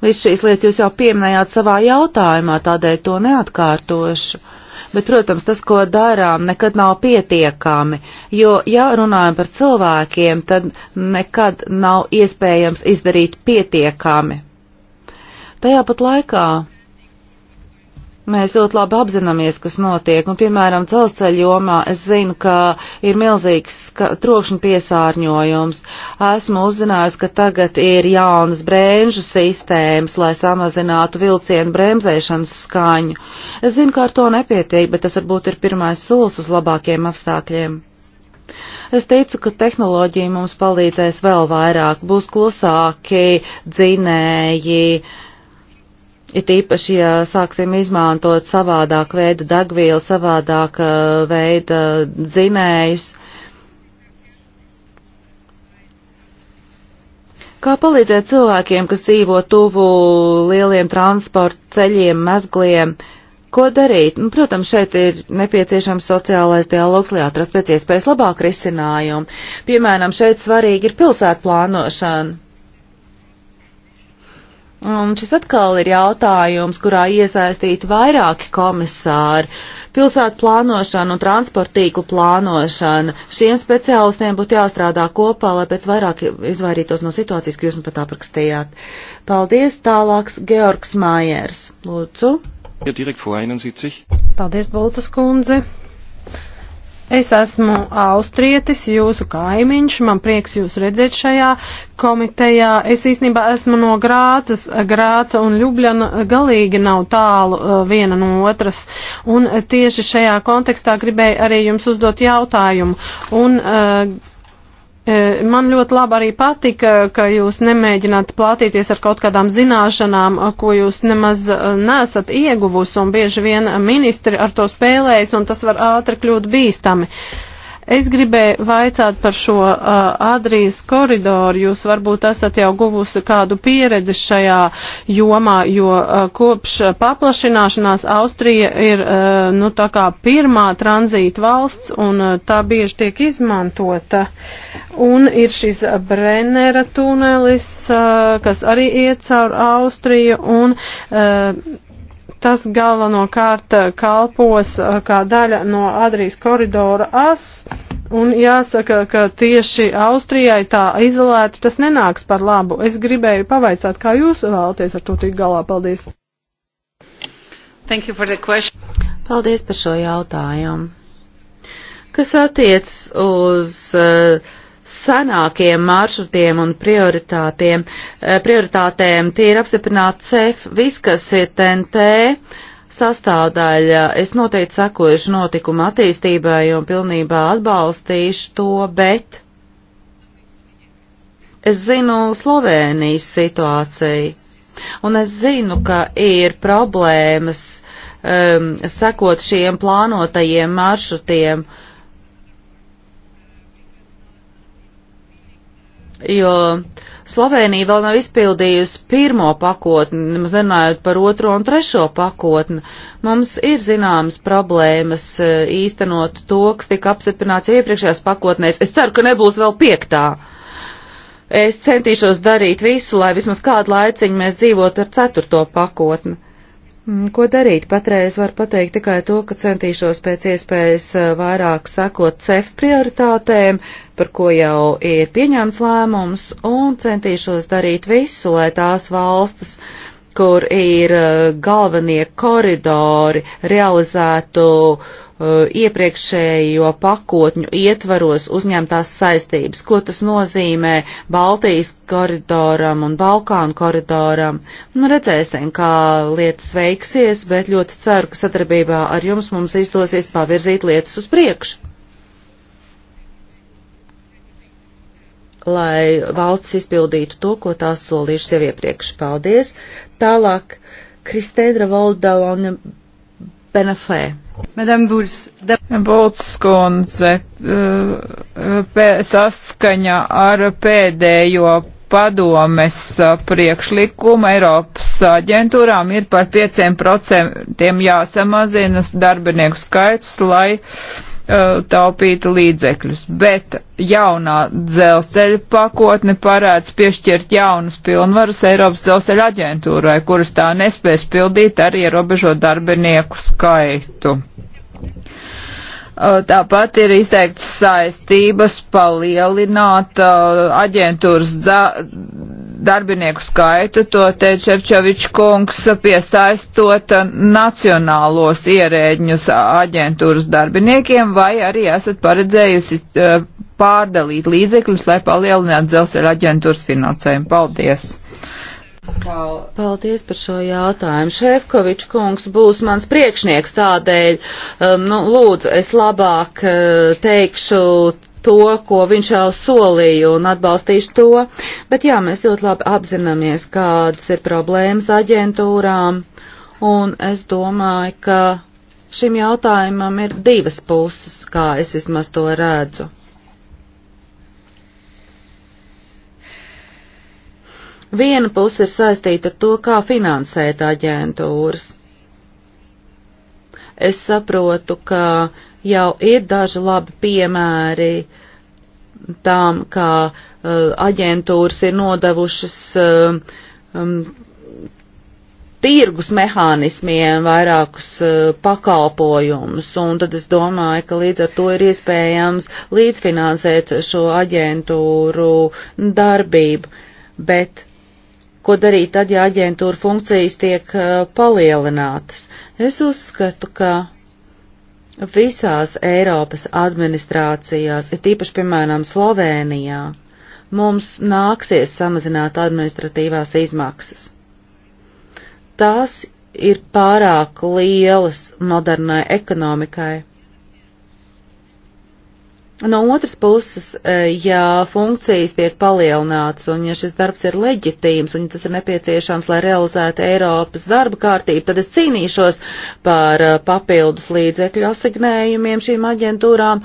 Viss šīs lietas jūs jau pieminējāt savā jautājumā, tādēļ to neatkārtošu. Bet, protams, tas, ko darām, nekad nav pietiekami, jo, ja runājam par cilvēkiem, tad nekad nav iespējams izdarīt pietiekami. Tajā pat laikā Mēs ļoti labi apzināmies, kas notiek, un, nu, piemēram, dzelzceļa jomā es zinu, ka ir milzīgs trokšņa piesārņojums. Esmu uzzinājusi, ka tagad ir jaunas brēnžu sistēmas, lai samazinātu vilcienu bremzēšanas skaņu. Es zinu, ka ar to nepietiek, bet tas varbūt ir pirmais solis uz labākiem apstākļiem. Es teicu, ka tehnoloģija mums palīdzēs vēl vairāk, būs klusāki dzinēji It īpaši, ja sāksim izmantot savādāk veidu degvielu, savādāk uh, veida uh, dzinējus. Kā palīdzēt cilvēkiem, kas dzīvo tuvu lieliem transporta ceļiem, mezgliem? Ko darīt? Nu, protams, šeit ir nepieciešams sociālais dialogs, lai atrastu pēc iespējas labāk risinājumu. Piemēram, šeit svarīgi ir pilsētu plānošana. Un um, šis atkal ir jautājums, kurā iesaistīti vairāki komisāri. Pilsētu plānošana un transporta tīklu plānošana. Šiem speciālistiem būtu jāstrādā kopā, lai pēc vairāk izvairītos no situācijas, ka jūs man pat aprakstījāt. Paldies, tālāks Georgs Mājers. Lūdzu. Ja, Paldies, Boltas kundze. Es esmu austrietis, jūsu kaimiņš, man prieks jūs redzēt šajā komitejā. Es īstenībā esmu no Grācas, Grāca un Ljubljana galīgi nav tālu uh, viena no otras. Un tieši šajā kontekstā gribēju arī jums uzdot jautājumu. Un, uh, E, man ļoti labi arī patika, ka jūs nemēģināt plātīties ar kaut kādām zināšanām, ko jūs nemaz e, nesat ieguvusi, un bieži vien ministri ar to spēlējas, un tas var ātri kļūt bīstami. Uh, Es gribēju vaicāt par šo uh, Adrijas koridoru. Jūs varbūt esat jau guvusi kādu pieredzi šajā jomā, jo uh, kopš paplašināšanās Austrija ir uh, nu, tā kā pirmā tranzīta valsts un uh, tā bieži tiek izmantota. Un ir šis Brennera tunelis, uh, kas arī iet caur Austriju. Un, uh, Tas galvenokārt eh, kalpos eh, kā daļa no Adrijas koridora as. Un jāsaka, ka tieši Austrijai tā izolēti tas nenāks par labu. Es gribēju pavaicāt, kā jūs vēlaties ar to tikt galā. Paldies! Thank you for the question. Paldies par šo jautājumu. Kas attiec uz uh, senākiem maršrutiem un prioritātiem, eh, prioritātēm. Tie ir apstiprināti CEF, viss, kas ir TNT sastāvdaļa. Es noteikti sekojuši notikuma attīstībai un pilnībā atbalstīšu to, bet es zinu Slovēnijas situāciju. Un es zinu, ka ir problēmas um, sekot šiem plānotajiem maršrutiem. Uh, jo Slovenija vēl nav izpildījusi pirmo pakotni, nemaz nenājot par otro un trešo pakotni. Mums ir zināmas problēmas e, īstenot to, kas tika apstiprināts jau iepriekšējās pakotnēs. Es ceru, ka nebūs vēl piektā. Es centīšos darīt visu, lai vismaz kādu laiciņu mēs dzīvotu ar ceturto pakotni. Mm, ko darīt? Patreiz var pateikt tikai to, ka centīšos pēc iespējas eh, vairāk sakot CEF prioritātēm, par ko jau ir pieņemts lēmums, un centīšos darīt visu, lai tās valstis, kur ir eh, galvenie koridori, realizētu uh, Uh, iepriekšējo pakotņu ietvaros uzņemtās saistības, ko tas nozīmē Baltijas koridoram un Balkānu koridoram. Nu, redzēsim, kā lietas veiksies, bet ļoti ceru, ka sadarbībā ar jums mums izdosies pavirzīt lietas uz priekšu. Lai valsts izpildītu to, ko tās solījušas jau iepriekš. Paldies! Tālāk Kristēdra Valdalona Benafē. Bults kundze, eh, saskaņa ar pēdējo padomes eh, priekšlikumu Eiropas aģentūrām ir par 5% jāsamazina darbinieku skaits, lai uh, Uh, taupīt līdzekļus, bet jaunā dzelzceļa pakotne parāds piešķirt jaunus pilnvarus Eiropas dzelzceļa aģentūrai, kuras tā nespēs pildīt ar ierobežot darbinieku skaitu. Uh, tāpat ir izteikts saistības palielināt uh, aģentūras darbinieku skaitu, to teica Ševčovičs kungs, piesaistot nacionālos ierēģņus aģentūras darbiniekiem, vai arī esat paredzējusi pārdalīt līdzekļus, lai palielinātu dzelzceļa aģentūras finansējumu. Paldies! Paldies par šo jautājumu. Šefkovičs kungs būs mans priekšnieks tādēļ, um, nu, lūdzu, es labāk uh, teikšu to, ko viņš jau solīja un atbalstīšu to, bet jā, mēs ļoti labi apzināmies, kādas ir problēmas aģentūrām, un es domāju, ka šim jautājumam ir divas puses, kā es vismaz to redzu. Viena puse ir saistīta ar to, kā finansēt aģentūras. Es saprotu, ka uh, jau ir daži labi piemēri tām, kā uh, aģentūras ir nodevušas uh, um, tirgus mehānismiem vairākus uh, pakalpojumus, un tad es domāju, ka līdz ar to ir iespējams līdzfinansēt šo aģentūru darbību, bet ko darīt tad, ja aģentūra funkcijas tiek uh, palielinātas? Es uzskatu, ka visās Eiropas administrācijās, ir tīpaši, piemēram, Slovēnijā, mums nāksies samazināt administratīvās izmaksas. Tās ir pārāk lielas modernai ekonomikai. No otras puses, eh, ja funkcijas tiek palielināts un ja šis darbs ir leģitīms un ja tas ir nepieciešams, lai realizētu Eiropas darba kārtību, tad es cīnīšos par eh, papildus līdzekļu asignējumiem šīm aģentūrām,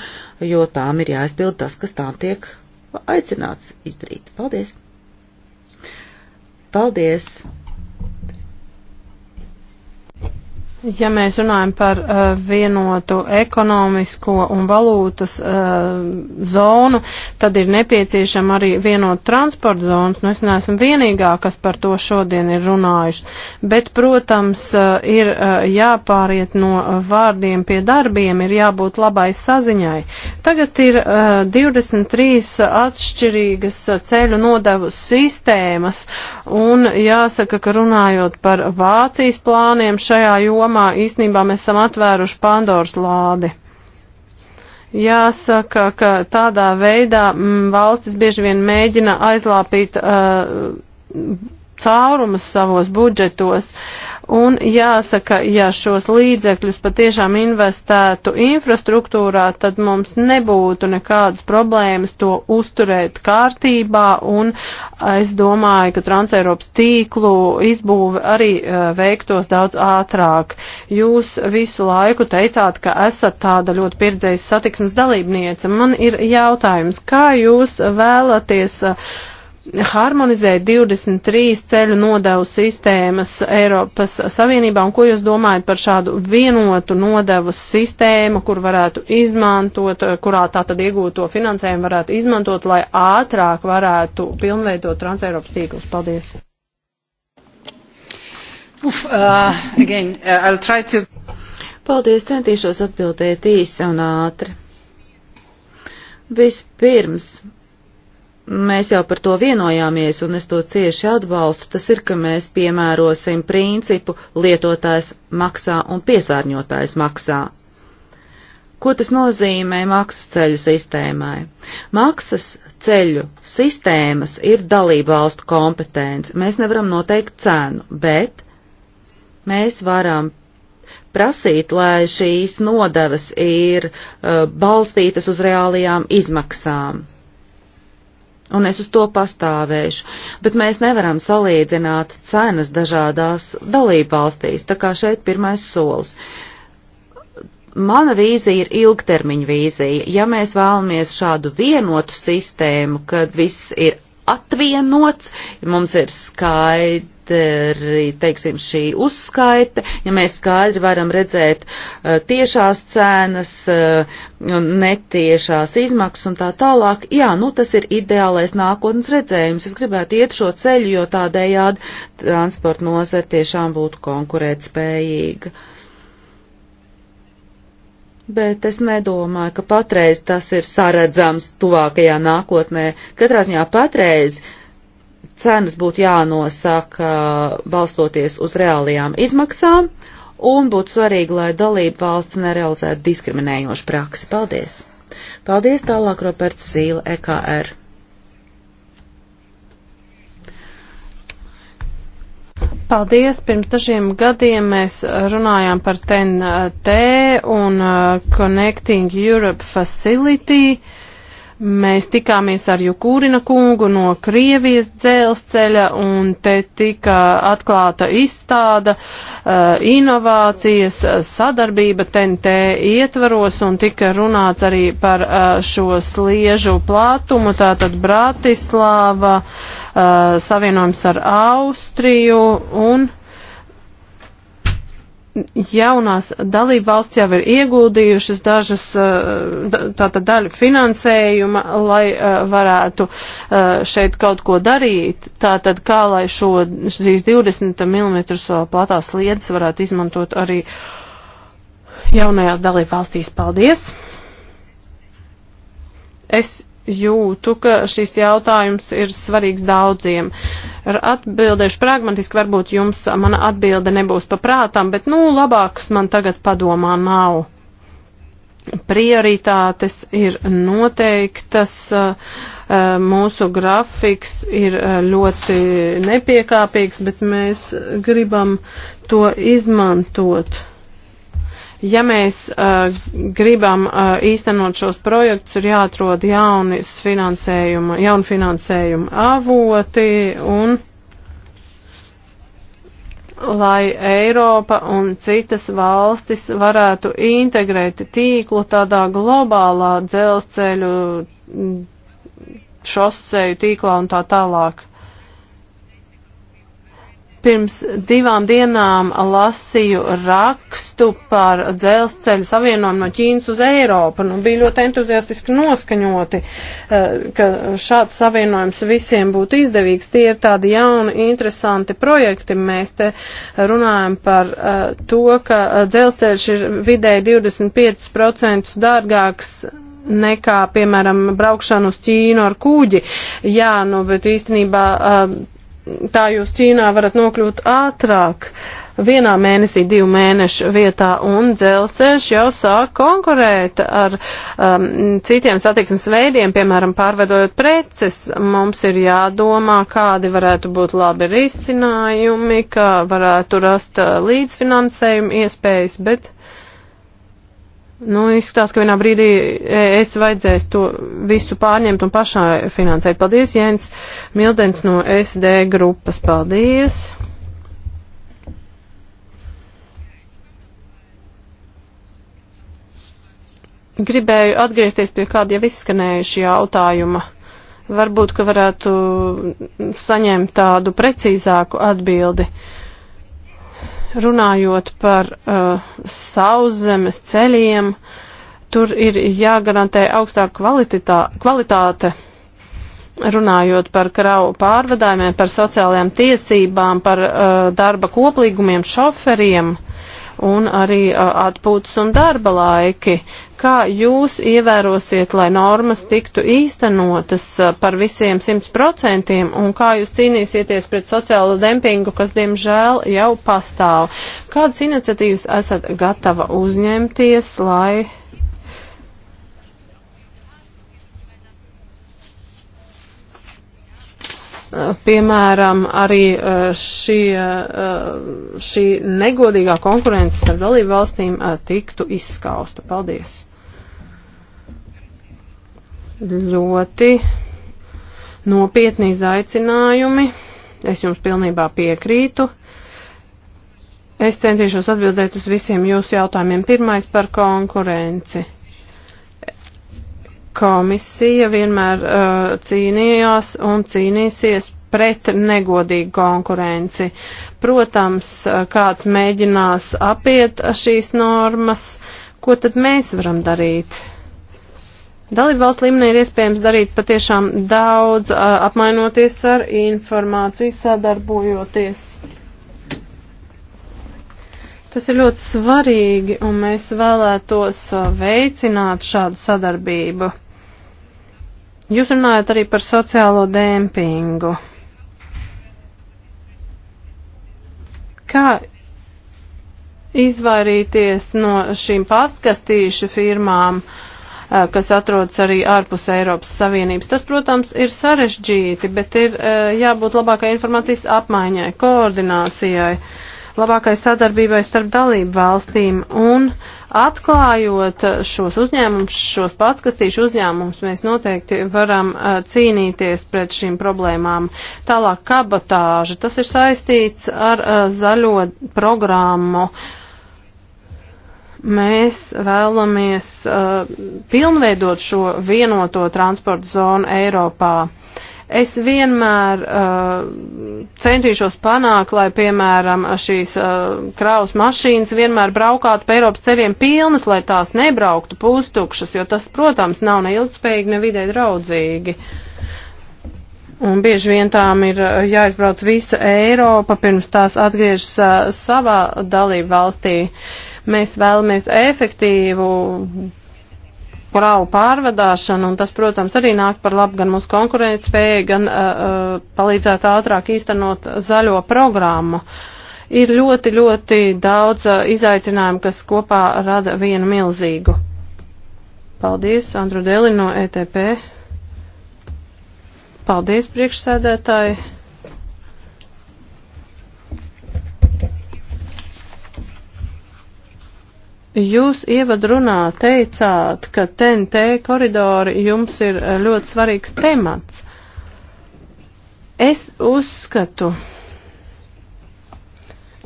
jo tām ir jāizpild tas, kas tām tiek aicināts izdarīt. Paldies! Paldies! Ja mēs runājam par uh, vienotu ekonomisko un valūtas uh, zonu, tad ir nepieciešama arī vienota transporta zonas. Nu, es neesmu vienīgā, kas par to šodien ir runājuši. Bet, protams, uh, ir uh, jāpāriet no vārdiem pie darbiem, ir jābūt labai saziņai. Tagad ir uh, 23 atšķirīgas ceļu nodevu sistēmas, un jāsaka, ka runājot par Vācijas plāniem šajā jomā, jomā īstenībā mēs esam atvēruši Pandoras lādi. Jāsaka, ka tādā veidā m, mm, valstis bieži vien mēģina aizlāpīt uh, caurumus savos budžetos. Uh, Un jāsaka, ja šos līdzekļus patiešām investētu infrastruktūrā, tad mums nebūtu nekādas problēmas to uzturēt kārtībā, un es domāju, ka Transeiropas tīklu izbūve arī uh, veiktos daudz ātrāk. Jūs visu laiku teicāt, ka esat tāda ļoti pieredzējusi satiksmes dalībniece. Man ir jautājums, kā jūs vēlaties uh, harmonizēt 23 ceļu nodevu sistēmas Eiropas Savienībā, un ko jūs domājat par šādu vienotu nodevu sistēmu, kur varētu izmantot, kurā tātad iegūto finansējumu varētu izmantot, lai ātrāk varētu pilnveidot Transeiropas tīklus? Paldies! Uf, uh, again, uh, I'll try to... Paldies, centīšos atbildēt īsi un ātri. Vispirms mēs jau par to vienojāmies, un es to cieši atbalstu, tas ir, ka mēs piemērosim principu lietotājs maksā un piesārņotājs maksā. Ko tas nozīmē maksas ceļu sistēmai? Maksas ceļu sistēmas ir dalību valstu kompetence. Mēs nevaram noteikt cenu, bet mēs varam prasīt, lai šīs nodevas ir uh, balstītas uz reālajām izmaksām un es uz to pastāvēšu, bet mēs nevaram salīdzināt cenas dažādās dalībvalstīs, tā kā šeit pirmais solis. Mana vīzija ir ilgtermiņa vīzija. Ja mēs vēlamies šādu vienotu sistēmu, kad viss ir atvienots, mums ir skaidrs, arī, teiksim, šī uzskaite, ja mēs skaidri varam redzēt eh, tiešās cenas, eh, netiešās izmaksas un tā tālāk, jā, nu tas ir ideālais nākotnes redzējums. Es gribētu iet šo ceļu, jo tādējādi transporta nozara tiešām būtu konkurētspējīga. Bet es nedomāju, ka patreiz tas ir saredzams tuvākajā nākotnē. Katrā ziņā patreiz uh, cenas būtu jānosaka balstoties uz reālajām izmaksām, un būtu svarīgi, lai dalība valsts nerealizētu diskriminējošu praksi. Paldies! Paldies tālāk, Roberts Zīle, EKR. Paldies! Pirms dažiem gadiem mēs runājām par TNT un uh, Connecting Europe Facility. Uh, Mēs tikāmies ar Jukūrina kungu no Krievijas dzelzceļa un te tika atklāta izstāda, eh, inovācijas, sadarbība TNT ietvaros un tika runāts arī par eh, šo sliežu plātumu, tātad Bratislava, eh, savienojums ar Austriju un jaunās dalībvalsts jau ir ieguldījušas dažas eh, tāda daļa finansējuma, lai eh, varētu eh, šeit kaut ko darīt. Tātad kā lai šo 20 mm platās sliedes varētu izmantot arī jaunajās dalībvalstīs. Paldies! Es jūtu, ka šis jautājums ir svarīgs daudziem. Atbildēšu pragmatiski, varbūt jums mana atbilde nebūs paprātām, bet, nu, labāks man tagad padomā nav. Prioritātes ir noteiktas, eh, mūsu grafiks ir eh, ļoti nepiekāpīgs, bet mēs gribam to izmantot. Ja mēs uh, gribam uh, īstenot šos projektus, ir jāatrod jauni finansējuma, jauni finansējuma avoti un lai Eiropa un citas valstis varētu integrēt tīklu tādā globālā dzelzceļu šoseju tīklā un tā tālāk. Pirms divām dienām lasīju rakstu par dzelzceļa savienojumu no Ķīnas uz Eiropu. Nu, bija ļoti entuziastiski noskaņoti, eh, ka šāds savienojums visiem būtu izdevīgs. Tie ir tādi jauni, interesanti projekti. Mēs te runājam par eh, to, ka eh, dzelzceļš ir vidēji 25% dārgāks nekā, piemēram, braukšanu uz Ķīnu ar kūģi. Jā, nu, bet īstenībā tā jūs Ķīnā varat nokļūt ātrāk, vienā mēnesī, divu mēnešu vietā, un dzelzceļš jau sāk konkurēt ar um, citiem satiksmes veidiem, piemēram, pārvedojot preces. Mums ir jādomā, kādi varētu būt labi risinājumi, kā varētu rast uh, līdzfinansējumu iespējas, bet Nu, izskatās, ka vienā brīdī es vajadzēs to visu pārņemt un pašā finansēt. Paldies, Jens Mildens no SD grupas. Paldies! Gribēju atgriezties pie kāda jau izskanējuša jautājuma. Varbūt, ka varētu saņemt tādu precīzāku atbildi. Uh, Runājot par uh, sauszemes ceļiem, tur ir jāgarantē augstāka kvalitāte. Runājot par kravu pārvadājumiem, par sociālajām tiesībām, par uh, darba koplīgumiem šoferiem. Uh, un arī atpūtas un darba laiki. Kā jūs ievērosiet, lai normas tiktu īstenotas par visiem 100% un kā jūs cīnīsieties pret sociālo dempingu, kas diemžēl jau pastāv? Kādas iniciatīvas esat gatava uzņemties, lai piemēram, arī e, šī, e, šī negodīgā konkurence starp dalību valstīm e, tiktu izskausta. Paldies! Ļoti nopietni izaicinājumi. Es jums pilnībā piekrītu. Es centīšos atbildēt uz visiem jūsu jautājumiem. Pirmais par konkurenci komisija vienmēr uh, cīnījās un cīnīsies pret negodīgu konkurenci. Protams, uh, kāds mēģinās apiet šīs normas, ko tad mēs varam darīt? Dalībvalsts līmenī ir iespējams darīt patiešām daudz, uh, apmainoties ar informāciju, sadarbojoties. Tas ir ļoti svarīgi, un mēs vēlētos uh, veicināt šādu sadarbību. Jūs runājat arī par sociālo dēmpingu. Kā izvairīties no šīm pastkastīšu firmām, eh, kas atrodas arī ārpus Eiropas Savienības. Tas, protams, ir sarežģīti, bet ir eh, jābūt labākai informācijas apmaiņai, koordinācijai, labākai sadarbībai starp dalību valstīm un Atklājot šos uzņēmumus, šos paskatīšu uzņēmumus, mēs noteikti varam cīnīties pret šīm problēmām. Tālāk kabatāža, tas ir saistīts ar zaļo programmu mēs vēlamies uh, pilnveidot šo vienoto transporta zonu Eiropā. Es vienmēr uh, centīšos panākt, lai, piemēram, šīs uh, kraus mašīnas vienmēr braukātu pa Eiropas ceļiem pilnas, lai tās nebrauktu pustukšas, jo tas, protams, nav ne ilgspējīgi, ne vidē draudzīgi. Un bieži vien tām ir uh, jāizbrauc visa Eiropa, pirms tās atgriežas uh, savā dalību valstī. Mēs vēlamies efektīvu kravu pārvadāšanu, un tas, protams, arī nāk par labu gan mūsu konkurētspējai, gan uh, uh palīdzētu ātrāk īstenot zaļo programmu. Ir ļoti, ļoti daudz uh, izaicinājumu, kas kopā rada vienu milzīgu. Paldies, Andru Deli no ETP. Paldies, priekšsēdētāji. Jūs ievadrunā teicāt, ka TNT koridori jums ir eh, ļoti svarīgs temats. Es uzskatu,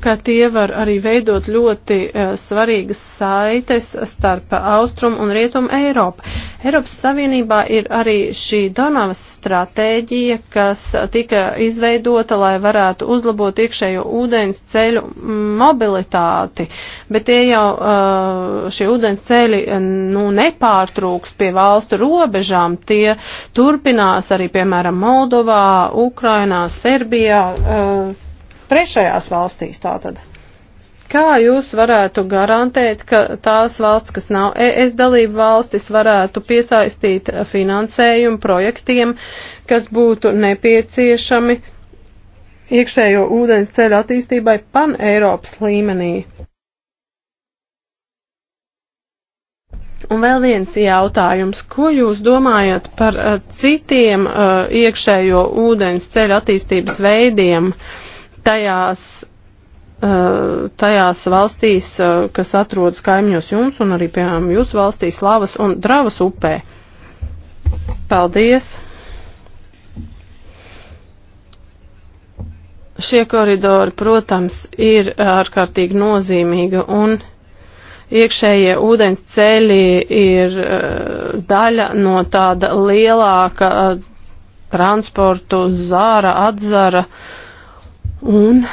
ka tie var arī veidot ļoti uh, svarīgas saites starp Austrumu un Rietumu Eiropu. Eiropas Savienībā ir arī šī Donavas stratēģija, kas tika izveidota, lai varētu uzlabot iekšējo ūdens ceļu mobilitāti, bet tie jau uh, šie ūdens ceļi eh, nu, nepārtrūks pie valstu robežām, tie turpinās arī, piemēram, Moldovā, Ukrainā, Serbijā. Uh, trešajās valstīs tātad. Kā jūs varētu garantēt, ka tās valsts, kas nav ES dalība valstis, varētu piesaistīt finansējumu projektiem, kas būtu nepieciešami iekšējo ūdens ceļu attīstībai pan Eiropas līmenī? Un vēl viens jautājums. Ko jūs domājat par eh, citiem uh, iekšējo ūdens ceļu attīstības veidiem? Uh, tajās, eh, tajās valstīs, eh, kas atrodas kaimiņos jums un arī, piemēram, jūsu valstīs Lavas un Dravas upē. Paldies! Šie koridori, protams, ir ārkārtīgi nozīmīgi un iekšējie ūdens ceļi ir eh, daļa no tāda lielāka transportu zāra, atzara. Uh, Un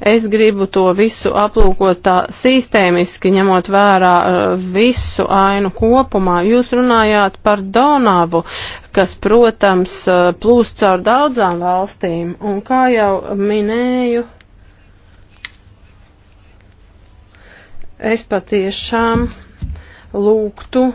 es gribu to visu aplūkot tā sistēmiski, ņemot vērā uh, visu ainu kopumā. Jūs runājāt par Donavu, kas, protams, uh, plūst caur daudzām valstīm. Un kā jau minēju, es patiešām lūgtu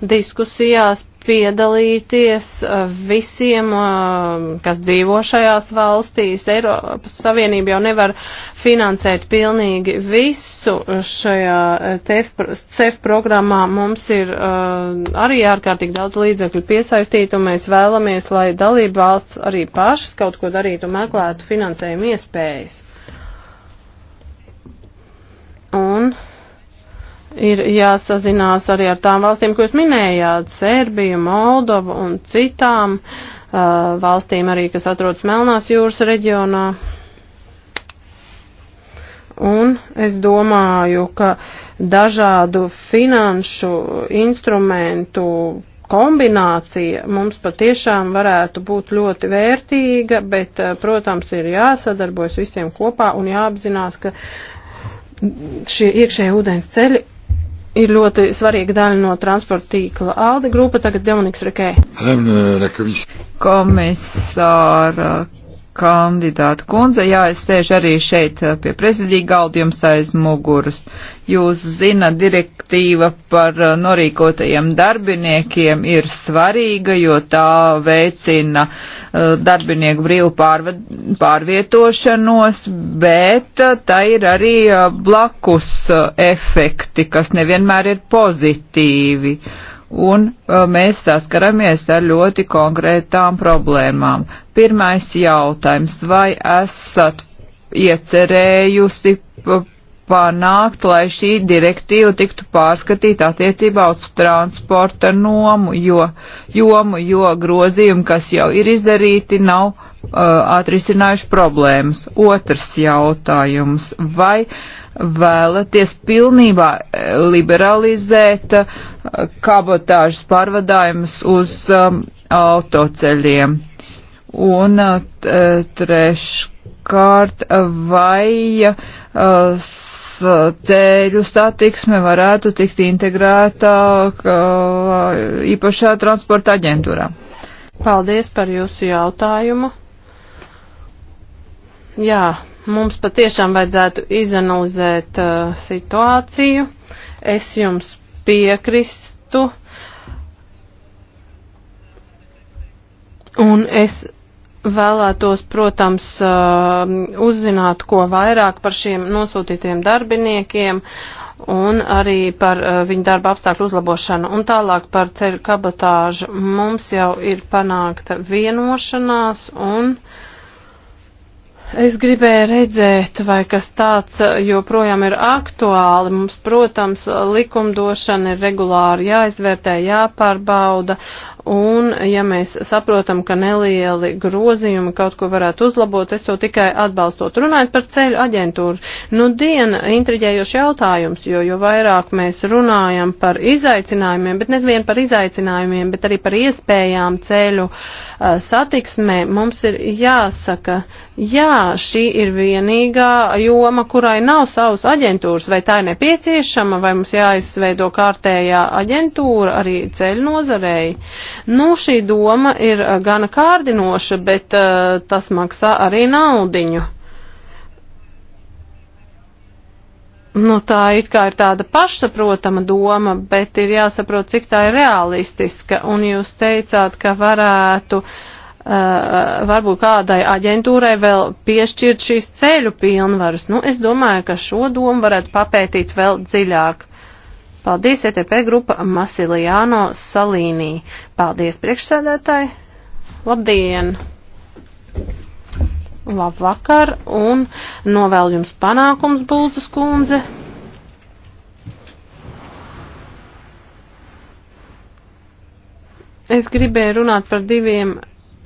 diskusijās piedalīties eh, visiem, eh, kas dzīvo šajās valstīs. Eiropas Savienība jau nevar finansēt pilnīgi visu šajā eh, CEF programmā. Mums ir arī ārkārtīgi daudz līdzekļu piesaistīt, un mēs vēlamies, lai dalība valsts arī pašas kaut ko darītu un meklētu finansējumu iespējas. Un ir jāsazinās arī ar tām valstīm, ko jūs minējāt, Serbiju, Moldovu un citām uh, valstīm arī, kas atrodas Melnās jūras reģionā. Un es domāju, ka dažādu finanšu instrumentu kombinācija mums patiešām varētu būt ļoti vērtīga, bet, uh, protams, ir jāsadarbojas visiem kopā un jāapzinās, ka šie iekšējie ūdens ceļi ir ļoti svarīga daļa no transporta tīkla. Alde grupa tagad Dominiks Rikē. Euh, Komisāra kandidāta kundze. Jā, es sēžu arī šeit uh, pie prezidija galda jums aiz muguras. Jūs zina, direktīva par uh, norīkotajiem darbiniekiem ir svarīga, jo tā veicina uh, darbinieku brīvu pārvietošanos, bet tā ir arī blakus efekti, kas nevienmēr ir pozitīvi. Uh, un uh, mēs saskaramies ar ļoti konkrētām problēmām. Pirmais jautājums, vai esat iecerējusi uh, panākt, lai šī direktīva tiktu pārskatīta attiecībā uz transporta nomu, jo, jomu, jo grozījumi, kas jau ir izdarīti, nav uh, atrisinājuši problēmas. Otrs jautājums. Vai vēlaties pilnībā uh, liberalizēt uh, kabotāžas pārvadājumus uz um, autoceļiem? Un uh, uh treškārt, vai uh, ceļu satiksme varētu tikt integrēta īpašā transporta aģentūrā. Paldies par jūsu jautājumu. Jā, mums patiešām vajadzētu izanalizēt uh, situāciju. Es jums piekristu. Un es Vēlētos, protams, um, uzzināt, ko vairāk par šiem nosūtītiem darbiniekiem un arī par uh, viņu darba apstākļu uzlabošanu. Un tālāk par ceļu kabatāžu mums jau ir panākta vienošanās un. Es gribēju redzēt, vai kas tāds joprojām ir aktuāli. Mums, protams, likumdošana ir regulāri jāizvērtē, jāpārbauda, Un, ja mēs saprotam, ka nelieli grozījumi kaut ko varētu uzlabot, es to tikai atbalstot. Runājot par ceļu aģentūru, nu diena intriģējoši jautājums, jo, jo vairāk mēs runājam par izaicinājumiem, bet nevien par izaicinājumiem, bet arī par iespējām ceļu uh, Uh, satiksmē, mums ir jāsaka, jā, šī ir vienīgā joma, kurai nav savas aģentūras, vai tā ir nepieciešama, vai mums jāizveido kārtējā aģentūra arī ceļu nozarei. Nu, šī doma ir uh, gana kārdinoša, bet uh, tas maksā arī naudiņu. Nu, tā it kā ir tāda pašsaprotama doma, bet ir jāsaprot, cik tā ir realistiska. Un jūs teicāt, ka varētu uh, varbūt kādai aģentūrai vēl piešķirt šīs ceļu pilnvaras. Nu, es domāju, ka šo domu varētu papētīt vēl dziļāk. Paldies, ETP grupa Masilijāno Salīnī. Paldies, priekšsēdētāji. Labdien! Labvakar un novēl jums panākums, Buldzas kundze. Es gribēju runāt par diviem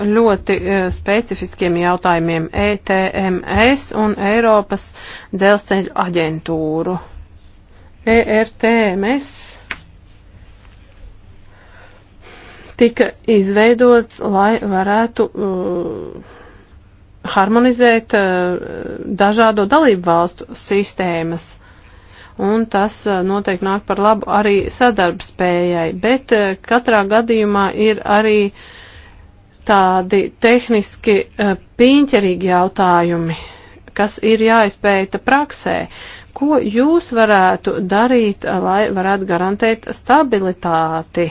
ļoti uh, specifiskiem jautājumiem - ETMS un Eiropas dzelzceļu aģentūru. ERTMS tika izveidots, lai varētu uh, harmonizēt eh, dažādo dalību valstu sistēmas. Un tas eh, noteikti nāk par labu arī sadarbspējai, bet eh, katrā gadījumā ir arī tādi tehniski piņķerīgi jautājumi, kas ir jāizpēta praksē. Ko jūs varētu darīt, lai varētu garantēt stabilitāti?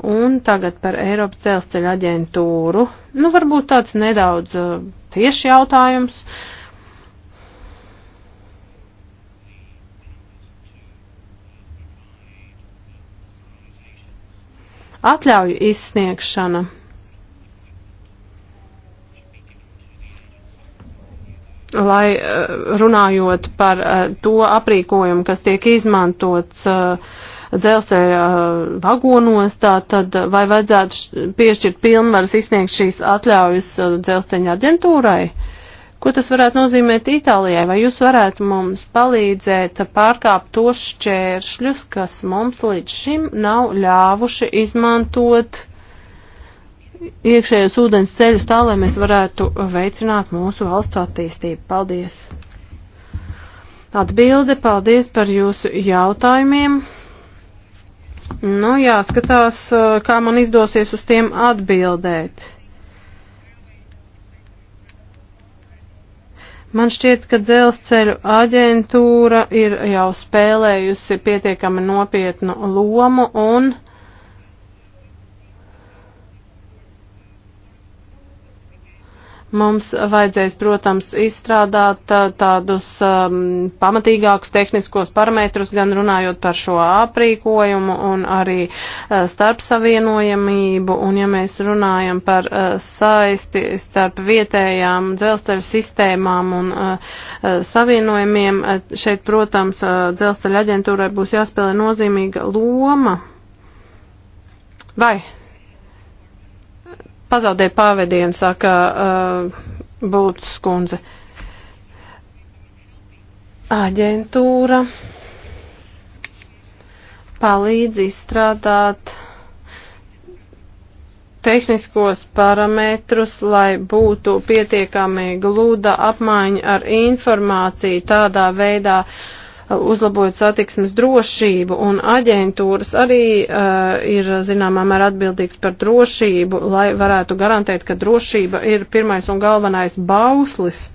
Un tagad par Eiropas dzelzceļa aģentūru. Nu, varbūt tāds nedaudz tieši jautājums. Atļauju izsniegšana. Lai eh, runājot par eh, to aprīkojumu, kas tiek izmantots uh, dzelzceļa uh, vagonos, tā tad uh, vai vajadzētu piešķirt pilnvaras izsniegt šīs atļaujas uh, dzelzceļa aģentūrai? Ko tas varētu nozīmēt Itālijai? Vai jūs varētu mums palīdzēt pārkāpt tos šķēršļus, kas mums līdz šim nav ļāvuši izmantot iekšējos ūdens ceļus tā, lai mēs varētu veicināt mūsu valsts attīstību? Paldies! Atbilde, paldies par jūsu jautājumiem. Nu, jāskatās, kā man izdosies uz tiem atbildēt. Man šķiet, ka dzelzceļu aģentūra ir jau spēlējusi pietiekami nopietnu lomu un Mums vajadzēs, protams, izstrādāt uh, tādus um, pamatīgākus tehniskos parametrus, gan runājot par šo aprīkojumu un arī uh, starpsavienojamību. Un ja mēs runājam par uh, saisti starp vietējām dzelzceļa sistēmām un uh, uh savienojumiem, uh, šeit, protams, uh, dzelzceļa aģentūrai būs jāspēlē nozīmīga loma. Vai pazaudēja pavadienu, saka uh, Būtas skundze. Aģentūra palīdz izstrādāt tehniskos parametrus, lai būtu pietiekami glūda apmaiņa ar informāciju tādā veidā, uh, uzlabojot satiksmes drošību, un aģentūras arī uh, ir zināmā mērā atbildīgs par drošību, lai varētu garantēt, ka drošība ir pirmais un galvenais bauslis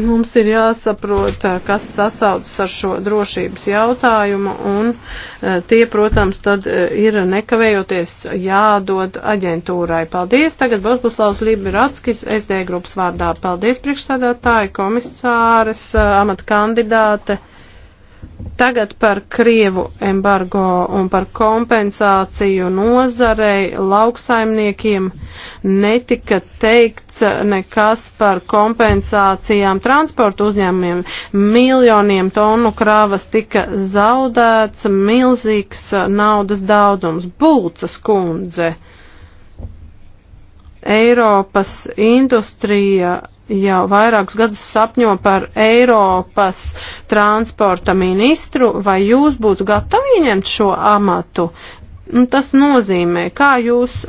Mums ir jāsaprot, kas sasaucas ar šo drošības jautājumu, un tie, protams, tad ir nekavējoties jādod aģentūrai. Paldies! Tagad Bosbuslavs Liberatskis, SD grupas vārdā. Paldies, priekšsādātāji, komisāres, amata kandidāte. Tagad par Krievu embargo un par kompensāciju nozarei lauksaimniekiem netika teikts nekas par kompensācijām transportu uzņēmumiem. Miljoniem tonu krāvas tika zaudēts, milzīgs naudas daudzums. Bulcas kundze. Uh, Eiropas industrija jau vairākus gadus sapņo par Eiropas transporta ministru, vai jūs būtu gatavi ieņemt šo amatu? Un nu, tas nozīmē, kā jūs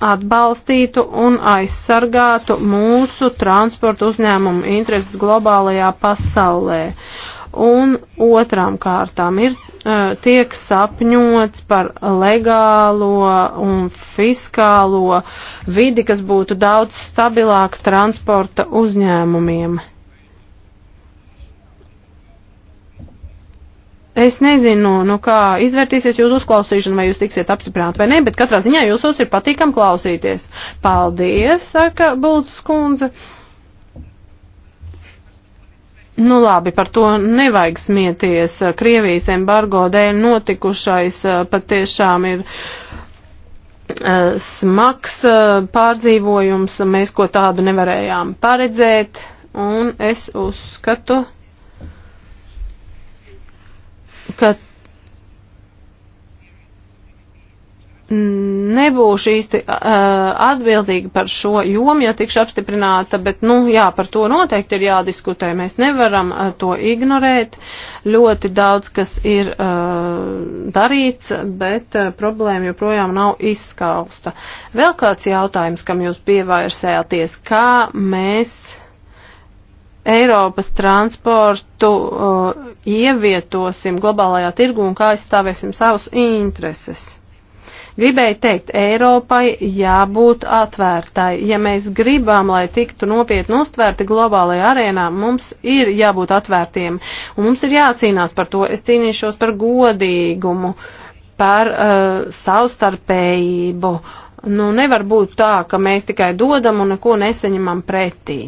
atbalstītu un aizsargātu mūsu transporta uzņēmumu intereses globālajā pasaulē. Uh, un otrām kārtām ir e, tiek sapņots par legālo un fiskālo vidi, kas būtu daudz stabilāka transporta uzņēmumiem. Es nezinu, nu kā izvērtīsies jūsu uzklausīšana, vai jūs tiksiet apstiprināti vai nē, bet katrā ziņā jūsos ir patīkam klausīties. Paldies, saka Bultas kundze. Uh, Nu labi, par to nevajag smieties. Krievijas embargo dēļ notikušais eh, patiešām ir eh, smags eh, pārdzīvojums. Mēs ko tādu nevarējām paredzēt. Un es uzskatu, ka nebūšu īsti uh, atbildīga par šo jomu, ja tikšu apstiprināta, bet, nu, jā, par to noteikti ir jādiskutē. Mēs nevaram uh, to ignorēt. Ļoti daudz, kas ir uh, darīts, bet uh, problēma joprojām nav izskausta. Vēl kāds jautājums, kam jūs pievairsēties, kā mēs Eiropas transportu uh, ievietosim globālajā tirgu un kā aizstāvēsim savus intereses? Gribēju teikt, Eiropai jābūt atvērtai. Ja mēs gribam, lai tiktu nopietni uztvērti globālajā arēnā, mums ir jābūt atvērtiem. Un mums ir jācīnās par to. Es cīnīšos par godīgumu, par uh, savstarpējību. Nu, nevar būt tā, ka mēs tikai dodam un neko neseņemam pretī.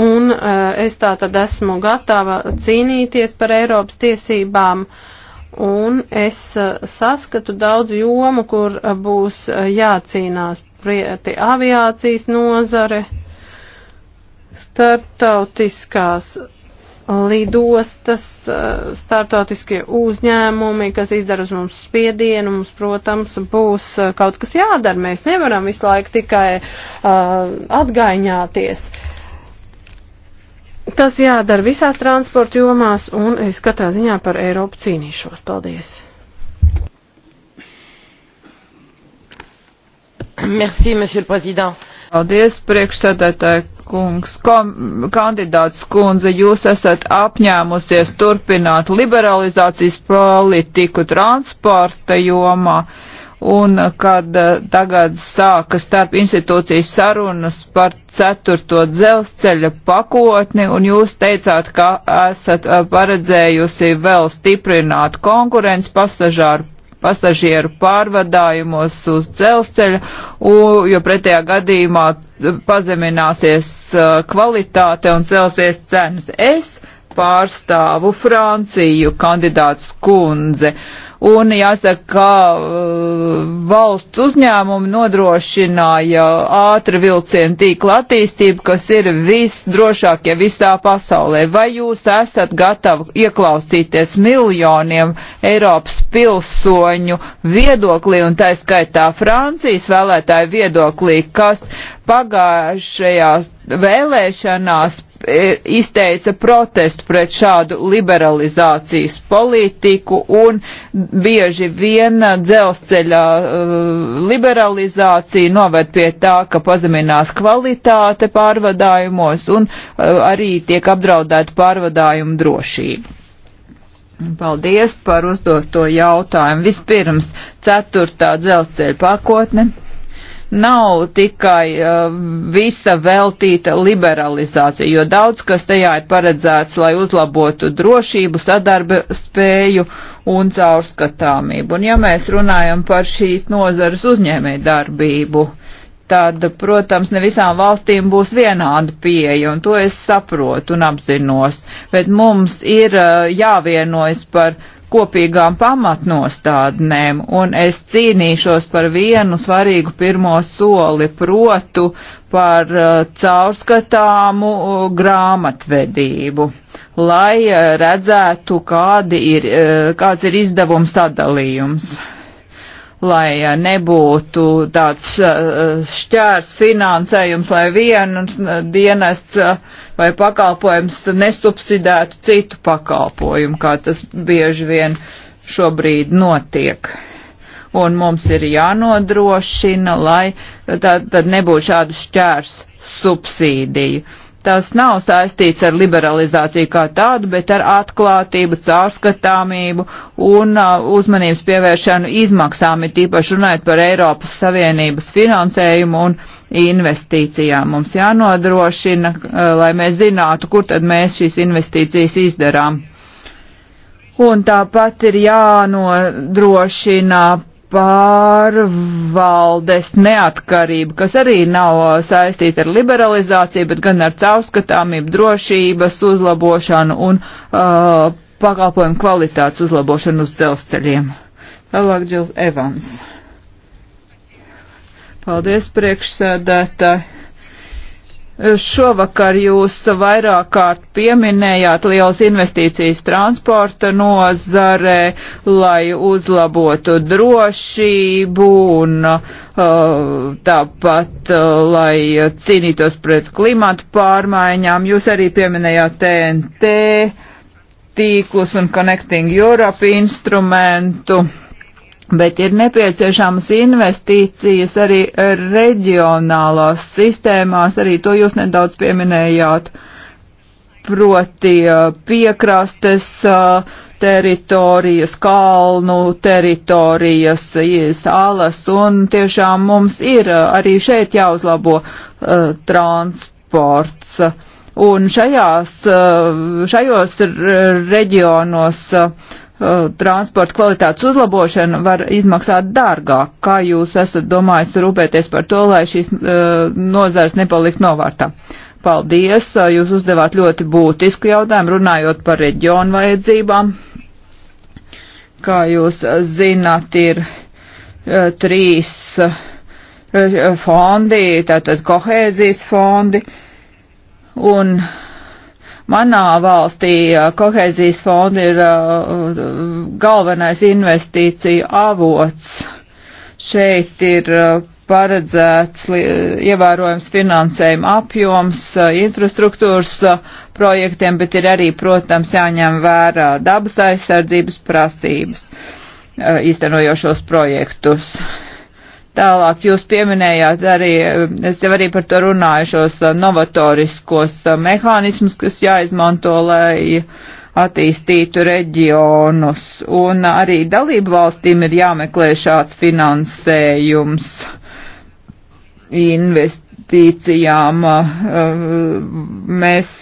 Un uh, es tā tad esmu gatava cīnīties par Eiropas tiesībām. Un es uh, saskatu daudz jomu, kur uh, būs jācīnās prieti aviācijas nozare, startautiskās lidostas, startautiskie uzņēmumi, kas izdara uz mums spiedienu, mums, protams, būs kaut kas jādara. Mēs nevaram visu laiku tikai uh, atgaiņāties. Uh, Tas jādara visās transporta jomās, un es katrā ziņā par Eiropu cīnīšos. Paldies! Merci, monsieur le président. Paldies, priekšsēdētāji kungs, kom, kandidāts kundze, jūs esat apņēmusies turpināt liberalizācijas politiku transporta jomā un kad eh, tagad sāka starp institūcijas sarunas par ceturto dzelzceļa pakotni, un jūs teicāt, ka esat eh, paredzējusi vēl stiprināt konkurenci pasažāru pasažieru pārvadājumos uz dzelzceļa, jo pretējā gadījumā eh, pazemināsies kvalitāte un celsies cenas. Es pārstāvu Franciju kandidāts kundze. Uh, Un jāsaka, ka uh, valsts uzņēmumi nodrošināja ātri vilcienu tīkla attīstību, kas ir visdrošākie visā pasaulē. Vai jūs esat gatavi ieklausīties miljoniem Eiropas pilsoņu viedoklī un tā skaitā Francijas vēlētāju viedoklī, kas pagājušajās vēlēšanās e, izteica protestu pret šādu liberalizācijas politiku un bieži vien uh, dzelzceļa uh, liberalizācija noved pie tā, ka pazeminās kvalitāte pārvadājumos un uh, arī tiek apdraudēta pārvadājuma drošība. Paldies par uzdoto jautājumu. Vispirms ceturtā dzelzceļa pakotne nav tikai uh, visa veltīta liberalizācija, jo daudz kas tajā ir paredzēts, lai uzlabotu drošību, sadarbe spēju un caurskatāmību. Un ja mēs runājam par šīs nozares uzņēmē darbību, tad, protams, ne visām valstīm būs vienāda pieeja, un to es saprotu un apzinos, bet mums ir uh, jāvienojas par kopīgām pamatnostādnēm, un es cīnīšos par vienu svarīgu pirmo soli, protu par uh, caurskatāmu uh, grāmatvedību, lai uh, redzētu, kādi ir, kāds ir izdevums sadalījums lai nebūtu tāds šķērs finansējums, lai vienas dienests vai pakalpojums nesubsidētu citu pakalpojumu, kā tas bieži vien šobrīd notiek. Un mums ir jānodrošina, lai tad, tad nebūtu šādu šķērs subsīdiju tas nav saistīts ar liberalizāciju kā tādu, bet ar atklātību, caurskatāmību un uh, uzmanības pievēršanu izmaksām, ir tīpaši runājot par Eiropas Savienības finansējumu un investīcijām. Mums jānodrošina, uh, lai mēs zinātu, kur tad mēs šīs investīcijas izdarām. Un tāpat ir jānodrošina pārvaldes neatkarību, kas arī nav uh, saistīta ar liberalizāciju, bet gan ar caurskatāmību, drošības uzlabošanu un uh, pakalpojumu kvalitātes uzlabošanu uz dzelzceļiem. Tālāk Džils Evans. Paldies priekšsēdētāji. Šovakar jūs vairāk kārt pieminējāt liels investīcijas transporta nozarē, lai uzlabotu drošību un uh, tāpat, uh, lai cīnītos pret klimatu pārmaiņām. Jūs arī pieminējāt TNT tīklus un Connecting Europe instrumentu Bet ir nepieciešamas investīcijas arī reģionālās sistēmās, arī to jūs nedaudz pieminējāt, proti piekrastes teritorijas, kalnu teritorijas, salas, un tiešām mums ir arī šeit jāuzlabo uh, transports. Un šajās, šajos reģionos uh, Uh, transporta kvalitātes uzlabošana var izmaksāt dārgāk. Kā jūs esat domājis rūpēties par to, lai šīs uh, nozars nepalikt novārtā? Paldies, uh, jūs uzdevāt ļoti būtisku jautājumu runājot par reģionu vajadzībām. Kā jūs zināt, ir uh, trīs uh, uh fondi, tātad kohēzijas fondi un uh, Manā valstī kohēzijas fonda ir galvenais investīciju avots. Šeit ir paredzēts ievērojams finansējuma apjoms infrastruktūras projektiem, bet ir arī, protams, jāņem vērā dabas aizsardzības prasības īstenojošos projektus. Tālāk jūs pieminējāt arī, es jau arī par to runāju, šos eh, novatoriskos eh, mehānismus, kas jāizmanto, lai attīstītu reģionus. Un arī dalību valstīm ir jāmeklē šāds finansējums investīcijām. Eh, mēs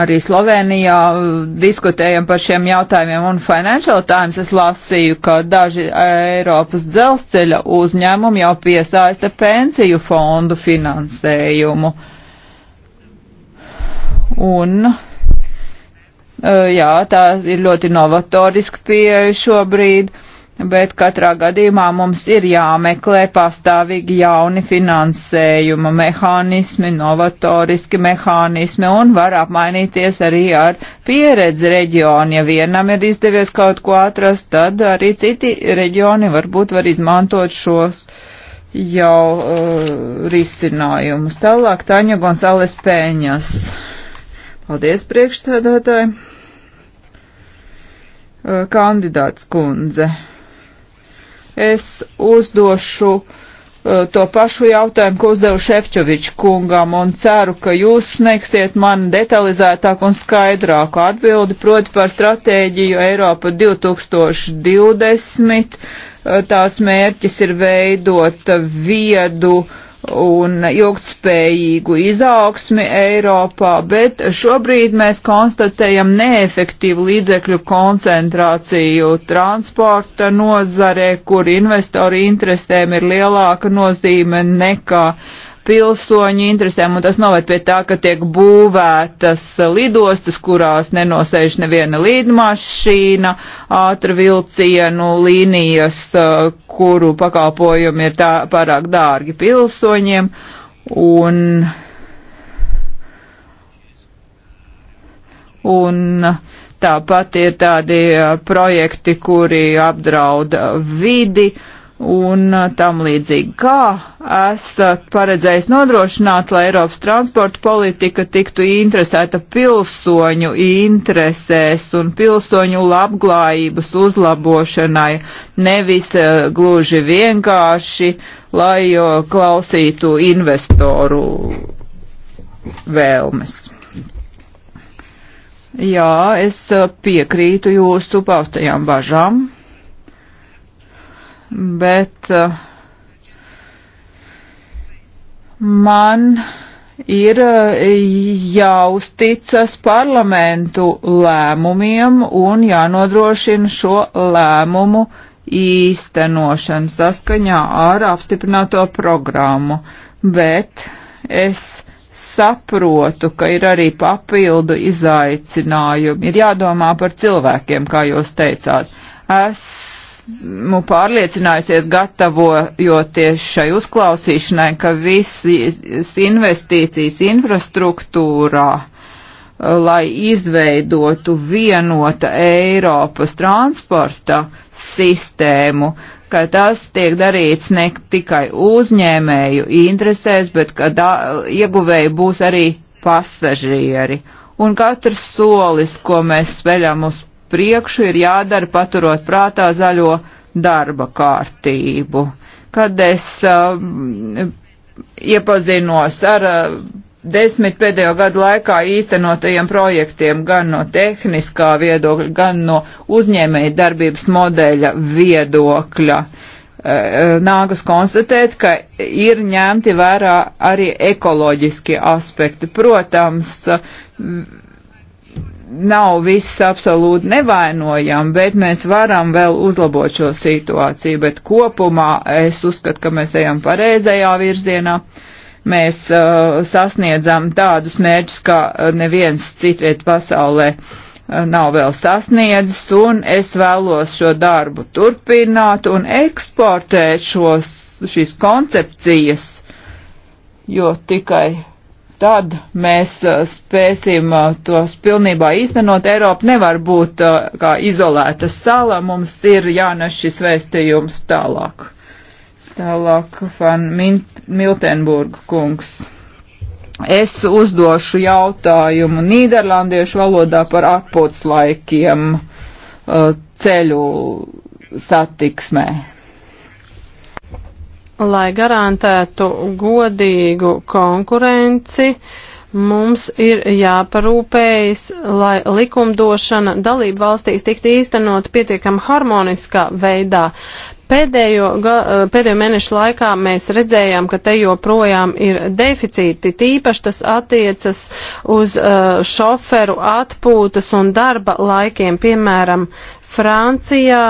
arī Slovenijā uh, diskutējam par šiem jautājumiem, un Financial Times es lasīju, ka daži uh, Eiropas dzelzceļa uzņēmumi jau piesaista pensiju fondu finansējumu. Un, uh, jā, tā ir ļoti novatoriska pieeja šobrīd bet katrā gadījumā mums ir jāmeklē pastāvīgi jauni finansējuma mehānismi, novatoriski mehānismi un var apmainīties arī ar pieredzi reģionu. Ja vienam ir izdevies kaut ko atrast, tad arī citi reģioni varbūt var izmantot šos jau uh, risinājumus. Tālāk Taņa Gonzales Pēņas. Paldies priekšsēdētāji. Uh, kandidāts kundze. Es uzdošu uh, to pašu jautājumu, ko uzdevu Šefčoviču kungam, un ceru, ka jūs sniegsiet man detalizētāku un skaidrāku atbildi, proti par stratēģiju Eiropa 2020. Uh, tās mērķis ir veidot viedu uh, un ilgtspējīgu izaugsmi Eiropā, bet šobrīd mēs konstatējam neefektīvu līdzekļu koncentrāciju transporta nozarē, kur investoru interesēm ir lielāka nozīme nekā uh, pilsoņu interesēm, un tas noved pie tā, ka tiek būvētas lidostas, kurās nenosēž neviena līdmašīna, ātra vilcienu līnijas, kuru pakalpojumi ir tā, pārāk dārgi pilsoņiem, un, un tāpat ir tādi projekti, kuri apdrauda vidi, uh, un uh, tam līdzīgi. Kā esat paredzējis nodrošināt, lai Eiropas transporta politika tiktu interesēta pilsoņu interesēs un pilsoņu labklājības uzlabošanai, nevis uh, gluži vienkārši, lai uh, klausītu investoru vēlmes? Jā, es piekrītu jūsu paustajām bažām bet eh, man ir eh, jāuzticas parlamentu lēmumiem un jānodrošina šo lēmumu īstenošana saskaņā ar apstiprināto programmu, bet es saprotu, ka ir arī papildu izaicinājumi. Ir jādomā par cilvēkiem, kā jūs teicāt. Es esmu pārliecinājusies, gatavojoties šai uzklausīšanai, ka visas investīcijas infrastruktūrā, eh, lai izveidotu vienota Eiropas transporta sistēmu, ka tas tiek darīts ne tikai uzņēmēju interesēs, bet ka da, ieguvēji būs arī pasažieri. Un katrs solis, ko mēs speļam uz priekšu, ir jādara paturot prātā zaļo darba kārtību. Kad es uh, iepazinos ar uh, desmit pēdējo gadu laikā īstenotajiem projektiem gan no tehniskā viedokļa, gan no uzņēmēja darbības modeļa viedokļa, uh, nākas konstatēt, ka ir ņemti vērā arī ekoloģiski aspekti. Protams, uh, nav viss absolūti nevainojam, bet mēs varam vēl uzlabot šo situāciju, bet kopumā es uzskatu, ka mēs ejam pareizajā virzienā. Mēs uh, sasniedzam tādus mērķus, kā neviens citviet pasaulē uh, nav vēl sasniedzis, un es vēlos šo darbu turpināt un eksportēt šos, šīs koncepcijas, jo tikai tad mēs uh, spēsim uh, tos pilnībā īstenot. Eiropa nevar būt uh, kā izolēta sala, mums ir jānes šis vēstījums tālāk. Tālāk, Fan Miltenburga kungs. Es uzdošu jautājumu nīderlandiešu valodā par atpūtslaikiem ceļu satiksmē lai garantētu godīgu konkurenci, mums ir jāparūpējas, lai likumdošana dalību valstīs tiktu īstenot pietiekam harmoniskā veidā. Pēdējo, pēdējo mēnešu laikā mēs redzējām, ka te joprojām ir deficīti, tīpaši tas attiecas uz uh, šoferu atpūtas un darba laikiem, piemēram, Francijā.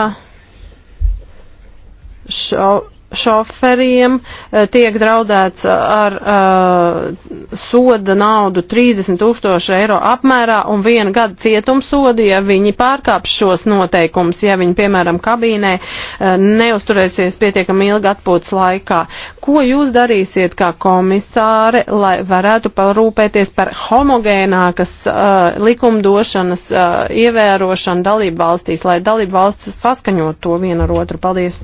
Šo, šoferiem eh, tiek draudēts eh, ar uh, soda naudu 30 tūkstoši eiro apmērā un viena gada cietumsodi, ja viņi pārkāps šos noteikumus, ja viņi, piemēram, kabīnē uh, neusturēsies pietiekami ilgi atpūtas laikā. Ko jūs darīsiet kā komisāre, lai varētu parūpēties par homogēnākas uh, likumdošanas uh, ievērošanu dalību valstīs, lai dalību valstis saskaņot to vienu ar otru? Paldies!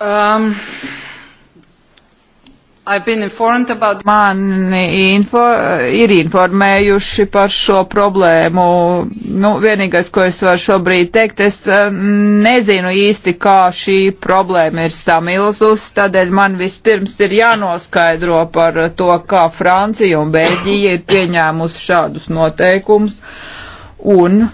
Um, about... Mani info, ir informējuši par šo problēmu. Nu, vienīgais, ko es varu šobrīd teikt, es uh, nezinu īsti, kā šī problēma ir samilzus, tādēļ man vispirms ir jānoskaidro par to, kā Francija un Bēļģija ir pieņēmusi šādus noteikumus. Un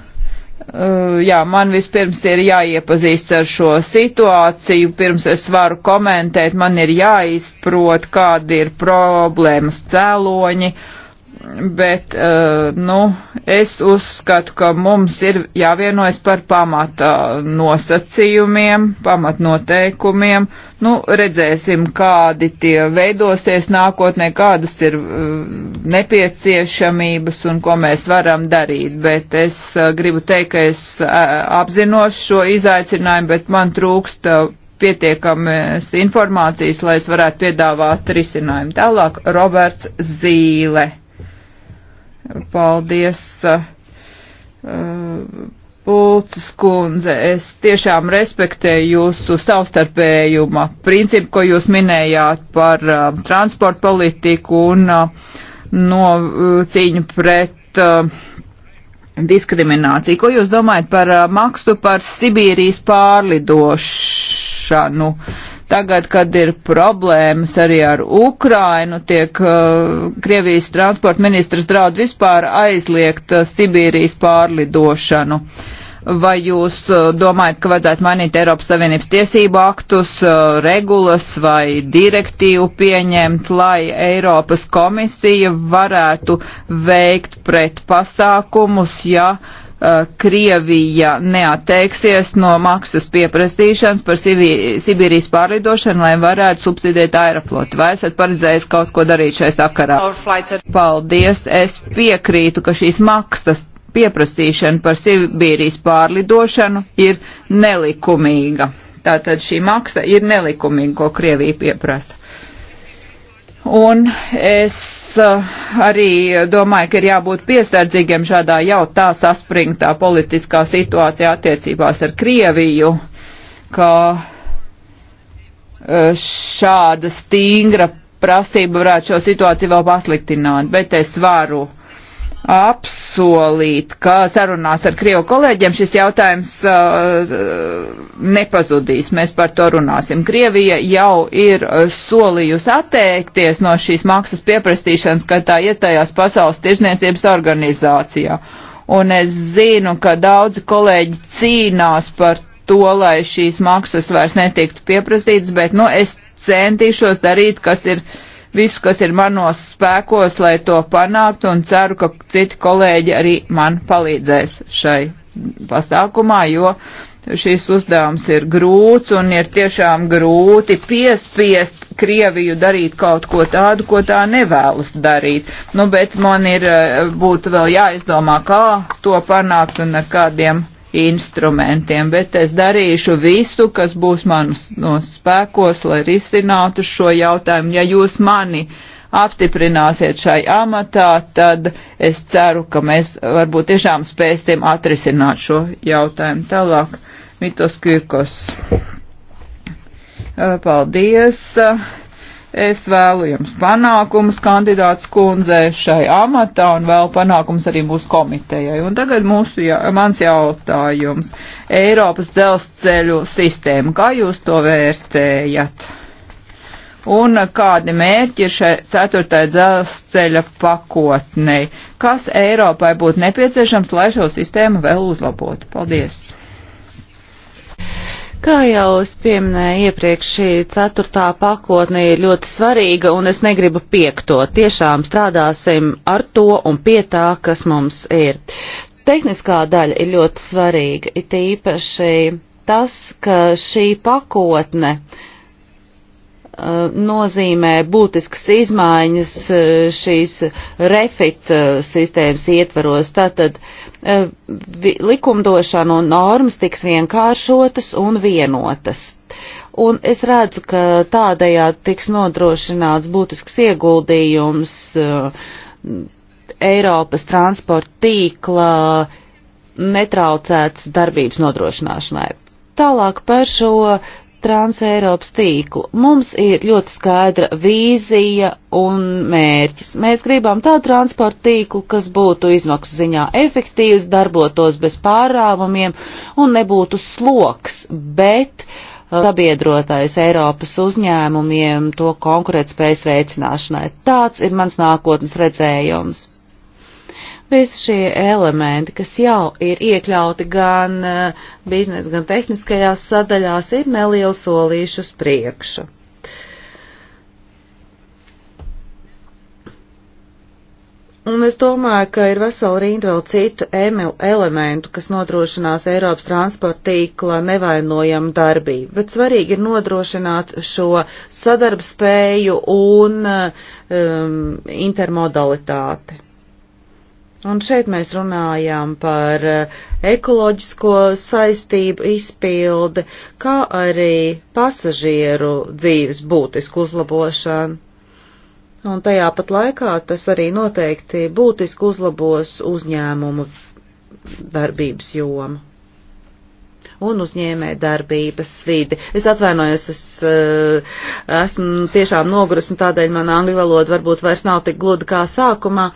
Eh, jā, man vispirms ir jāiepazīst ar šo situāciju, pirms es varu komentēt, man ir jāizprot, kādi ir problēmas cēloņi bet, eh, nu, es uzskatu, ka mums ir jāvienojas par pamata nosacījumiem, pamatnoteikumiem. Nu, redzēsim, kādi tie veidosies nākotnē, kādas ir eh, nepieciešamības un ko mēs varam darīt, bet es eh, gribu teikt, ka es apzinos šo izaicinājumu, bet man trūkst pietiekamas informācijas, lai es varētu piedāvāt risinājumu. Tālāk Roberts Zīle. Paldies, eh, Pulcis kundze. Es tiešām respektēju jūsu savstarpējuma principu, ko jūs minējāt par eh, transportu politiku un eh, no cīņu pret diskrimināciju. Ko jūs domājat par maksu par Sibīrijas pārlidošanu? Uh, Tagad, kad ir problēmas arī ar Ukrainu, tiek uh, Krievijas transporta ministrs draud vispār aizliegt uh, Sibīrijas pārlidošanu. Vai jūs uh, domājat, ka vajadzētu mainīt Eiropas Savienības tiesību aktus, uh, regulas vai direktīvu pieņemt, lai Eiropas komisija varētu veikt pret pasākumus, ja uh, Uh, Krievija neatteiksies no maksas pieprasīšanas par Sibīrijas pārlidošanu, lai varētu subsidēt aerofloti. Vai esat paredzējis kaut ko darīt šai sakarā? Paldies, es piekrītu, ka šīs maksas pieprasīšana par Sibīrijas pārlidošanu ir nelikumīga. Tātad šī maksa ir nelikumīga, ko Krievija pieprasa. Un es Eh, arī domāju, ka ir jābūt piesardzīgiem šādā jau tā saspringtā politiskā situācijā attiecībās ar Krieviju, ka eh, šāda stingra prasība varētu šo situāciju vēl pasliktināt, bet es varu uh, apsolīt, ka sarunās ar Krievu kolēģiem šis jautājums uh, nepazudīs. Mēs par to runāsim. Krievija jau ir uh, solījusi atteikties no šīs maksas pieprastīšanas, kad tā iestājās Pasaules tirzniecības organizācijā. Un es zinu, ka daudzi kolēģi cīnās par to, lai šīs maksas vairs netiktu pieprasītas, bet, nu, es centīšos darīt, kas ir uh, visu, kas ir manos spēkos, lai to panāktu, un ceru, ka citi kolēģi arī man palīdzēs šai pasākumā, jo šis uzdevums ir grūts un ir tiešām grūti piespiest Krieviju darīt kaut ko tādu, ko tā nevēlas darīt. Nu, bet man ir eh, būtu vēl jāizdomā, kā to panākt un ar kādiem instrumentiem, bet es darīšu visu, kas būs manos no spēkos, lai risinātu šo jautājumu. Ja jūs mani apstiprināsiet šai amatā, tad es ceru, ka mēs varbūt tiešām spēsim atrisināt šo jautājumu. Tālāk, Mitos Kirkos. Paldies! Es vēlu jums panākumus kandidāts kundzē šai amatā un vēl panākums arī mūsu komitejai. Un tagad mūsu, jā, mans jautājums. Eiropas dzelzceļu sistēma, kā jūs to vērtējat? Un kādi mērķi ir šai ceturtai dzelzceļa pakotnei? Kas Eiropai būtu nepieciešams, lai šo sistēmu vēl uzlabotu? Paldies! Kā jau es pieminēju iepriekš, šī ceturtā pakotne ir ļoti svarīga, un es negribu piekto. Tiešām strādāsim ar to un pie tā, kas mums ir. Tehniskā daļa ir ļoti svarīga, it īpaši tas, ka šī pakotne uh, nozīmē būtiskas izmaiņas uh, šīs refit uh, sistēmas ietvaros. Tātad, uh, Eh, likumdošana un normas tiks vienkāršotas un vienotas. Un es redzu, ka tādējādi tiks nodrošināts būtisks ieguldījums eh, Eiropas transporta tīkla netraucētas darbības nodrošināšanai. Tālāk par šo Transeiropas tīklu. Mums ir ļoti skaidra vīzija un mērķis. Mēs gribam tādu transportu tīklu, kas būtu izmaksu ziņā efektīvs, darbotos bez pārāvumiem un nebūtu sloks, bet uh, sabiedrotais Eiropas uzņēmumiem to konkurētspējas veicināšanai. Tāds ir mans nākotnes redzējums. Visi šie elementi, kas jau ir iekļauti gan eh, biznesa, gan tehniskajās sadaļās, ir neliels solīšus priekšu. Un es domāju, ka ir vesela rinda vēl citu elementu, kas nodrošinās Eiropas transporta tīkla nevainojamu darbību, bet svarīgi ir nodrošināt šo sadarbspēju un eh, um, intermodalitāti. Un šeit mēs runājām par eh, ekoloģisko saistību izpildi, kā arī pasažieru dzīves būtisku uzlabošanu. Un tajā pat laikā tas arī noteikti būtiski uzlabos uzņēmumu darbības jomu un uzņēmē darbības vidi. Es atvainojos, es eh, esmu tiešām nogurus un tādēļ man angļu valoda varbūt vairs nav tik gluda kā sākumā,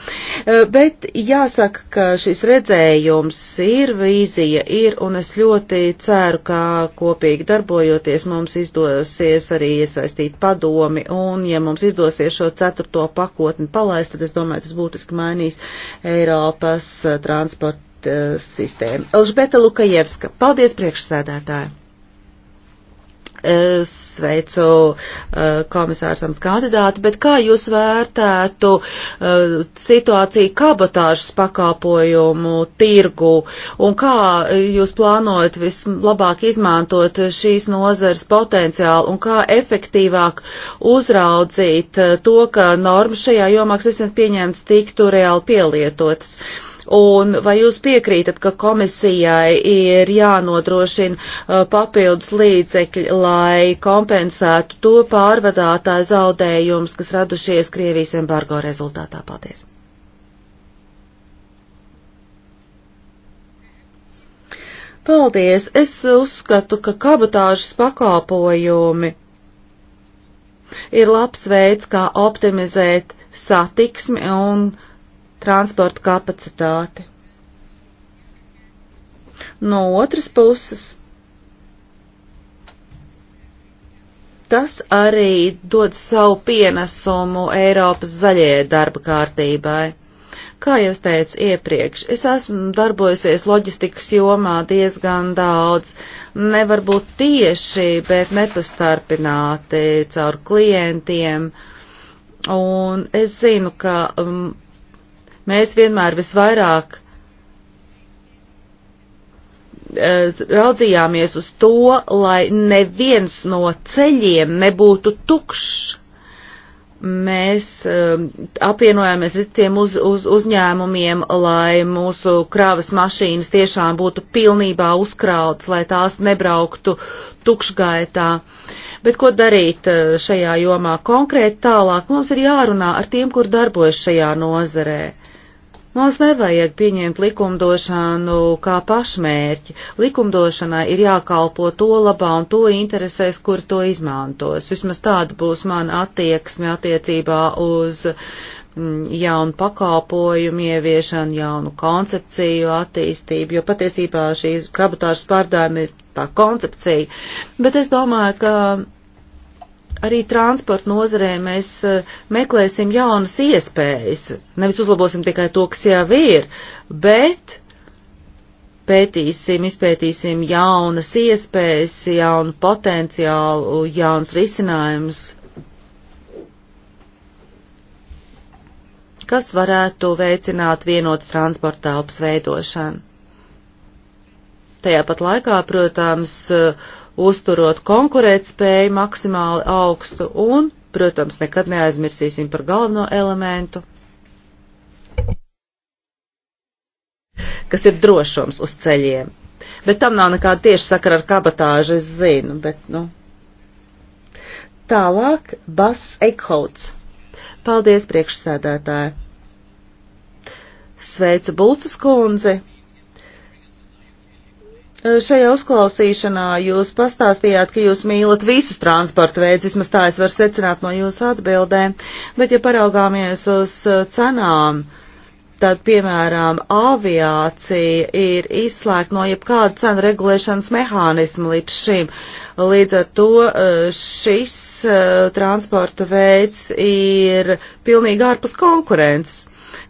eh, bet jāsaka, ka šis redzējums ir, vīzija ir, un es ļoti ceru, ka kopīgi darbojoties mums izdosies arī iesaistīt padomi, un ja mums izdosies šo ceturto pakotni palaist, tad es domāju, tas būtiski mainīs Eiropas eh, transporta sistēma. Elžbeta Lukajevska, paldies priekšsēdētāji! sveicu komisārs amats kandidāti, bet kā jūs vērtētu situāciju kabotāžas pakāpojumu tirgu un kā jūs plānojat vislabāk izmantot šīs nozares potenciālu un kā efektīvāk uzraudzīt to, ka normas šajā jomā, kas esat pieņemts, tiktu reāli pielietotas? Uh, Un vai jūs piekrītat, ka komisijai ir jānodrošina uh, papildus līdzekļi, lai kompensētu to pārvadātāju zaudējumus, kas radušies Krievijas embargo rezultātā? Paldies! Paldies! Es uzskatu, ka kabatāžas pakāpojumi ir labs veids, kā optimizēt satiksmi un transporta kapacitāti. No otras puses, tas arī dod savu pienesumu Eiropas zaļajai darba kārtībai. Kā jau es teicu iepriekš, es esmu darbojusies loģistikas jomā diezgan daudz, nevar būt tieši, bet nepastarpināti caur klientiem, un es zinu, ka um, Mēs vienmēr visvairāk eh, raudzījāmies uz to, lai neviens no ceļiem nebūtu tukšs. Mēs um, apvienojāmies ar tiem uz, uz, uzņēmumiem, lai mūsu krāvas mašīnas tiešām būtu pilnībā uzkrauts, lai tās nebrauktu tukšgaitā. Bet ko darīt eh, šajā jomā konkrēti tālāk? Mums ir jārunā ar tiem, kur darbojas šajā nozarē Mums nevajag pieņemt likumdošanu kā pašmērķi. Likumdošanai ir jākalpo to labā un to interesēs, kur to izmantos. Vismaz tāda būs mana attieksme attiecībā uz mm, jaunu pakalpojumu ieviešanu, jaunu koncepciju attīstību, jo patiesībā šīs kabatāžas pārdājumi ir tā koncepcija. Bet es domāju, ka arī transporta nozarē mēs e, meklēsim jaunas iespējas. Nevis uzlabosim tikai to, kas jau ir, bet pētīsim, izpētīsim jaunas iespējas, jaunu potenciālu, jaunas risinājumus, kas varētu veicināt vienotas transporta telpas veidošanu. Tajā pat laikā, protams, uh, uzturot konkurētspēju maksimāli augstu un, protams, nekad neaizmirsīsim par galveno elementu, kas ir drošums uz ceļiem. Bet tam nav nekāda tieša sakara ar kabatāžu, es zinu, bet, nu. Tālāk, Bas Eikhauts. Paldies, priekšsēdētāji. Sveicu Bulcas kundzi. Šajā uzklausīšanā jūs pastāstījāt, ka jūs mīlat visus transporta veidus, vismaz tā es varu secināt no jūsu atbildēm, bet ja paraugāmies uz uh, cenām, tad, piemēram, aviācija ir izslēgta no jebkāda cenu regulēšanas mehānisma līdz šim. Līdz ar to uh, šis uh, transporta veids ir pilnīgi ārpus konkurences.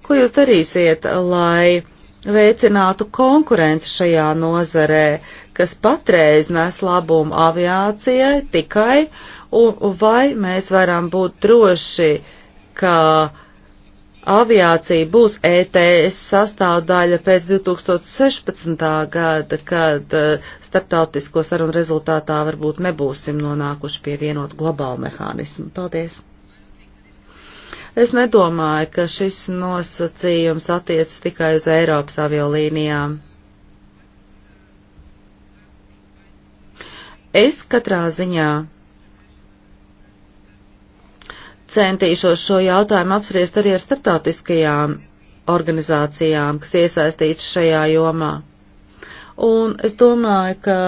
Ko jūs darīsiet, lai veicinātu konkurenci šajā nozarē, kas patreiz nes labumu aviācijai tikai, un vai mēs varam būt droši, ka aviācija būs ETS sastāvdaļa pēc 2016. gada, kad e, starptautisko sarunu rezultātā varbūt nebūsim nonākuši pie vienotu globālu mehānismu. Paldies! Es nedomāju, ka šis nosacījums attiec tikai uz Eiropas aviolīnijām. Es katrā ziņā centīšos šo jautājumu apspriest arī ar starptautiskajām organizācijām, kas iesaistīts šajā jomā. Un es domāju, ka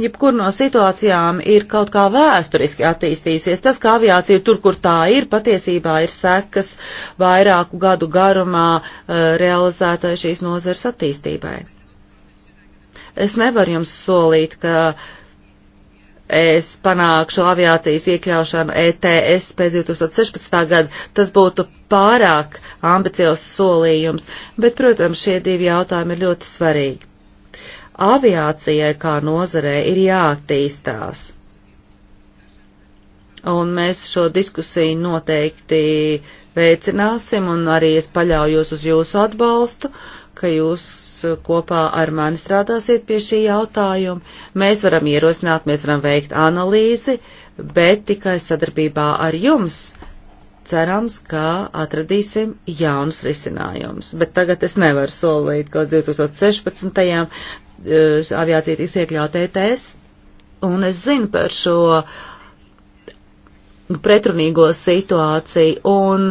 jebkur no situācijām ir kaut kā vēsturiski attīstījusies. Tas, ka aviācija tur, kur tā ir, patiesībā ir sekas vairāku gadu garumā uh, realizētai šīs nozars attīstībai. Es nevaru jums solīt, ka es panākšu aviācijas iekļaušanu ETS pēc 2016. gada. Tas būtu pārāk ambiciozs solījums, bet, protams, šie divi jautājumi ir ļoti svarīgi aviācijai kā nozarei ir jāattīstās. Un mēs šo diskusiju noteikti veicināsim, un arī es paļaujos uz jūsu atbalstu, ka jūs kopā ar mani strādāsiet pie šī jautājuma. Mēs varam ierosināt, mēs varam veikt analīzi, bet tikai sadarbībā ar jums cerams, ka atradīsim jaunus risinājumus. Bet tagad es nevaru solīt, ka 2016. Eh, aviācija tiks iekļauta ETS, un es zinu par šo pretrunīgo situāciju, un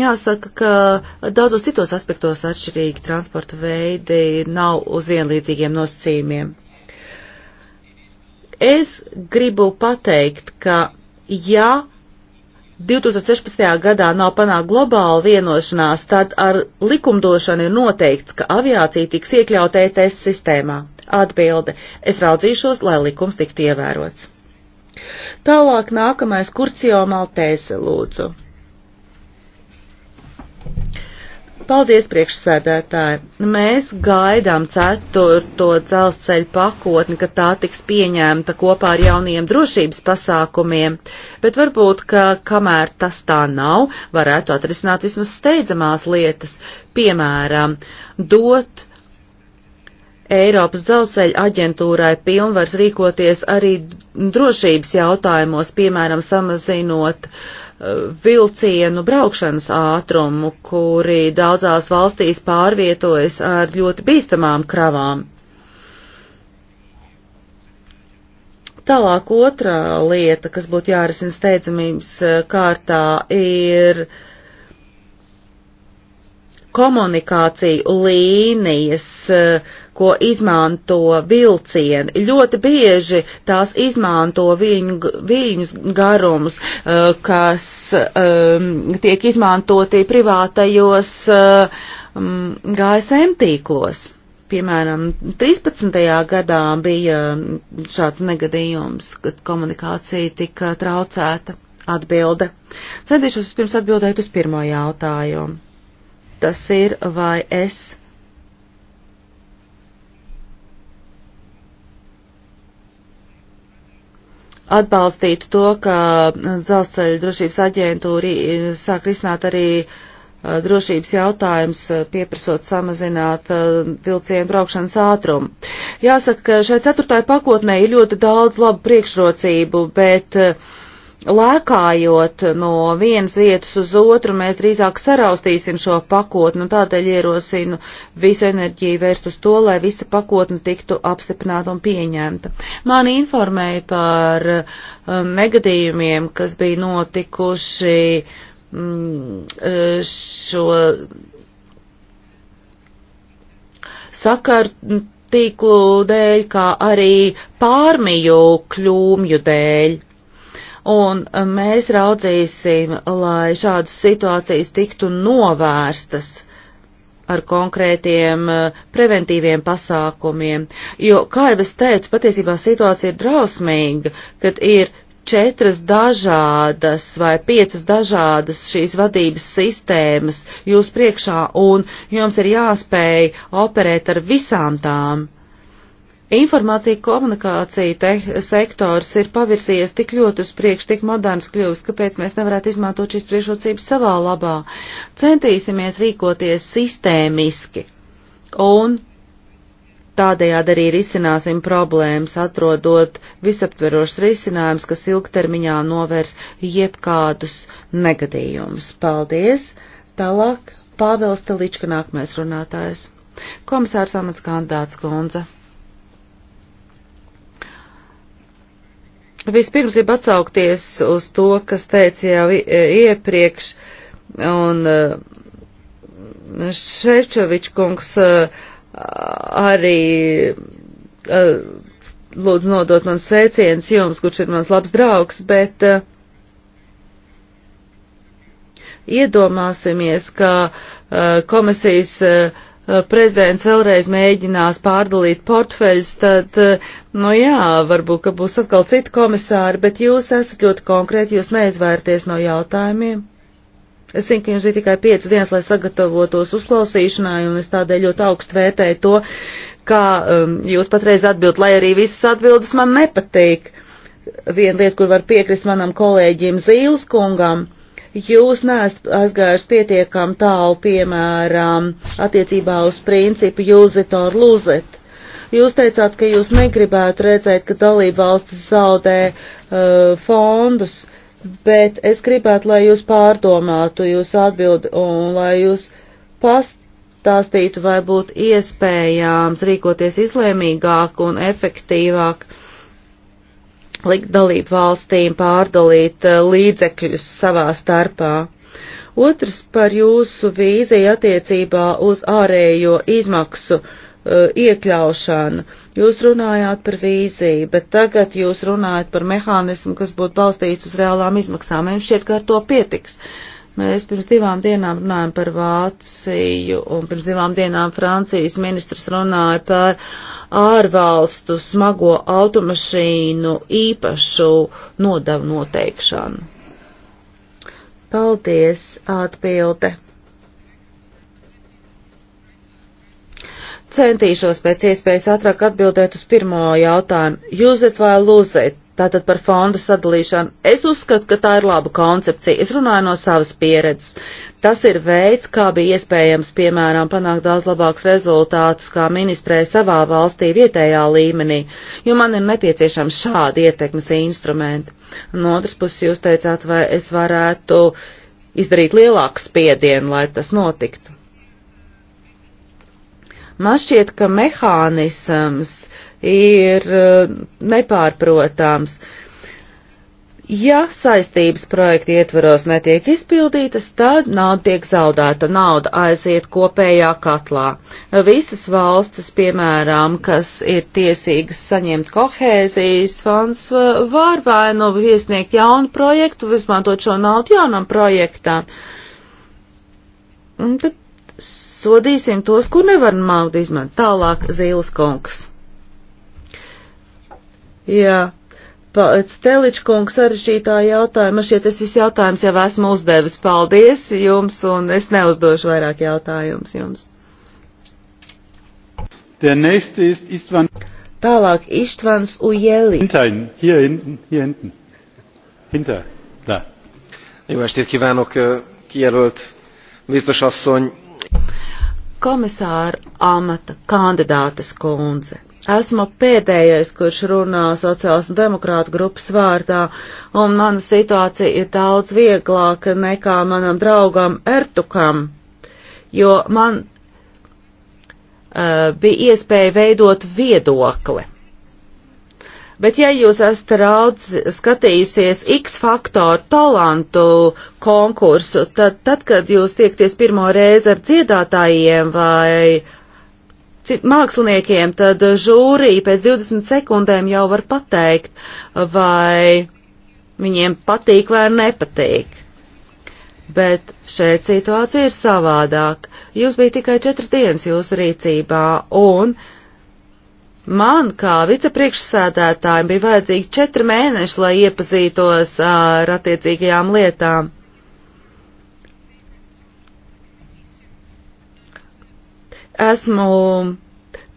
jāsaka, ka daudzos citos aspektos atšķirīgi transporta veidi nav uz vienlīdzīgiem nosacījumiem. Es gribu pateikt, ka ja 2016. gadā nav panākt globāla vienošanās, tad ar likumdošanu ir noteikts, ka aviācija tiks iekļaut ETS sistēmā. Atbilde - es raudzīšos, lai likums tiktu ievērots. Tālāk nākamais kurcijo Maltēse lūdzu. Paldies, priekšsēdētāji! Mēs gaidām ceturto dzelzceļa pakotni, ka tā tiks pieņemta kopā ar jaunajiem drošības pasākumiem, bet varbūt, ka kamēr tas tā nav, varētu atrisināt vismaz steidzamās lietas, piemēram, dot Eiropas dzelzceļa aģentūrai pilnvars rīkoties arī drošības jautājumos, piemēram, samazinot uh, vilcienu braukšanas ātrumu, kuri daudzās valstīs pārvietojas ar ļoti bīstamām kravām. Tālāk otrā lieta, kas būtu jārisina steidzamības eh, kārtā, ir komunikāciju līnijas uh, ko izmanto vilcieni. Ļoti bieži tās izmanto viņu, viņus garumus, eh, kas um, tiek izmantoti privātajos um, eh, GSM tīklos. Piemēram, 13. gadā bija šāds negadījums, kad komunikācija tika traucēta. Atbilde. Centīšos pirms atbildēt uz pirmo jautājumu. Tas ir, vai es atbalstītu to, ka dzelzceļa drošības aģentūra sāk risināt arī drošības jautājums, pieprasot samazināt vilcienu braukšanas ātrumu. Jāsaka, ka šai ceturtajai pakotnē ir ļoti daudz labu priekšrocību, bet uh, lēkājot no vienas vietas uz otru, mēs drīzāk saraustīsim šo pakotni, un tādēļ ierosinu visu enerģiju vērst uz to, lai visa pakotne tiktu apstiprināta un pieņemta. Mani informēja par um, negadījumiem, kas bija notikuši mm, šo sakaru tīklu dēļ, kā arī pārmiju kļūmju dēļ un e, mēs raudzīsim, lai šādas situācijas tiktu novērstas ar konkrētiem e, preventīviem pasākumiem, jo, kā jau es teicu, patiesībā situācija ir drausmīga, kad ir četras dažādas vai piecas dažādas šīs vadības sistēmas jūs priekšā, un jums ir jāspēj operēt ar visām tām. Informācija komunikācija te, sektors ir pavirsies tik ļoti uz priekšu, tik moderns kļuvis, kāpēc mēs nevarētu izmantot šīs priekšrocības savā labā. Centīsimies rīkoties sistēmiski un tādējādi arī risināsim problēmas, atrodot visaptverošs risinājums, kas ilgtermiņā novērs jebkādus negadījumus. Paldies! Tālāk Pāvils Telička nākamais runātājs. Komisārs Amats Kandāts Konza. Vispirms gribu atsaukties uz to, kas teica jau e, iepriekš, un e, Šerčovičs kungs e, arī lūdzu nodot man sveicienus jums, kurš ir mans labs draugs, bet uh, iedomāsimies, ka uh, komisijas uh, Eh, prezidents vēlreiz mēģinās pārdalīt portfeļus, tad, eh, nu jā, varbūt, ka būs atkal citi komisāri, bet jūs esat ļoti konkrēti, jūs neizvairties no jautājumiem. Es zinu, ka jums bija tikai 5 dienas, lai sagatavotos uzklausīšanai, un es tādēļ ļoti augstu vērtēju to, kā um, jūs patreiz atbild, lai arī visas atbildes man nepatīk. Viena lieta, kur var piekrist manam kolēģim Zīles kungam, uh, jūs neesat aizgājuši pietiekam tālu, piemēram, attiecībā uz principu use it or lose it. Jūs teicāt, ka jūs negribētu redzēt, ka dalība valstis zaudē uh, fondus, bet es gribētu, lai jūs pārdomātu jūsu atbildi un lai jūs pastāstītu, vai būtu iespējams rīkoties izlēmīgāk un efektīvāk. Uh, likt dalību valstīm pārdalīt eh, līdzekļus savā starpā. Otrs par jūsu vīziju attiecībā uz ārējo izmaksu eh, iekļaušanu. Jūs runājāt par vīziju, bet tagad jūs runājat par mehānismu, kas būtu balstīts uz reālām izmaksām. Jums šķiet, ka ar to pietiks. Mēs pirms divām dienām runājam par Vāciju, un pirms divām dienām Francijas ministrs runāja par ārvalstu smago automašīnu īpašu nodevu noteikšanu? Paldies, atbilde. Centīšos pēc iespējas ātrāk atbildēt uz pirmo jautājumu. Jūzet vai lūzet? Tātad par fondu sadalīšanu. Es uzskatu, ka tā ir laba koncepcija. Es runāju no savas pieredzes. Tas ir veids, kā bija iespējams, piemēram, panākt daudz labākus rezultātus, kā ministrē savā valstī vietējā līmenī, jo man ir nepieciešams šādi ietekmes instrumenti. No otras puses, jūs teicāt, vai es varētu izdarīt lielāku spiedienu, lai tas notiktu. Man šķiet, ka mehānisms, ir eh, nepārprotams. Ja saistības projekta ietvaros netiek izpildītas, tad nauda tiek zaudēta, nauda aiziet kopējā katlā. Visas valstis, piemēram, kas ir tiesīgas saņemt kohēzijas fonds, var vai nu iesniegt jaunu projektu, izmantot šo naudu jaunam projektam. Un tad sodīsim tos, kur nevar naudu izmantot. Tālāk Zīles kungs. Jā. Pēc Teličkungs sarežģītā jautājuma, šiet es visu jautājumus jau esmu uzdevis. Paldies jums, un es neuzdošu vairāk jautājumus jums. Der nächste ist Istvan. Tālāk Istvans Ujeli. Hinter Ihnen, hier hinten, hier hinten. Hinter, da. Jó estét kívánok, eh, kijelölt biztos asszony. Komisāra amata kandidātes kundze. Esmu pēdējais, kurš runā sociālas un demokrātu grupas vārdā, un mana situācija ir daudz vieglāka nekā manam draugam Ertukam, jo man uh, bija iespēja veidot viedokli. Bet ja jūs esat raudz skatījusies X faktoru talantu konkursu, tad, tad, kad jūs tiekties pirmo reizi ar dziedātājiem vai māksliniekiem, tad žūrija pēc 20 sekundēm jau var pateikt, vai viņiem patīk vai nepatīk. Bet šeit situācija ir savādāk. Jūs bija tikai četras dienas jūsu rīcībā, un man, kā vicepriekšsēdētājiem, bija vajadzīgi četri mēneši, lai iepazītos ar attiecīgajām lietām. Esmu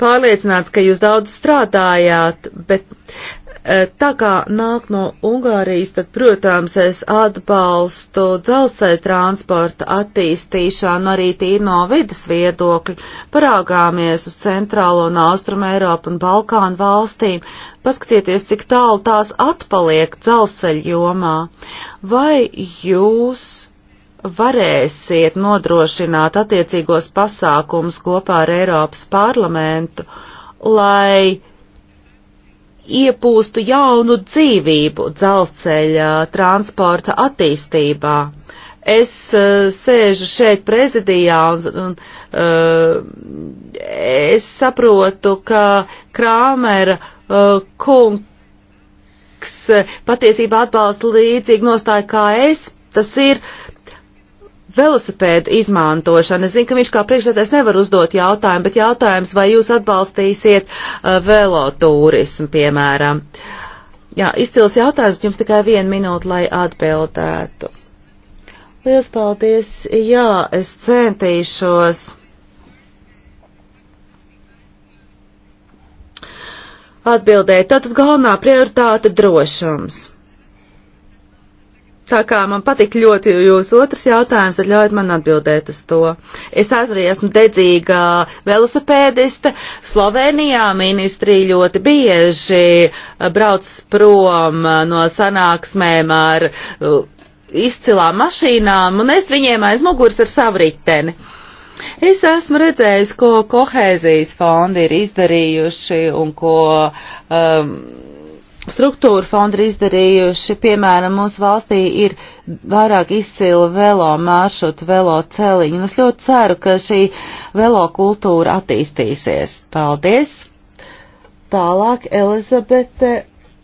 pārliecināts, ka jūs daudz strādājāt, bet e, tā kā nāk no Ungārijas, tad, protams, es atbalstu dzelzceļa transporta attīstīšanu arī tīri no vidas viedokļa. Parāgāmies uz centrālo un austrumu Eiropu un Balkānu valstīm, paskatieties, cik tālu tās atpaliek dzelzceļa jomā. Vai jūs varēsiet nodrošināt attiecīgos pasākums kopā ar Eiropas parlamentu, lai iepūstu jaunu dzīvību dzelzceļa transporta attīstībā. Es uh, sēžu šeit prezidijā un uh, es saprotu, ka Krāmera uh, eh, kungs patiesībā atbalsta līdzīgu nostāju kā es. Tas ir velosipēdu izmantošana. Es zinu, ka viņš kā priekšsēdētājs nevar uzdot jautājumu, bet jautājums, vai jūs atbalstīsiet uh, velotūrismu, piemēram. Jā, izcils jautājums, jums tikai vienu minūtu, lai atbildētu. Liels paldies, jā, es centīšos. Atbildēt, tātad galvenā prioritāte drošums. Tā kā man patīk ļoti jūsu otrs jautājums, ļaujiet man atbildēt uz to. Es arī esmu dedzīga velosipēdiste. Slovenijā ministrija ļoti bieži eh, brauc prom eh, no sanāksmēm ar eh, izcilām mašīnām, un es viņiem aiz muguras ar savu riteni. Es esmu redzējis, ko kohēzijas fondi ir izdarījuši un ko. Um, struktūra fondi ir izdarījuši. Piemēram, mūsu valstī ir vairāk izcila velo maršrutu, velo celiņu. Es ļoti ceru, ka šī velo kultūra attīstīsies. Paldies! Tālāk Elizabete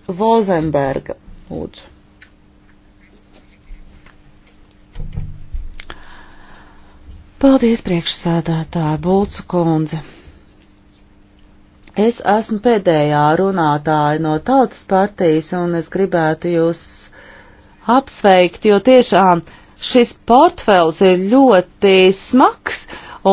Vozenberga. Lūdzu. Paldies priekšsēdētāja Bulcu kundze. Es esmu pēdējā runātāja no tautas partijas, un es gribētu jūs apsveikt, jo tiešām šis portfels ir ļoti smags,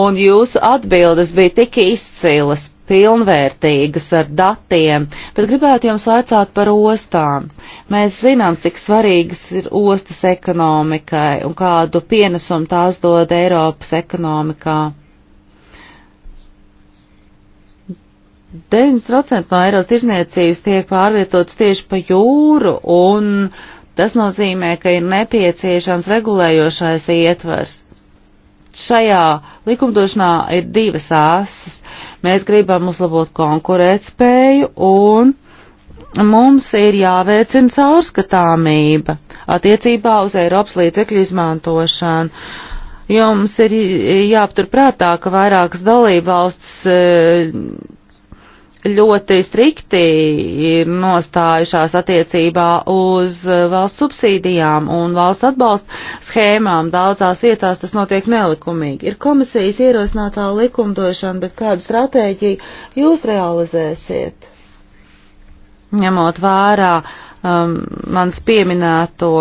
un jūsu atbildes bija tik izcīlas, pilnvērtīgas ar datiem, bet gribētu jums vaicāt par ostām. Mēs zinām, cik svarīgas ir ostas ekonomikai un kādu pienesumu tās dod Eiropas ekonomikā. 90% no Eiropas tirzniecības tiek pārvietotas tieši pa jūru, un tas nozīmē, ka ir nepieciešams regulējošais ietvers. Šajā likumdošanā ir divas asas. Mēs gribam uzlabot konkurētspēju, un mums ir jāveicina caurskatāmība attiecībā uz Eiropas līdzekļu izmantošanu. Jums ir jāpaturprātā, ka vairākas dalībvalstis eh, ļoti strikti ir nostājušās attiecībā uz valsts subsīdijām un valsts atbalsta schēmām. Daudzās vietās tas notiek nelikumīgi. Ir komisijas ierosinātā likumdošana, bet kādu stratēģiju jūs realizēsiet? Ņemot vērā um, mans pieminēto,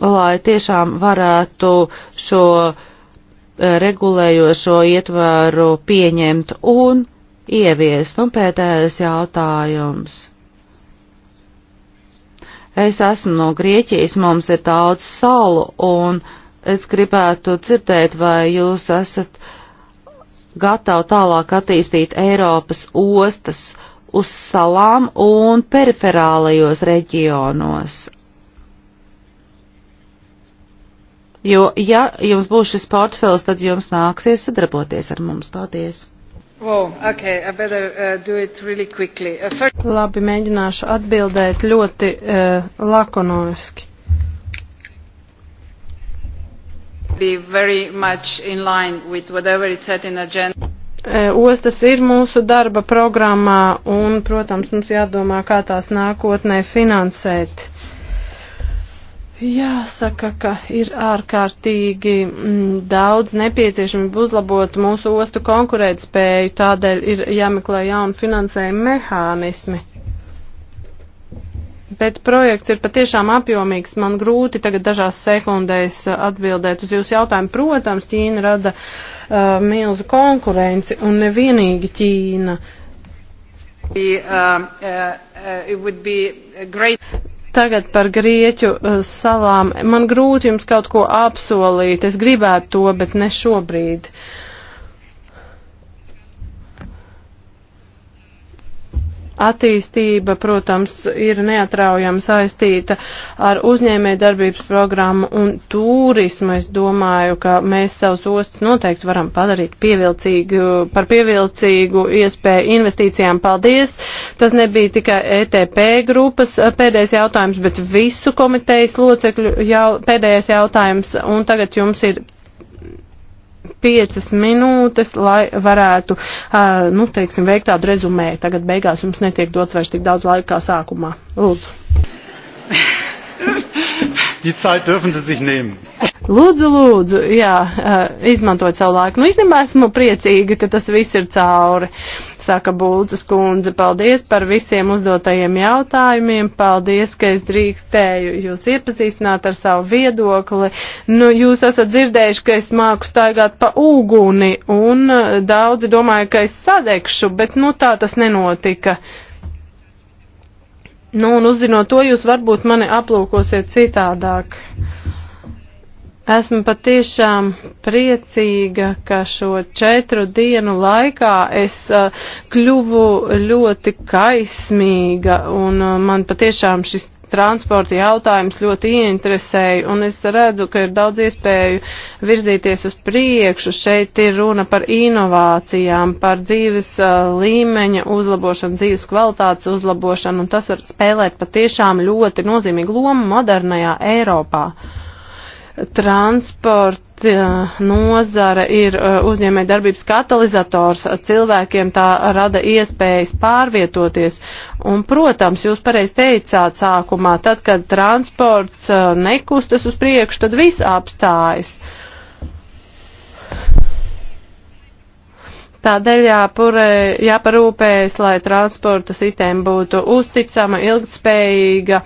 lai tiešām varētu šo eh, regulējošo ietvaru pieņemt un ieviest. Un pēdējais jautājums. Es esmu no Grieķijas, mums ir daudz salu, un es gribētu dzirdēt, vai jūs esat gatavi tālāk attīstīt Eiropas ostas uz salām un periferālajos reģionos. Jo, ja jums būs šis portfels, tad jums nāksies sadarboties ar mums. Paldies! Wow, okay, I better, uh, do it really quickly. Uh, first... Labi, mēģināšu atbildēt ļoti uh, lakonoiski. Be very much in line with whatever is set in agenda. Uh, ostas ir mūsu darba programmā un, protams, mums jādomā, kā tās nākotnē finansēt. Jāsaka, ka ir ārkārtīgi m, mm, daudz nepieciešami uzlabot mūsu ostu konkurētspēju, tādēļ ir jāmeklē jaunu finansējumu mehānismi. Bet projekts ir patiešām apjomīgs. Man grūti tagad dažās sekundēs atbildēt uz jūsu jautājumu. Protams, Ķīna rada uh, milzu konkurenci un nevienīgi Ķīna. Be, uh, uh, uh, Tagad par Grieķu eh, salām. Man grūti jums kaut ko apsolīt. Es gribētu to, bet ne šobrīd. Uh, Attīstība, protams, ir neatraujami saistīta ar uzņēmē darbības programmu un turismu. Es domāju, ka mēs savus ostus noteikti varam padarīt pievilcīgu, par pievilcīgu iespēju investīcijām. Paldies! Tas nebija tikai ETP grupas pēdējais jautājums, bet visu komitejas locekļu jau, pēdējais jautājums. Un tagad jums ir piecas minūtes, lai varētu, nu, teiksim, veikt tādu rezumē. Tagad beigās jums netiek dots vairs tik daudz laika kā sākumā. Lūdzu. Die Zeit dürfen Sie sich nehmen. Lūdzu, lūdzu, jā, izmantojot savu laiku. Nu, īstenībā esmu priecīga, ka tas viss ir cauri, saka Bulces kundze. Paldies par visiem uzdotajiem jautājumiem, paldies, ka es drīkstēju jūs iepazīstināt ar savu viedokli. Nu, jūs esat dzirdējuši, ka es māku staigāt pa ūguni, un daudzi domāja, ka es sadegšu, bet, nu, tā tas nenotika. Nu, un uzzinot to, jūs varbūt mani aplūkosiet citādāk. Esmu patiešām priecīga, ka šo četru dienu laikā es uh, kļuvu ļoti kaismīga, un uh, man patiešām šis transporta jautājums ļoti ieinteresēja, un es redzu, ka ir daudz iespēju virzīties uz priekšu. Šeit ir runa par inovācijām, par dzīves uh, līmeņa uzlabošanu, dzīves kvalitātes uzlabošanu, un tas var spēlēt patiešām ļoti nozīmīgu lomu modernajā Eiropā. Transport Eh, nozara ir eh, uzņēmē darbības katalizators eh, cilvēkiem, tā rada iespējas pārvietoties. Un, protams, jūs pareiz teicāt sākumā, tad, kad transports nekustas uz priekšu, tad viss apstājas. Uh, Tādēļ jāpurē, jāparūpējas, lai transporta sistēma būtu uzticama, ilgtspējīga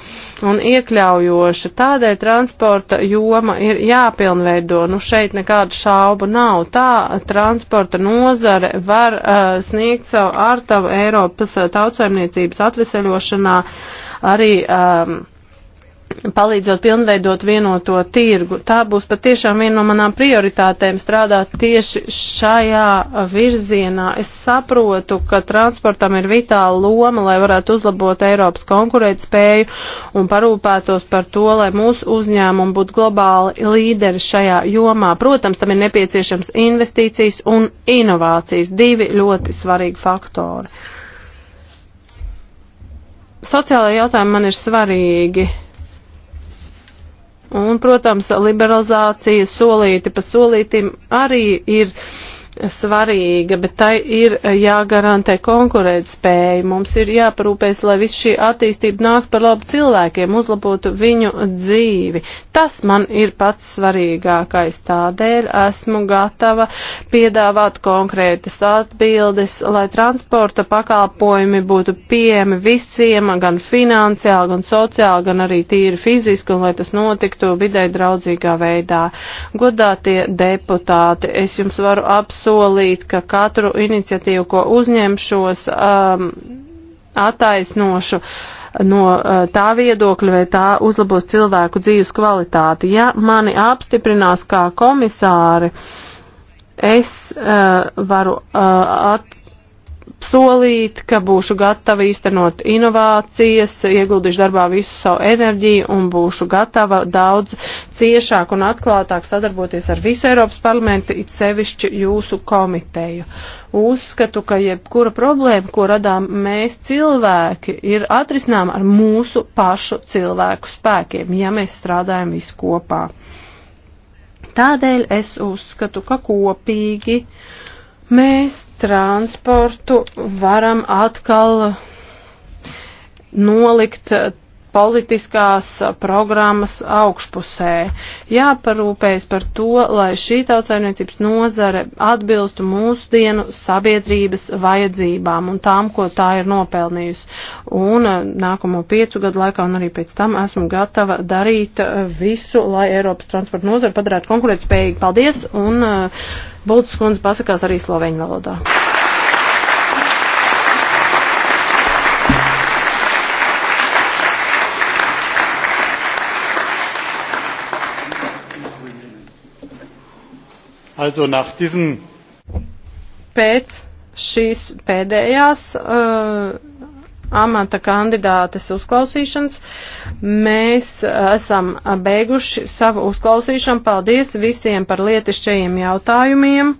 un iekļaujoša. Tādēļ transporta joma ir jāpilnveido. Nu, šeit nekādu šaubu nav. Tā transporta nozare var uh, sniegt savu ārtavu Eiropas tautsaimniecības atveseļošanā arī. Um, palīdzot pilnveidot vienoto tirgu. Tā būs patiešām viena no manām prioritātēm strādāt tieši šajā virzienā. Es saprotu, ka transportam ir vitāla loma, lai varētu uzlabot Eiropas konkurētspēju un parūpētos par to, lai mūsu uzņēmumi būtu globāli līderi šajā jomā. Protams, tam ir nepieciešams investīcijas un inovācijas, divi ļoti svarīgi faktori. Sociālajie jautājumi man ir svarīgi Un, protams, liberalizācija solīti pa solītim arī ir svarīga, bet tai ir jāgarantē konkurētspēja. Mums ir jāparūpēs, lai viss šī attīstība nāk par labu cilvēkiem, uzlabotu viņu dzīvi. Tas man ir pats svarīgākais. Tādēļ esmu gatava piedāvāt konkrētas atbildes, lai transporta pakalpojumi būtu pieejami visiem, gan finansiāli, gan sociāli, gan arī tīri fiziski, un lai tas notiktu vidē draudzīgā veidā. Godātie deputāti, es jums varu apsūdzēt, solīt, ka katru iniciatīvu, ko uzņemšos, um, attaisnošu no uh, tā viedokļa, vai tā uzlabos cilvēku dzīves kvalitāti. Ja mani apstiprinās kā komisāri, es uh, varu uh, at, solīt, ka būšu gatava īstenot inovācijas, ieguldīšu darbā visu savu enerģiju un būšu gatava daudz ciešāk un atklātāk sadarboties ar visu Eiropas parlamentu, it sevišķi jūsu komiteju. Uzskatu, ka jebkura problēma, ko radām mēs cilvēki, ir atrisinām ar mūsu pašu cilvēku spēkiem, ja mēs strādājam visu kopā. Tādēļ es uzskatu, ka kopīgi mēs transportu varam atkal nolikt politiskās programmas augšpusē. Jāparūpējas par to, lai šī tautsaimniecības nozare atbilstu mūsdienu sabiedrības vajadzībām un tām, ko tā ir nopelnījusi. Un eh, nākamo piecu gadu laikā un arī pēc tam esmu gatava darīt eh, visu, lai Eiropas transporta nozare padarētu konkurētspējīgu. Paldies! Un eh, Bultas kundze pasakās arī sloveņu valodā. Also nach diesen Pēc šīs pēdējās uh, amata kandidātes uzklausīšanas mēs esam beiguši savu uzklausīšanu. Paldies visiem par lietišķajiem jautājumiem.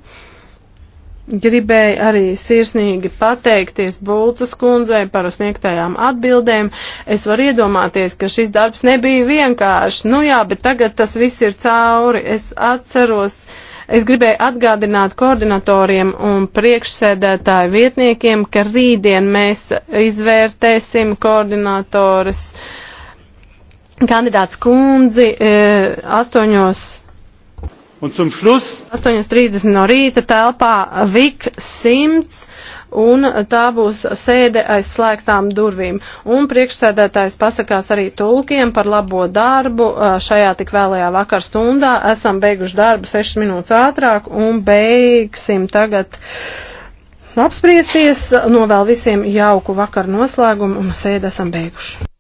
Gribēju arī sirsnīgi pateikties Bulcas kundzei par sniegtajām atbildēm. Es varu iedomāties, ka šis darbs nebija vienkāršs. Nu jā, bet tagad tas viss ir cauri. Es atceros, uh, Es gribēju atgādināt koordinatoriem un priekšsēdētāju vietniekiem, ka rītdien mēs izvērtēsim koordinatoras kandidāts kundzi e, astoņos. Un zum šlus. 8.30 no rīta telpā VIK 100 un tā būs sēde aiz slēgtām durvīm. Un priekšsēdētājs pasakās arī tulkiem par labo darbu šajā tik vēlajā vakar stundā. Esam beiguši darbu 6 minūtes ātrāk un beigsim tagad apspriesties. Novēl nu, visiem jauku vakaru noslēgumu un sēdi esam beiguši.